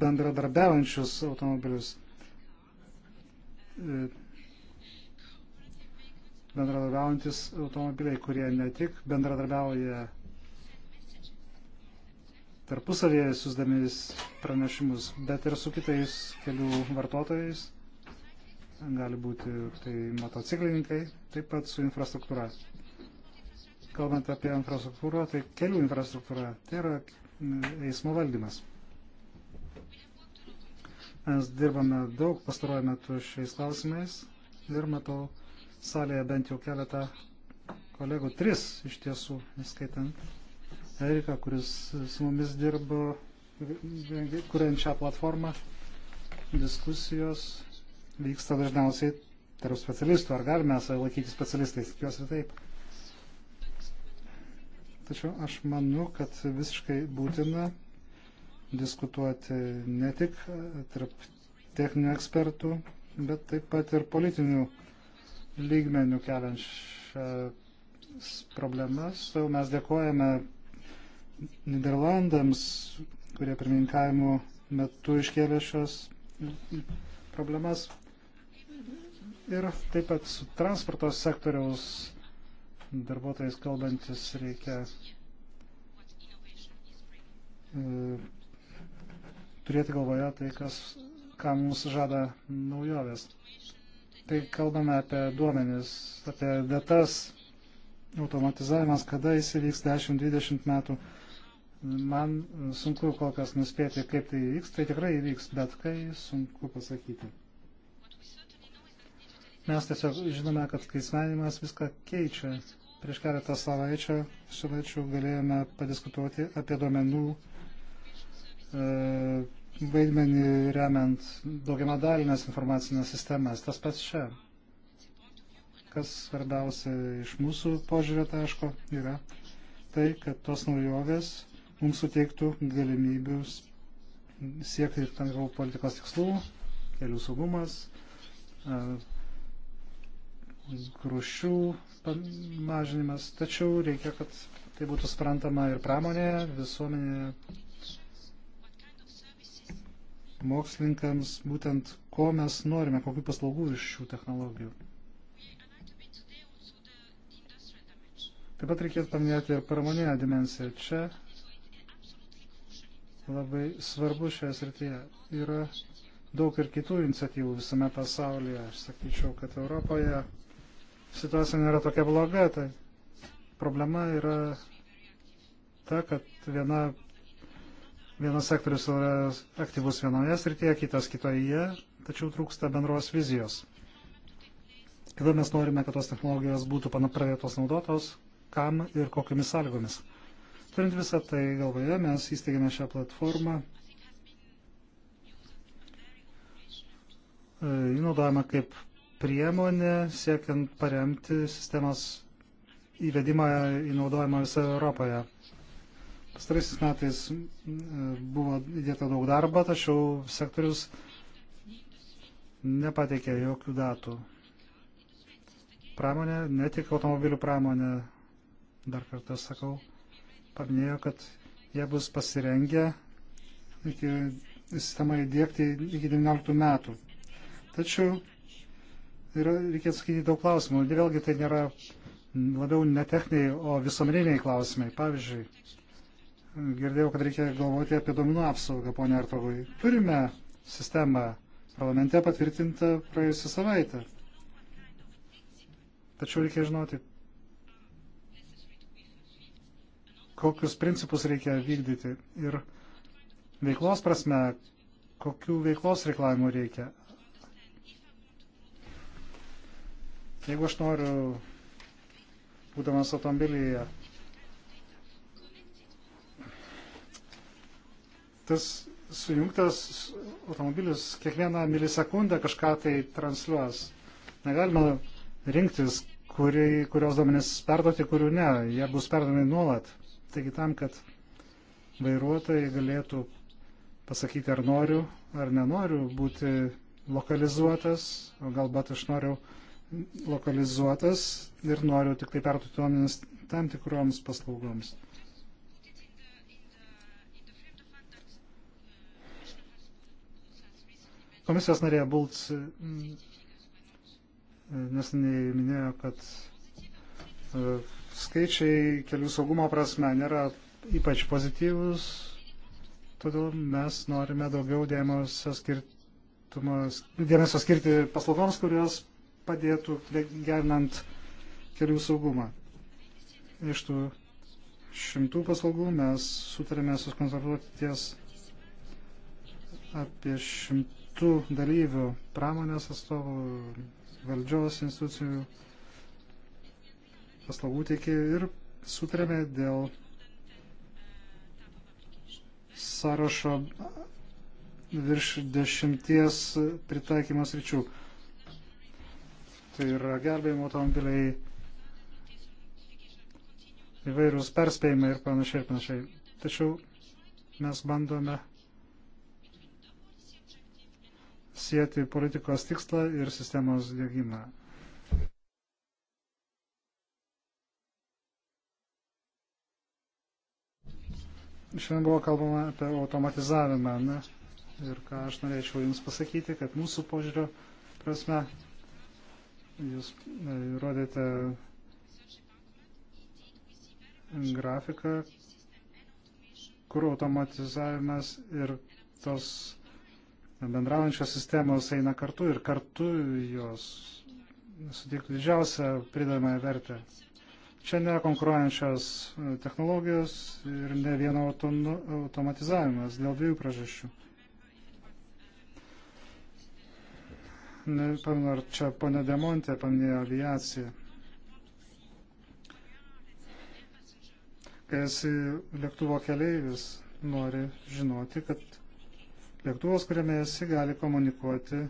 [SPEAKER 1] bendradarbiaujančius automobilius. Bendradarbiaujantis automobiliai, kurie ne tik bendradarbiauja tarpusavėje siūsdami pranešimus, bet ir su kitais kelių vartotojais gali būti tai motociklininkai, taip pat su infrastruktūra. Kalbant apie infrastruktūrą, tai kelių infrastruktūra, tai yra eismo valdymas. Mes dirbame daug pastaruoju metu šiais klausimais ir matau salėje bent jau keletą kolegų, tris iš tiesų, neskaitant Erika, kuris su mumis dirbo, kuriant šią platformą diskusijos vyksta dažniausiai tarp specialistų. Ar galime save laikyti specialistais? Tikiuosi taip. Tačiau aš manau, kad visiškai būtina diskutuoti ne tik e, tarp techninių ekspertų, bet taip pat ir politinių lygmenių keliančias problemas. Jau mes dėkojame Niderlandams, kurie pirmininkavimo metu iškėlė šios problemas. Ir taip pat su transporto sektoriaus darbuotojais kalbantis reikia e, turėti galvoje tai, kas, ką mums žada naujovės. Tai kalbame apie duomenis, apie datas, automatizavimas, kada jis įvyks 10-20 metų. Man sunku kol kas nuspėti, kaip tai įvyks, tai tikrai įvyks, bet kai sunku pasakyti. Mes tiesiog žinome, kad skaitmeninimas viską keičia. Prieš keletą savaičių, savaičių galėjome padiskutuoti apie duomenų e, vaidmenį remiant daugiamadalinės informacinės sistemas. Tas pats čia. Kas svarbiausia iš mūsų požiūrio taško yra tai, kad tos naujovės mums suteiktų galimybių siekti tam tikrų politikos tikslų, kelių saugumas, e, grušių mažinimas, tačiau reikia, kad tai būtų suprantama ir pramonėje, visuomenėje, mokslininkams, būtent ko mes norime, kokių paslaugų iš šių technologijų. Taip pat reikėtų paminėti ir pramoninę dimensiją. Čia labai svarbu šioje srityje. Yra daug ir kitų iniciatyvų visame pasaulyje. Aš sakyčiau, kad Europoje situacija nėra tokia bloga. Tai problema yra ta, kad viena, vienas sektorius yra aktyvus vienoje srityje, kitas kitoje, tačiau trūksta bendros vizijos. Kada mes norime, kad tos technologijos būtų pradėtos naudotos, kam ir kokiamis sąlygomis. Turint visą tai galvoje, mes įsteigėme šią platformą. E, Ji naudojama kaip priemonė siekiant paremti sistemos įvedimą į naudojimą visoje Europoje. Pastaraisiais metais e, buvo įdėta daug darbo, tačiau sektorius nepateikė jokių datų. Pramonė, ne tik automobilių pramonė, dar kartą sakau, paminėjo, kad jie bus pasirengę iki sistemą įdėkti iki 19 metų. Tačiau Ir reikia atsakyti daug klausimų. Ir vėlgi tai nėra labiau ne techniniai, o visuomeniniai klausimai. Pavyzdžiui, girdėjau, kad reikia galvoti apie duomenų apsaugą, ponia Artovai. Turime sistemą parlamente patvirtintą praėjusią savaitę. Tačiau reikia žinoti, kokius principus reikia vykdyti ir veiklos prasme, kokių veiklos reikalavimų reikia. Jeigu aš noriu, būdamas automobilyje, tas sujungtas automobilis kiekvieną milisekundę kažką tai transliuos. Negalima rinktis, kuri, kurios duomenys perduoti, kurių ne. Jie bus perduomi nuolat. Taigi tam, kad vairuotojai galėtų pasakyti, ar noriu, ar nenoriu būti lokalizuotas, o galbūt aš noriu lokalizuotas ir noriu tik tai perduoti duomenis tam tikroms paslaugoms. Komisijos narė Bulc mm, neseniai minėjo, kad e, skaičiai kelių saugumo prasme nėra ypač pozityvus, todėl mes norime daugiau dėmesio, skirtumo, dėmesio skirti paslaugoms, kurios padėtų gernant kelių saugumą. Iš tų šimtų paslaugų mes sutarėme suskonservuoti ties apie šimtų dalyvių pramonės atstovų, valdžios institucijų paslaugų teikėjų ir sutarėme dėl sąrašo virš dešimties pritaikymas ryčių tai yra gelbėjimo automobiliai, įvairūs perspėjimai ir panašiai ir panašiai. Tačiau mes bandome sieti politikos tikslą ir sistemos dėgymą. Šiandien buvo kalbama apie automatizavimą. Na, ir ką aš norėčiau Jums pasakyti, kad mūsų požiūrio prasme Jūs e, rodėte grafiką, kur automatizavimas ir tos bendraujančios sistemos eina kartu ir kartu jos suteiktų didžiausią pridamąją vertę. Čia nėra konkuruojančios e, technologijos ir ne vieno automatizavimas dėl dviejų priežasčių. Nepaminu, ar čia ponė Demontė paminėjo aviaciją. Kai esi lėktuvo keleivis, nori žinoti, kad lėktuvas, kuriame esi, gali komunikuoti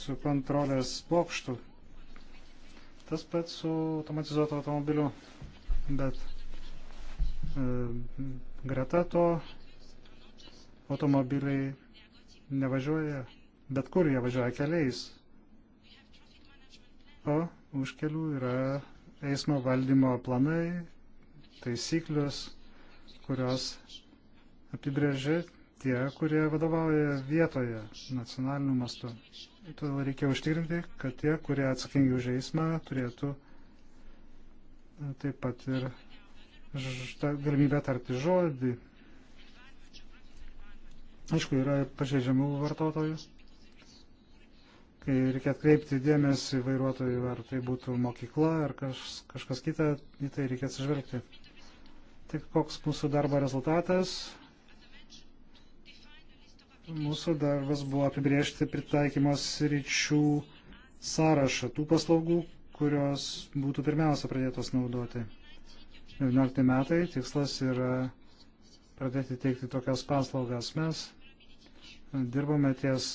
[SPEAKER 1] su kontrolės bokštu. Tas pats su automatizuotu automobiliu. Bet e, greta to automobiliai nevažiuoja bet kur jie važiuoja keliais. O už kelių yra eismo valdymo planai, taisyklius, kurios apibrėžia tie, kurie vadovauja vietoje nacionaliniu mastu. Todėl reikia užtikrinti, kad tie, kurie atsakingi už eismą, turėtų e, taip pat ir galimybę tarti žodį. Aišku, yra pažeidžiamų vartotojų kai reikia atkreipti dėmesį vairuotojų, ar tai būtų mokykla, ar kaž, kažkas kita, į tai reikia atsižvelgti. Tik koks mūsų darbo rezultatas? Mūsų darbas buvo apibriežti pritaikymos ryčių sąrašą tų paslaugų, kurios būtų pirmiausia pradėtos naudoti. 19 metai tikslas yra pradėti teikti tokias paslaugas. Mes dirbame ties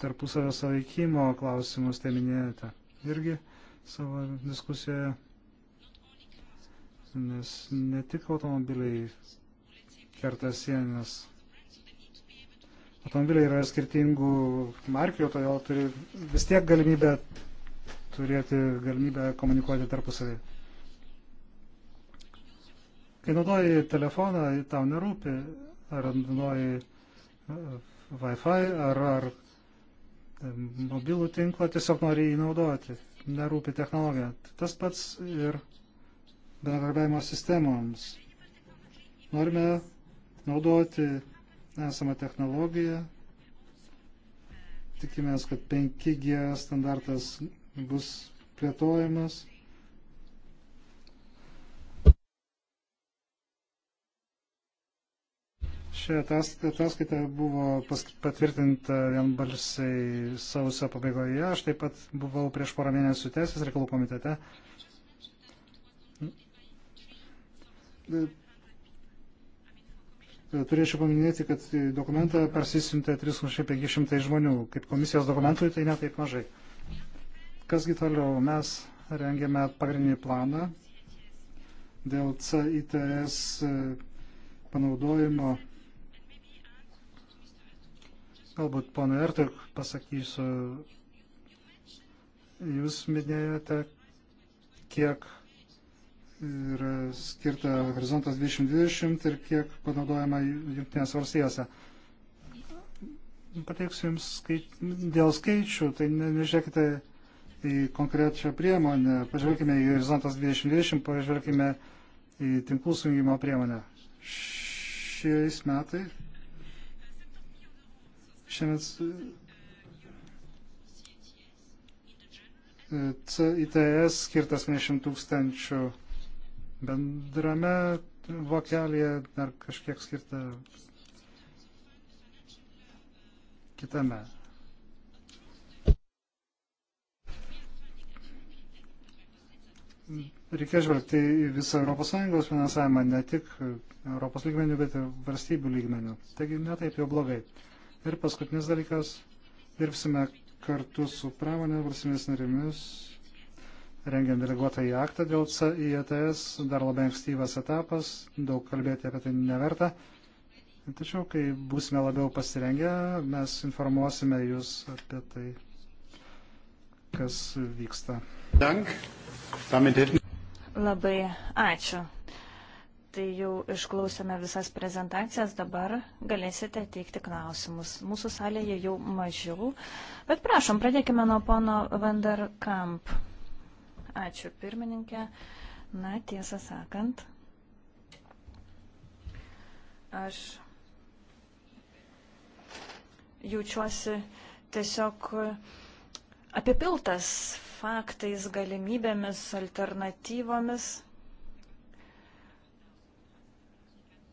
[SPEAKER 1] tarpusavio savaikimo klausimus tai minėjote irgi savo diskusijoje, nes ne tik automobiliai kerta sienas. Automobiliai yra skirtingų markių, todėl turi vis tiek galimybę turėti galimybę komunikuoti tarpusavį. Kai naudoji telefoną, tau nerūpi, ar naudoji uh, Wi-Fi, ar, ar E, mobilų tinklą, tiesiog nori jį naudoti, nerūpi technologija. Tas pats ir bendradarbiavimo sistemoms. Norime naudoti esamą technologiją. Tikimės, kad 5G standartas bus plėtojamas. Šią ataskaitą buvo patvirtinta vienbalsiai sausio pabaigoje. Aš taip pat buvau prieš porą mėnesių teisės reikalų komitete. Turėčiau paminėti, kad dokumentą persisintė 3500 žmonių. Kaip komisijos dokumentui tai netaip mažai. Kasgi toliau? Mes rengėme pagrindinį planą dėl CITS panaudojimo Galbūt ponui Ertui pasakysiu, jūs minėjote, kiek yra skirta horizontas 2020 ir kiek panaudojama jungtinės valstijose. Pateiksiu Jums skait... dėl skaičių, tai ne, nežiūrėkite į konkrečią priemonę, pažvelkime į horizontas 2020, pažvelkime į tinklų sujungimo priemonę. Šiais metais Šiandien CITS skirtas 50 tūkstančių bendrame vokelėje, dar kažkiek skirta kitame. Reikia žvelgti į visą ES finansavimą, ne tik ES lygmenių, bet ir valstybių lygmenių. Taigi netaip jau blogai. Ir paskutinis dalykas, dirbsime kartu su pramonė valstybės narimis, rengiant deleguotą į aktą dėl CIETS, dar labai ankstyvas etapas, daug kalbėti apie tai neverta. Tačiau, kai būsime labiau pasirengę, mes informuosime jūs apie tai, kas vyksta. Dank.
[SPEAKER 2] Labai ačiū. Tai jau išklausėme visas prezentacijas, dabar galėsite teikti klausimus. Mūsų salėje jau mažiau, bet prašom, pradėkime nuo pono Vanderkamp. Ačiū pirmininkė. Na, tiesą sakant, aš jaučiuosi tiesiog apipiltas faktais, galimybėmis, alternatyvomis.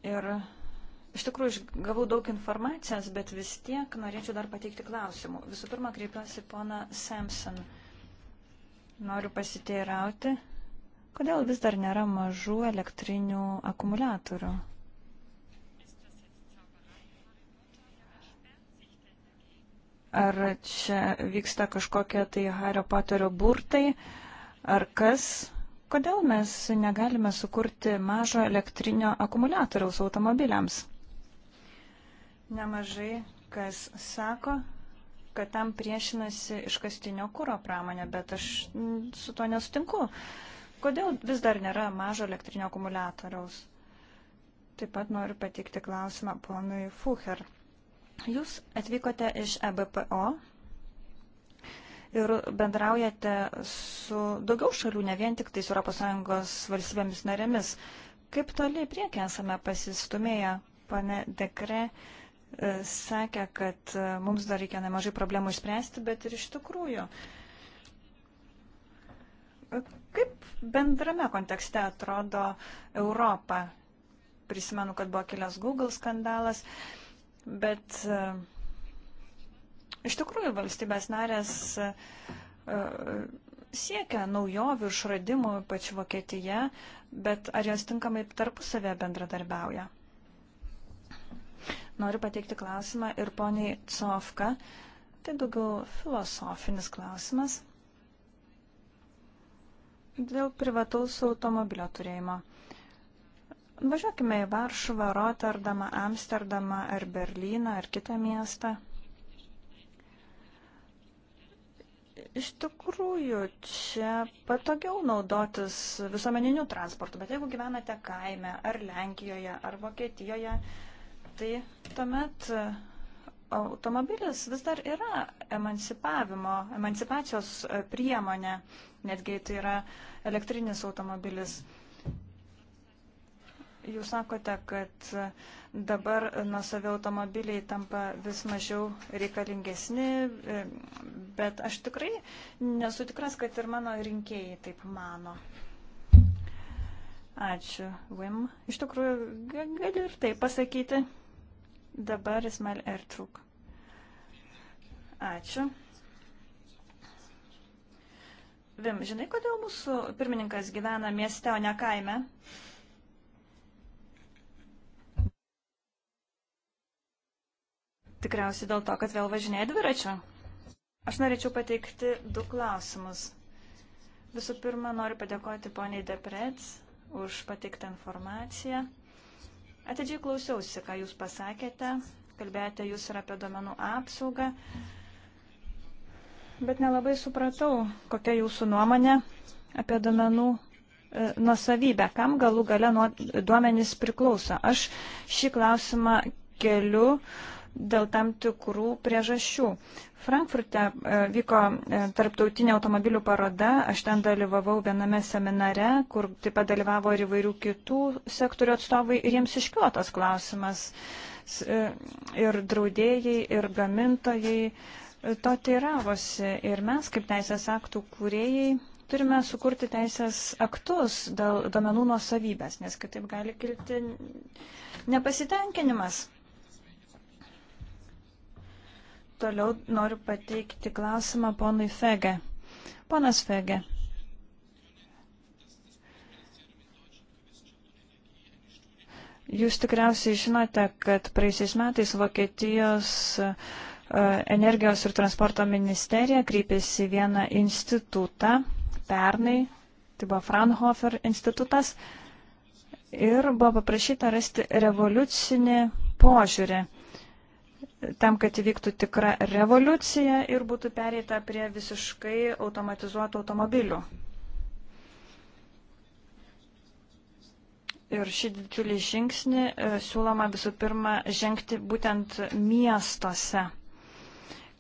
[SPEAKER 2] Ir iš tikrųjų gavau daug informacijos, bet vis tiek norėčiau dar pateikti klausimų. Visų pirma, kreipiuosi pona Samson. Noriu pasiteirauti, kodėl vis dar nėra mažų elektrinių akumuliatorių. Ar čia vyksta kažkokie tai Hario Poterio burtai, ar kas? Kodėl mes negalime sukurti mažo elektrinio akumuliatoriaus automobiliams? Nemažai kas sako, kad tam priešinasi iškastinio kūro pramonė, bet aš su tuo nesutinku. Kodėl vis dar nėra mažo elektrinio akumuliatoriaus? Taip pat noriu pateikti klausimą ponui Fucher. Jūs atvykote iš EBPO, ir bendraujate su daugiau šalių, ne vien tik tai su ES valstybėmis narėmis. Kaip toliai priekį esame pasistumėję, pane Dekre? E, sakė, kad e, mums dar reikia nemažai problemų išspręsti, bet ir iš tikrųjų. E, kaip bendrame kontekste atrodo Europa? Prisimenu, kad buvo kilęs Google skandalas, bet uh, Iš tikrųjų, valstybės narės e, e, siekia naujovių išradimų, ypač Vokietija, bet ar jos tinkamai tarpusavėje bendradarbiauja? Noriu pateikti klausimą ir poniai Cofka. Tai daugiau filosofinis klausimas dėl privataus automobilio turėjimo. Važiuokime į Varšuvą, Rotterdamą, Amsterdamą ar Berliną ar kitą miestą. iš tikrųjų čia patogiau naudotis visuomeniniu transportu, bet jeigu gyvenate kaime ar Lenkijoje ar Vokietijoje, tai tuomet e, automobilis vis dar yra emancipavimo, emancipacijos e, priemonė, netgi tai yra elektrinis automobilis. Jūs sakote, kad dabar nusavi automobiliai tampa vis mažiau reikalingesni, e, bet aš tikrai nesu tikras, kad ir mano rinkėjai taip mano. Ačiū, Vim. Iš tikrųjų, galiu ir tai pasakyti. Dabar Ismail Ertruk. Ačiū. Vim, žinai, kodėl mūsų pirmininkas gyvena mieste, o ne kaime? Tikriausiai dėl to, kad vėl važinėja dviračiu. Aš norėčiau pateikti du klausimus. Visų pirma, noriu padėkoti poniai Deprets už pateiktą informaciją. Atidžiai klausiausi, ką jūs pasakėte. Kalbėjote jūs ir apie domenų apsaugą. Bet nelabai supratau, kokia jūsų nuomonė apie domenų e, nusavybę, kam galų gale duomenys priklauso. Aš šį klausimą keliu dėl tam tikrų priežasčių. Frankfurte e, vyko e, tarptautinė automobilių paroda, aš ten dalyvavau viename seminare, kur taip pat dalyvavo ir įvairių kitų sektorių atstovai ir jiems iškilo tas klausimas. E, ir draudėjai, ir gamintojai to teiravosi. Ir mes, kaip teisės aktų kūrėjai, turime sukurti teisės aktus dėl domenų nuosavybės, nes kitaip gali kilti nepasitenkinimas. Toliau noriu pateikti klausimą ponui Fege. Ponas Fege. Jūs tikriausiai žinote, kad praeisiais metais Vokietijos e, energijos ir transporto ministerija kreipėsi vieną institutą pernai, tai buvo Fraunhofer institutas, ir buvo paprašyta rasti revoliucinį požiūrį tam, kad įvyktų tikra revoliucija ir būtų pereita prie visiškai automatizuotų automobilių. Ir šį didžiulį žingsnį e, siūloma visų pirma žengti būtent miestuose.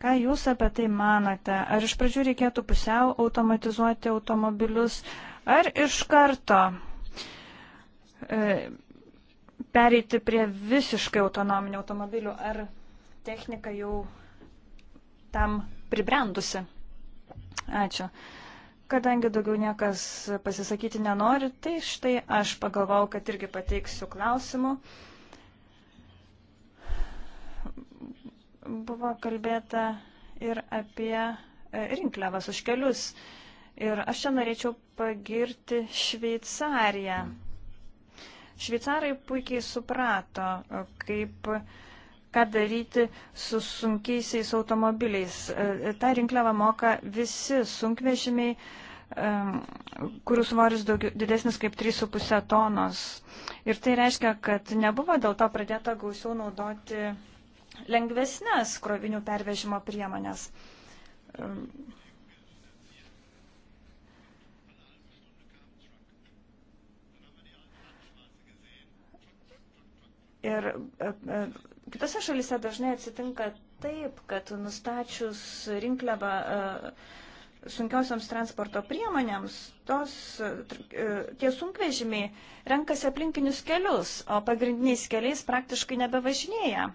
[SPEAKER 2] Ką Jūs apie tai manote? Ar iš pradžių reikėtų pusiau automatizuoti automobilius, ar iš karto e, pereiti prie visiškai autonominių automobilių, ar technika jau tam pribrendusi. Ačiū. Kadangi daugiau niekas pasisakyti nenori, tai štai aš pagalvau, kad irgi pateiksiu klausimų. Buvo kalbėta ir apie e, rinkliavas už kelius. Ir aš čia norėčiau pagirti Šveicariją. Šveicarai puikiai suprato, e, kaip uh, ką daryti su sunkiaisiais automobiliais. E, e, Ta rinkliava moka visi sunkvežimiai, kurių svoris daugiau, didesnis kaip 3,5 tonos. Ir tai reiškia, kad nebuvo dėl to pradėta gausiau naudoti lengvesnės krovinių pervežimo priemonės. Ir e, Kitose šalise dažnai atsitinka taip, kad nustačius rinkliavą e, sunkiosioms transporto priemonėms, tos, e, tie sunkvežimiai renkasi aplinkinius kelius, o pagrindiniais keliais praktiškai nebevažinėja.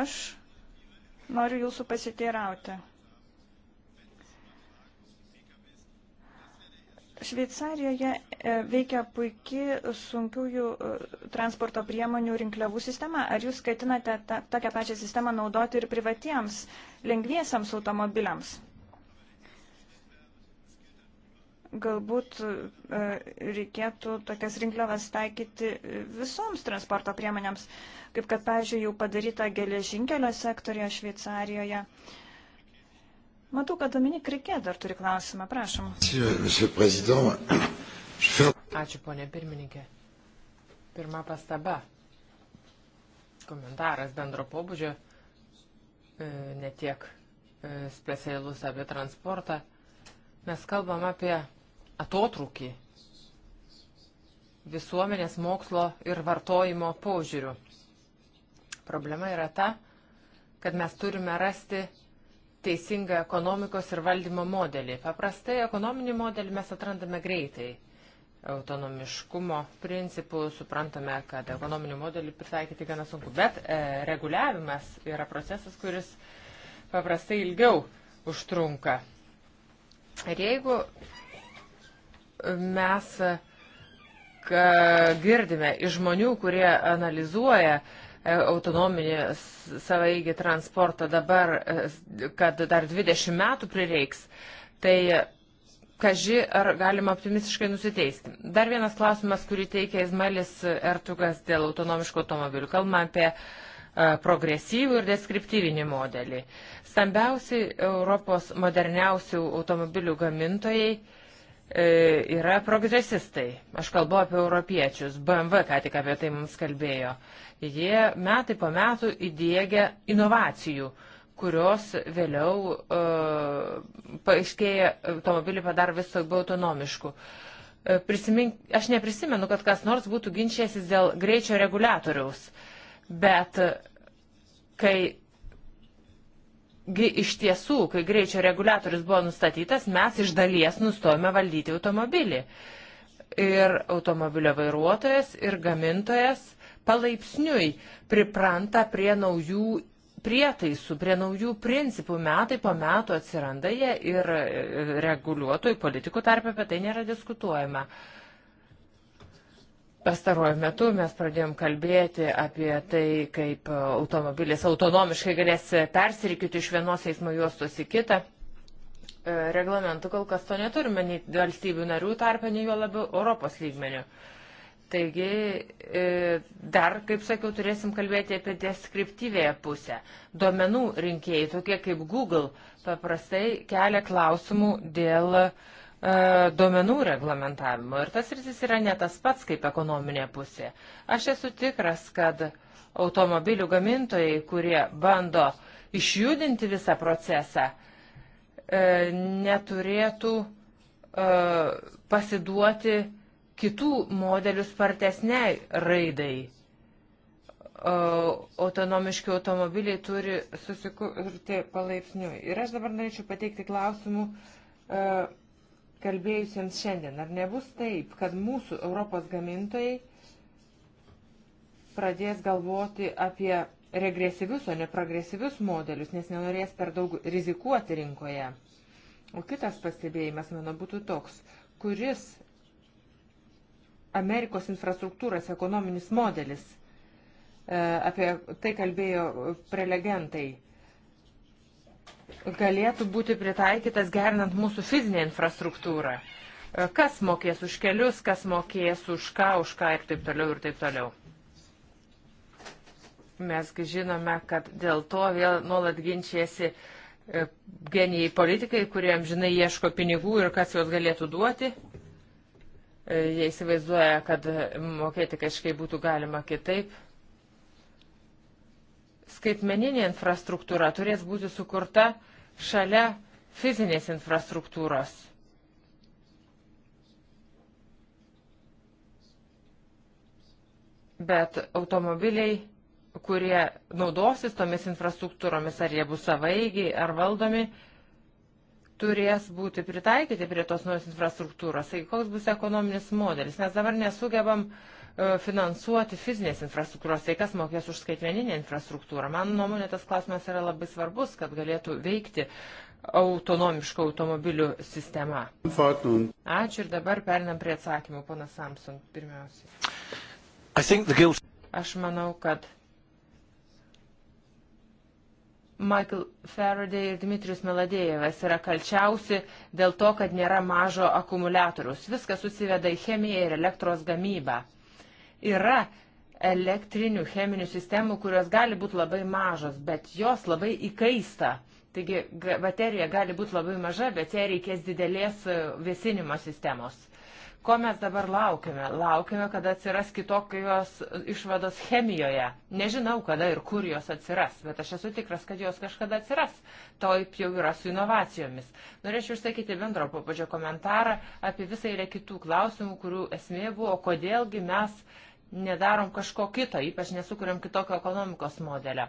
[SPEAKER 2] Aš noriu jūsų pasiteirauti. Šveicarijoje e, veikia puikiai sunkiųjų e, transporto priemonių rinkliavų sistema. Ar jūs ketinate ta, tokią pačią sistemą naudoti ir privatiems lengviesiams automobiliams? Galbūt e, reikėtų tokias rinkliavas taikyti visoms transporto priemonėms, kaip kad, pavyzdžiui, jau padaryta geležinkelio sektorija Šveicarijoje. Uh, Matau, kad Dominik Rikė dar turi klausimą, prašom.
[SPEAKER 3] Ačiū, ponė pirmininkė. Pirma pastaba. Komentaras bendro pobūdžio, e, ne tiek e, specialus apie transportą. Mes kalbam apie atotrūkį visuomenės mokslo ir vartojimo požiūrių. Problema yra ta, kad mes turime rasti teisingą ekonomikos ir valdymo modelį. Paprastai ekonominį modelį mes atrandame greitai. Autonomiškumo principų suprantame, kad ekonominį modelį pritaikyti gana sunku, bet e, reguliavimas yra procesas, kuris paprastai ilgiau užtrunka. Ir jeigu mes e, girdime iš žmonių, kurie analizuoja e, autonominį savaigį transportą dabar, e, kad dar 20 metų prireiks, tai kaži, ar galima optimistiškai nusiteisti. Dar vienas klausimas, kurį teikia Izmailis Ertugas dėl autonomiško automobilių. Kalbame apie e, progresyvų ir deskriptyvinį modelį. Stambiausi Europos moderniausių automobilių gamintojai E, yra progresistai. Aš kalbu apie europiečius. BMW ką tik apie tai mums kalbėjo. Jie metai po metų įdėgia inovacijų, kurios vėliau uh, paaiškėja automobilį padar vis labiau autonomiškų. E, prisimink, aš neprisimenu, kad kas nors būtų ginčiesis dėl greičio reguliatoriaus, bet kai iš tiesų, kai greičio reguliatorius buvo nustatytas, mes iš dalies nustojame valdyti automobilį. Ir automobilio vairuotojas, ir gamintojas palaipsniui pripranta prie naujų prietaisų, prie naujų principų. Metai po metų atsiranda jie ir e, reguliuotojų politikų tarp apie tai nėra diskutuojama. Uh, Pastaruoju metu mes pradėjom kalbėti apie tai, kaip automobilis autonomiškai galės persirikiuoti iš vienos eismo juostos į kitą. E, reglamentų kol kas to neturime nei valstybių narių tarpę, nei jo labiau Europos lygmenių. Taigi e, dar, kaip sakiau, turėsim kalbėti apie deskriptyvėją pusę. Duomenų rinkėjai, tokie kaip Google, paprastai kelia klausimų dėl uh, E, duomenų reglamentavimo ir tas rytis yra ne tas pats kaip ekonominė pusė. Aš esu tikras, kad automobilių gamintojai, kurie bando išjudinti visą procesą, e, neturėtų e, pasiduoti kitų modelių spartesniai raidai. Autonomiški automobiliai turi susikurti palaipsniui. Ir aš dabar norėčiau pateikti klausimų kalbėjusiems šiandien. Ar nebus taip, kad mūsų Europos gamintojai pradės galvoti apie regresyvius, o ne progresyvius modelius, nes nenorės per daug rizikuoti rinkoje. O kitas pastebėjimas, mano, būtų toks, kuris Amerikos infrastruktūros ekonominis modelis, e, apie tai kalbėjo prelegentai, galėtų būti pritaikytas gerinant mūsų fizinę infrastruktūrą. E, kas mokės už kelius, kas mokės už ką, už ką ir taip toliau ir taip toliau. Mesgi žinome, kad dėl to vėl nuolat ginčiasi e, genijai politikai, kurie amžinai ieško pinigų ir kas juos galėtų duoti. E, jie įsivaizduoja, kad mokėti kažkaip būtų galima kitaip skaitmeninė infrastruktūra turės būti sukurta šalia fizinės infrastruktūros. Bet automobiliai, kurie naudosis tomis infrastruktūromis, ar jie bus savaigiai, ar valdomi, turės būti pritaikyti prie tos naujos infrastruktūros. Tai koks bus ekonominis modelis? Mes dabar nesugebam uh, E, finansuoti fizinės infrastruktūros, tai kas mokės už skaitmeninę infrastruktūrą. Mano nuomonė, tas klausimas yra labai svarbus, kad galėtų veikti autonomiška automobilių sistema.
[SPEAKER 1] Ačiū
[SPEAKER 3] ir dabar perinam prie atsakymų, ponas Samson, pirmiausiai. Guilt... Aš manau, kad Michael Faraday ir Dmitrijus Meladėjevas yra kalčiausi dėl to, kad nėra mažo akumuliatoriaus. Viskas susiveda į chemiją ir elektros gamybą. Yra elektrinių cheminių sistemų, kurios gali būti labai mažos, bet jos labai įkaista. Taigi baterija gali būti labai maža, bet jai reikės didelės e, vėsinimo sistemos. Ko mes dabar laukime? Laukime, kada atsiras kitokios išvados chemijoje. Nežinau, kada ir kur jos atsiras, bet aš esu tikras, kad jos kažkada atsiras. Taip jau yra su inovacijomis. Norėčiau išsakyti bendro papadžio komentarą apie visą eilę kitų klausimų, kurių esmė buvo, kodėlgi mes nedarom kažko kito, ypač nesukuriam kitokio ekonomikos modelio.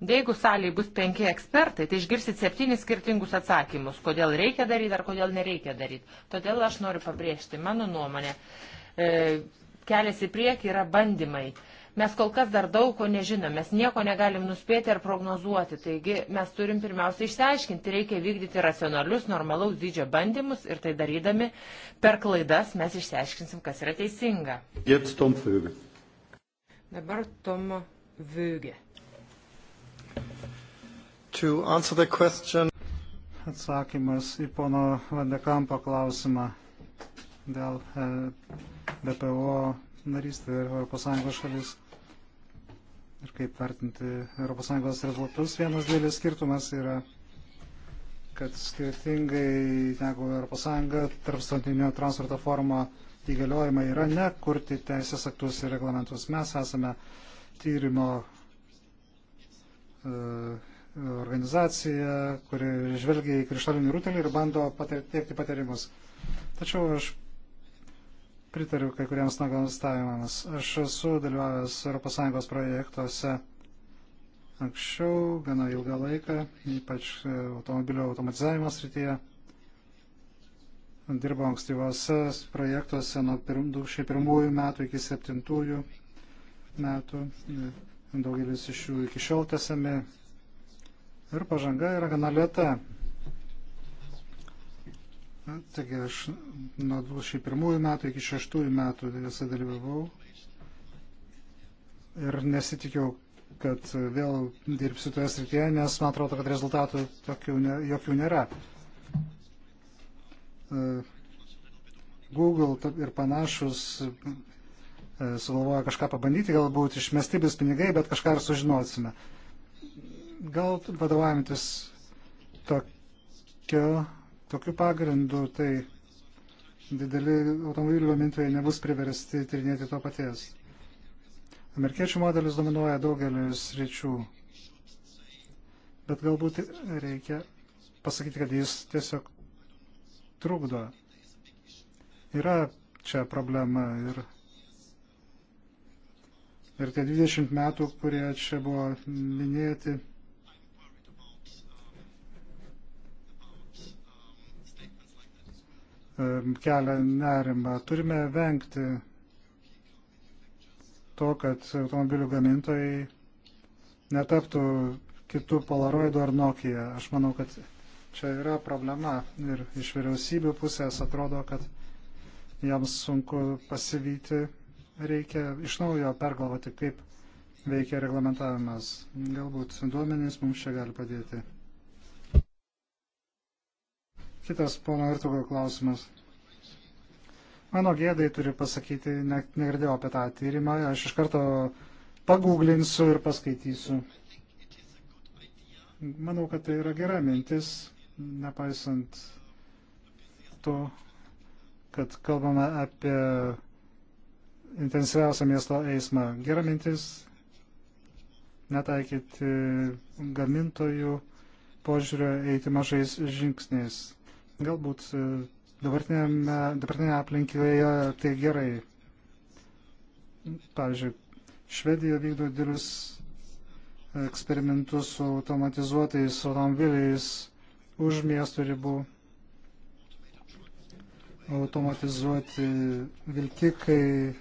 [SPEAKER 3] Jeigu saliai bus penki ekspertai, tai išgirsit septynis skirtingus atsakymus, kodėl reikia daryti ar kodėl nereikia daryti. Todėl aš noriu pabrėžti, mano nuomonė, e, kelias į priekį yra bandymai. Mes kol kas dar daug ko nežinom, mes nieko negalim nuspėti ar prognozuoti, taigi mes turim pirmiausia išsiaiškinti, reikia vykdyti racionalius, normalaus dydžio bandymus ir tai darydami per klaidas mes išsiaiškinsim, kas yra teisinga.
[SPEAKER 1] Jetzt, Tom Vögel.
[SPEAKER 3] Dabar Tomo Vėgė.
[SPEAKER 1] Atsakymas į pono Vandekampo klausimą dėl e, BPO narystė ir ES šalis ir kaip vertinti ES rezultatus. Vienas dėlis skirtumas yra, kad skirtingai negu ES tarpstantynio transporto forma įgaliojimai yra ne kurti teisės aktus ir reglamentus. Mes esame tyrimo e, organizacija, kuri žvelgia į krištolinį rutelį ir bando teikti patarimus. Tačiau aš pritariu kai kuriems nuogastavimams. Aš esu dalyvavęs ES projektuose anksčiau, gana ilgą laiką, ypač e, automobilio automatizavimo srityje dirbo ankstyvose projektuose nuo 2001 metų iki 2007 metų. Daugelis iš jų iki šiol tesami. Ir pažanga yra gana lėta. Taigi aš nuo 2001 metų iki 2006 metų jose dalyvavau. Ir nesitikiau, kad vėl dirbsiu toje srityje, nes man atrodo, kad rezultatų tokių ne, jokių nėra. Google ir panašus e, sugalvoja kažką pabandyti, galbūt išmesti bus pinigai, bet kažką ir sužinosime. Gal vadovaujantis tokiu, tokiu pagrindu, tai dideli automobilių gamintojai nebus priversti tyrinėti to paties. Amerikiečių modelis dominuoja daugeliu sričių, bet galbūt reikia pasakyti, kad jis tiesiog trukdo. Yra čia problema ir, ir tie 20 metų, kurie čia buvo minėti. kelia nerimą. Turime vengti to, kad automobilių gamintojai netaptų kitų Polaroidų ar Nokia. Aš manau, kad Čia yra problema ir iš vyriausybių pusės atrodo, kad jiems sunku pasivyti. Reikia iš naujo pergalvoti, kaip veikia reglamentavimas. Galbūt duomenys mums čia gali padėti. Kitas pono Irtugo klausimas. Mano gėdai turiu pasakyti, ne, negirdėjau apie tą tyrimą, aš iš karto paguglinsiu ir paskaitysiu. Manau, kad tai yra gera mintis nepaisant to, kad kalbame apie intensyviausią miesto eismą. Gera mintis netaikyti gamintojų požiūrio eiti mažais žingsniais. Galbūt e, dabartinėje aplinkyje tai gerai. Pavyzdžiui, Švedija vykdo didelius eksperimentus su automatizuotais automobiliais už miestų ribų, automatizuoti vilkikai e,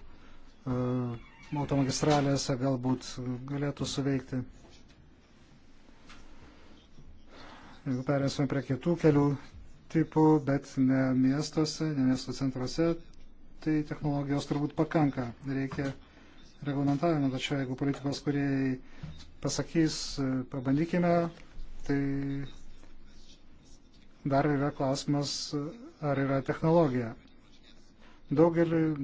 [SPEAKER 1] automagistralėse galbūt galėtų suveikti. Jeigu perėsime prie kitų kelių tipų, bet ne miestuose, ne miesto centruose, tai technologijos turbūt pakanka. Reikia reglamentavimo, tačiau jeigu politikos kuriai pasakys, e, pabandykime, tai Dar yra klausimas, ar yra technologija. Daugeliu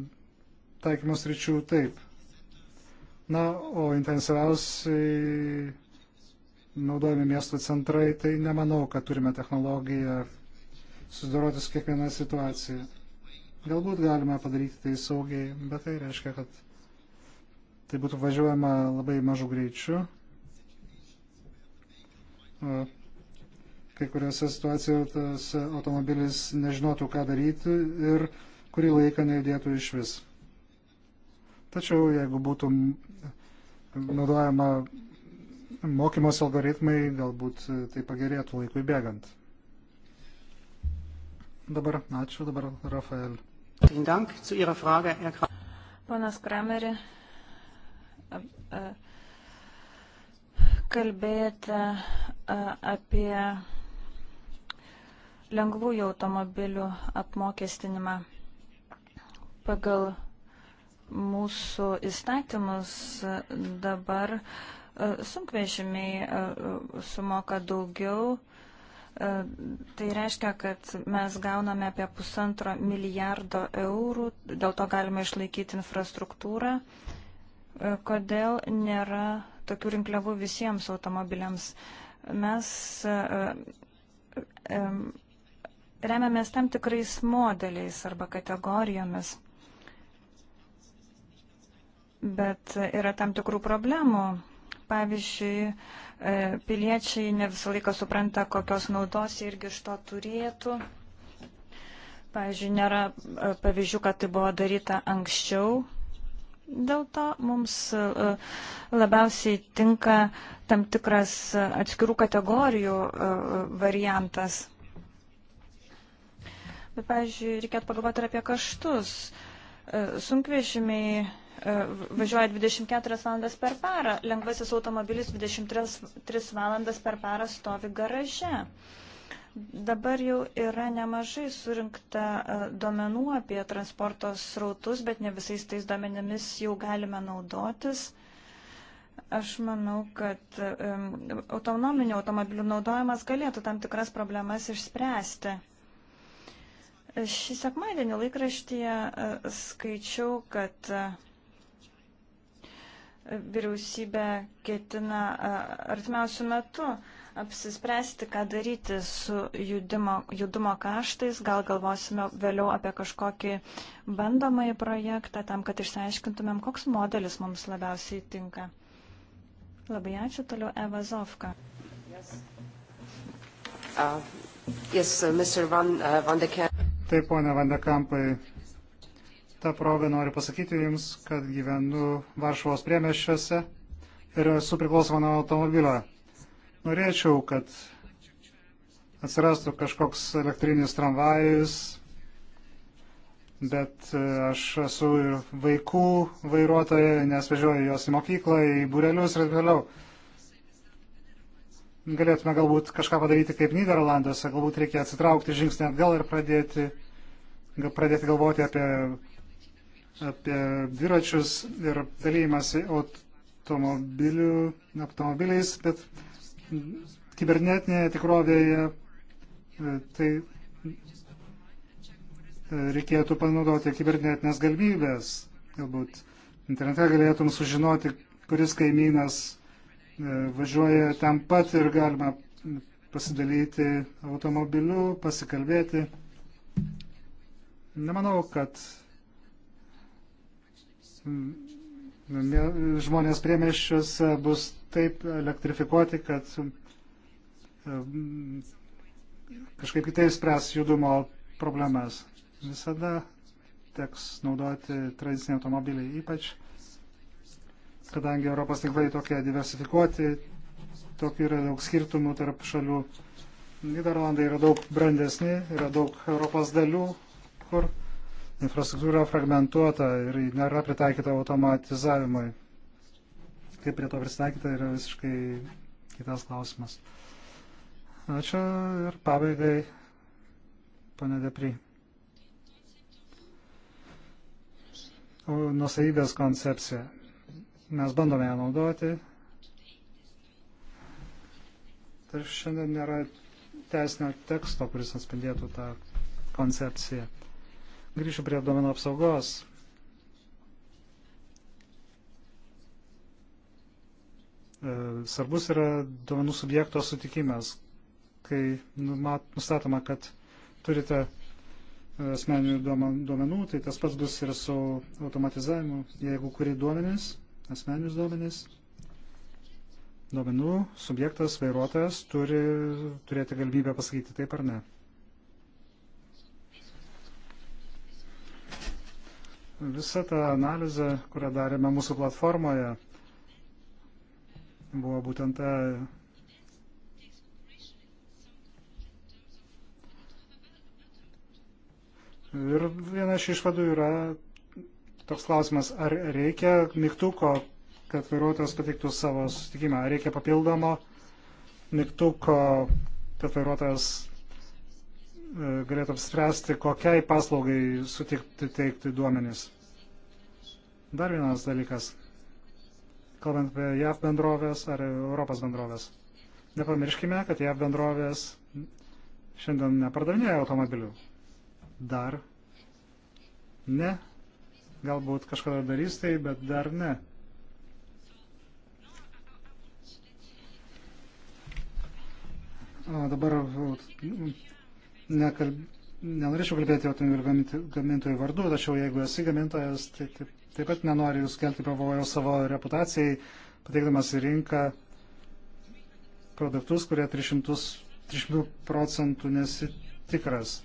[SPEAKER 1] taikymos ryčių taip. Na, o intensyviausiai naudojami miesto centrai, tai nemanau, kad turime technologiją susidoroti su kiekviena situacija. Galbūt galima padaryti tai saugiai, bet tai reiškia, kad tai būtų važiuojama labai mažų greičių kai kuriuose situacijose automobilis nežinotų, ką daryti ir kurį laiką nejudėtų iš vis. Tačiau jeigu būtų naudojama mokymos algoritmai, galbūt tai pagerėtų laikui bėgant. Dabar, ačiū, dabar Rafael.
[SPEAKER 2] Ponas Krameri, kalbėjote apie lengvųjų automobilių apmokestinimą. Pagal mūsų įstatymus dabar e, sunkvežimiai e, sumoka daugiau. E, tai reiškia, kad mes gauname apie pusantro milijardo eurų, dėl to galime išlaikyti infrastruktūrą. Kodėl nėra tokių rinkliavų visiems automobiliams? Mes remiamės tam tikrais modeliais arba kategorijomis. Bet yra tam tikrų problemų. Pavyzdžiui, e, piliečiai ne visą laiką supranta, kokios naudos jie irgi iš to turėtų. Pavyzdžiui, nėra e, pavyzdžių, kad tai buvo daryta anksčiau. Dėl to mums e, labiausiai tinka tam tikras atskirų kategorijų variantas. Bet, pavyzdžiui, reikėtų pagalvoti ir apie kaštus. E, sunkvežimiai e, važiuoja 24 valandas per parą, lengvasis automobilis 23 valandas per parą stovi garaže. Dabar jau yra nemažai surinkta e, duomenų apie transporto srautus, bet ne visais tais duomenimis jau galime naudotis. Aš manau, kad um, autonominių automobilių naudojimas galėtų tam tikras problemas išspręsti. Šį sekmadienį laikraštyje e, skaičiau, kad e, vyriausybė ketina e, artimiausių metų apsispręsti, ką daryti su judimo, judumo kaštais. Gal galvosime vėliau apie kažkokį bandomąjį projektą, tam, kad išsiaiškintumėm, koks modelis mums labiausiai tinka. Labai ačiū toliau Eva Zovka.
[SPEAKER 1] Yes. Uh, yes, uh, Mr. Van, uh, Van de Kerk. Taip, ponia Vandekampai, tą progą noriu pasakyti Jums, kad gyvenu Varšuvos priemeščiuose ir esu priklausoma nuo automobilio. Norėčiau, kad atsirastų kažkoks elektrinis tramvajus, bet e, aš esu ir vaikų vairuotoja, nes vežioju juos į mokyklą, į būrelius ir taip toliau. Galėtume galbūt kažką padaryti kaip Niderlanduose, galbūt reikia atsitraukti žingsnį atgal ir pradėti pradėti galvoti apie, apie dviračius ir dalymasi automobiliais, bet kibernetinėje tikrovėje e, tai e, reikėtų panaudoti kibernetinės galimybės. Galbūt internete galėtum sužinoti, kuris kaimynas e, važiuoja ten pat ir galima pasidalyti automobiliu, pasikalbėti. Nemanau, kad mm, žmonės priemeščiuose bus taip elektrifikuoti, kad mm, kažkaip kitaip spręs judumo problemas. Visada teks naudoti tradicinį automobilį, ypač kadangi Europos tinklai tokie diversifikuoti, tokių yra daug skirtumų tarp šalių. Niderlandai yra daug brandesni, yra daug Europos dalių, kur infrastruktūra fragmentuota ir nėra pritaikyta automatizavimui. Kaip prie to pristaikyta yra visiškai kitas klausimas. Ačiū ir pabaigai, pane Depry. Nusavybės koncepcija. Mes bandome ją naudoti. Tai šiandien nėra teisinio teksto, kuris atspindėtų tą koncepciją. Grįšiu prie duomenų apsaugos. E, svarbus yra duomenų subjekto sutikimas, kai nustatoma, kad turite e, asmeninių duomenų, tai tas pats bus ir su automatizavimu. Jeigu kuri duomenys, asmeninius duomenys, duomenų subjektas, vairuotojas turi turėti galimybę pasakyti taip ar ne. Visa ta analizė, kurią darėme mūsų platformoje, buvo būtent ta Ir viena iš išvadų yra toks klausimas, ar reikia mygtuko, kad vairuotojas patiktų savo sutikimą, ar reikia papildomo mygtuko, kad vairuotojas E, galėtų apspręsti, kokiai paslaugai sutikti teikti duomenys. Dar vienas dalykas, kalbant apie JAV bendrovės ar Europos bendrovės. Nepamirškime, kad JAV bendrovės šiandien nepardavinėja automobilių. Dar ne. Galbūt kažkada darys tai, bet dar ne. O dabar nekalb... nenorėčiau kalbėti automobilių gamintojų vardu, tačiau jeigu esi gamintojas, tai taip, taip pat nenoriu jūs kelti pavojo savo reputacijai, pateikdamas į rinką produktus, kurie 300, 300 procentų nesitikras.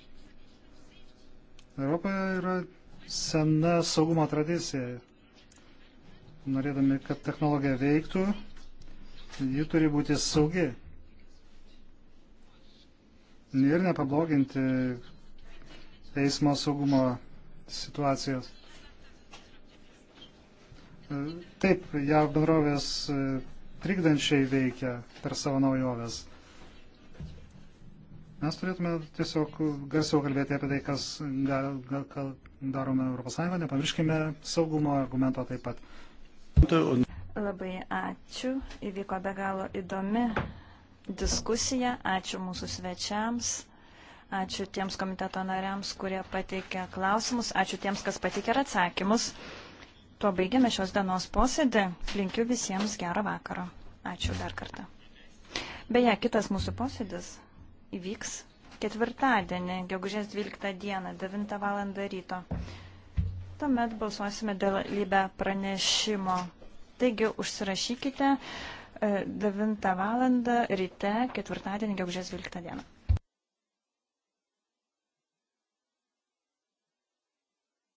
[SPEAKER 1] Europoje yra sena saugumo tradicija. Norėdami, kad technologija veiktų, ji turi būti saugi. Nu ir nepabloginti eismo saugumo situacijos. E, taip, jav bendrovės e, trikdančiai veikia per savo naujoves. Mes turėtume tiesiog garsiau kalbėti apie tai, kas gal, gal, gal darome ES, nepamirškime saugumo argumento taip pat.
[SPEAKER 2] Labai ačiū, įvyko be galo įdomi diskusiją. Ačiū mūsų svečiams. Ačiū tiems komiteto nariams, kurie pateikė klausimus. Ačiū tiems, kas pateikė ir atsakymus. Tuo baigiame šios dienos posėdį. Linkiu visiems gerą vakarą. Ačiū dar kartą. Beje, kitas mūsų posėdis įvyks ketvirtadienį, gegužės 12 dieną, 9 val. ryto. Tuomet balsuosime dėl lybę pranešimo. Taigi užsirašykite. 9 val. ryte, ketvirtadienį, gegužės 12 dieną.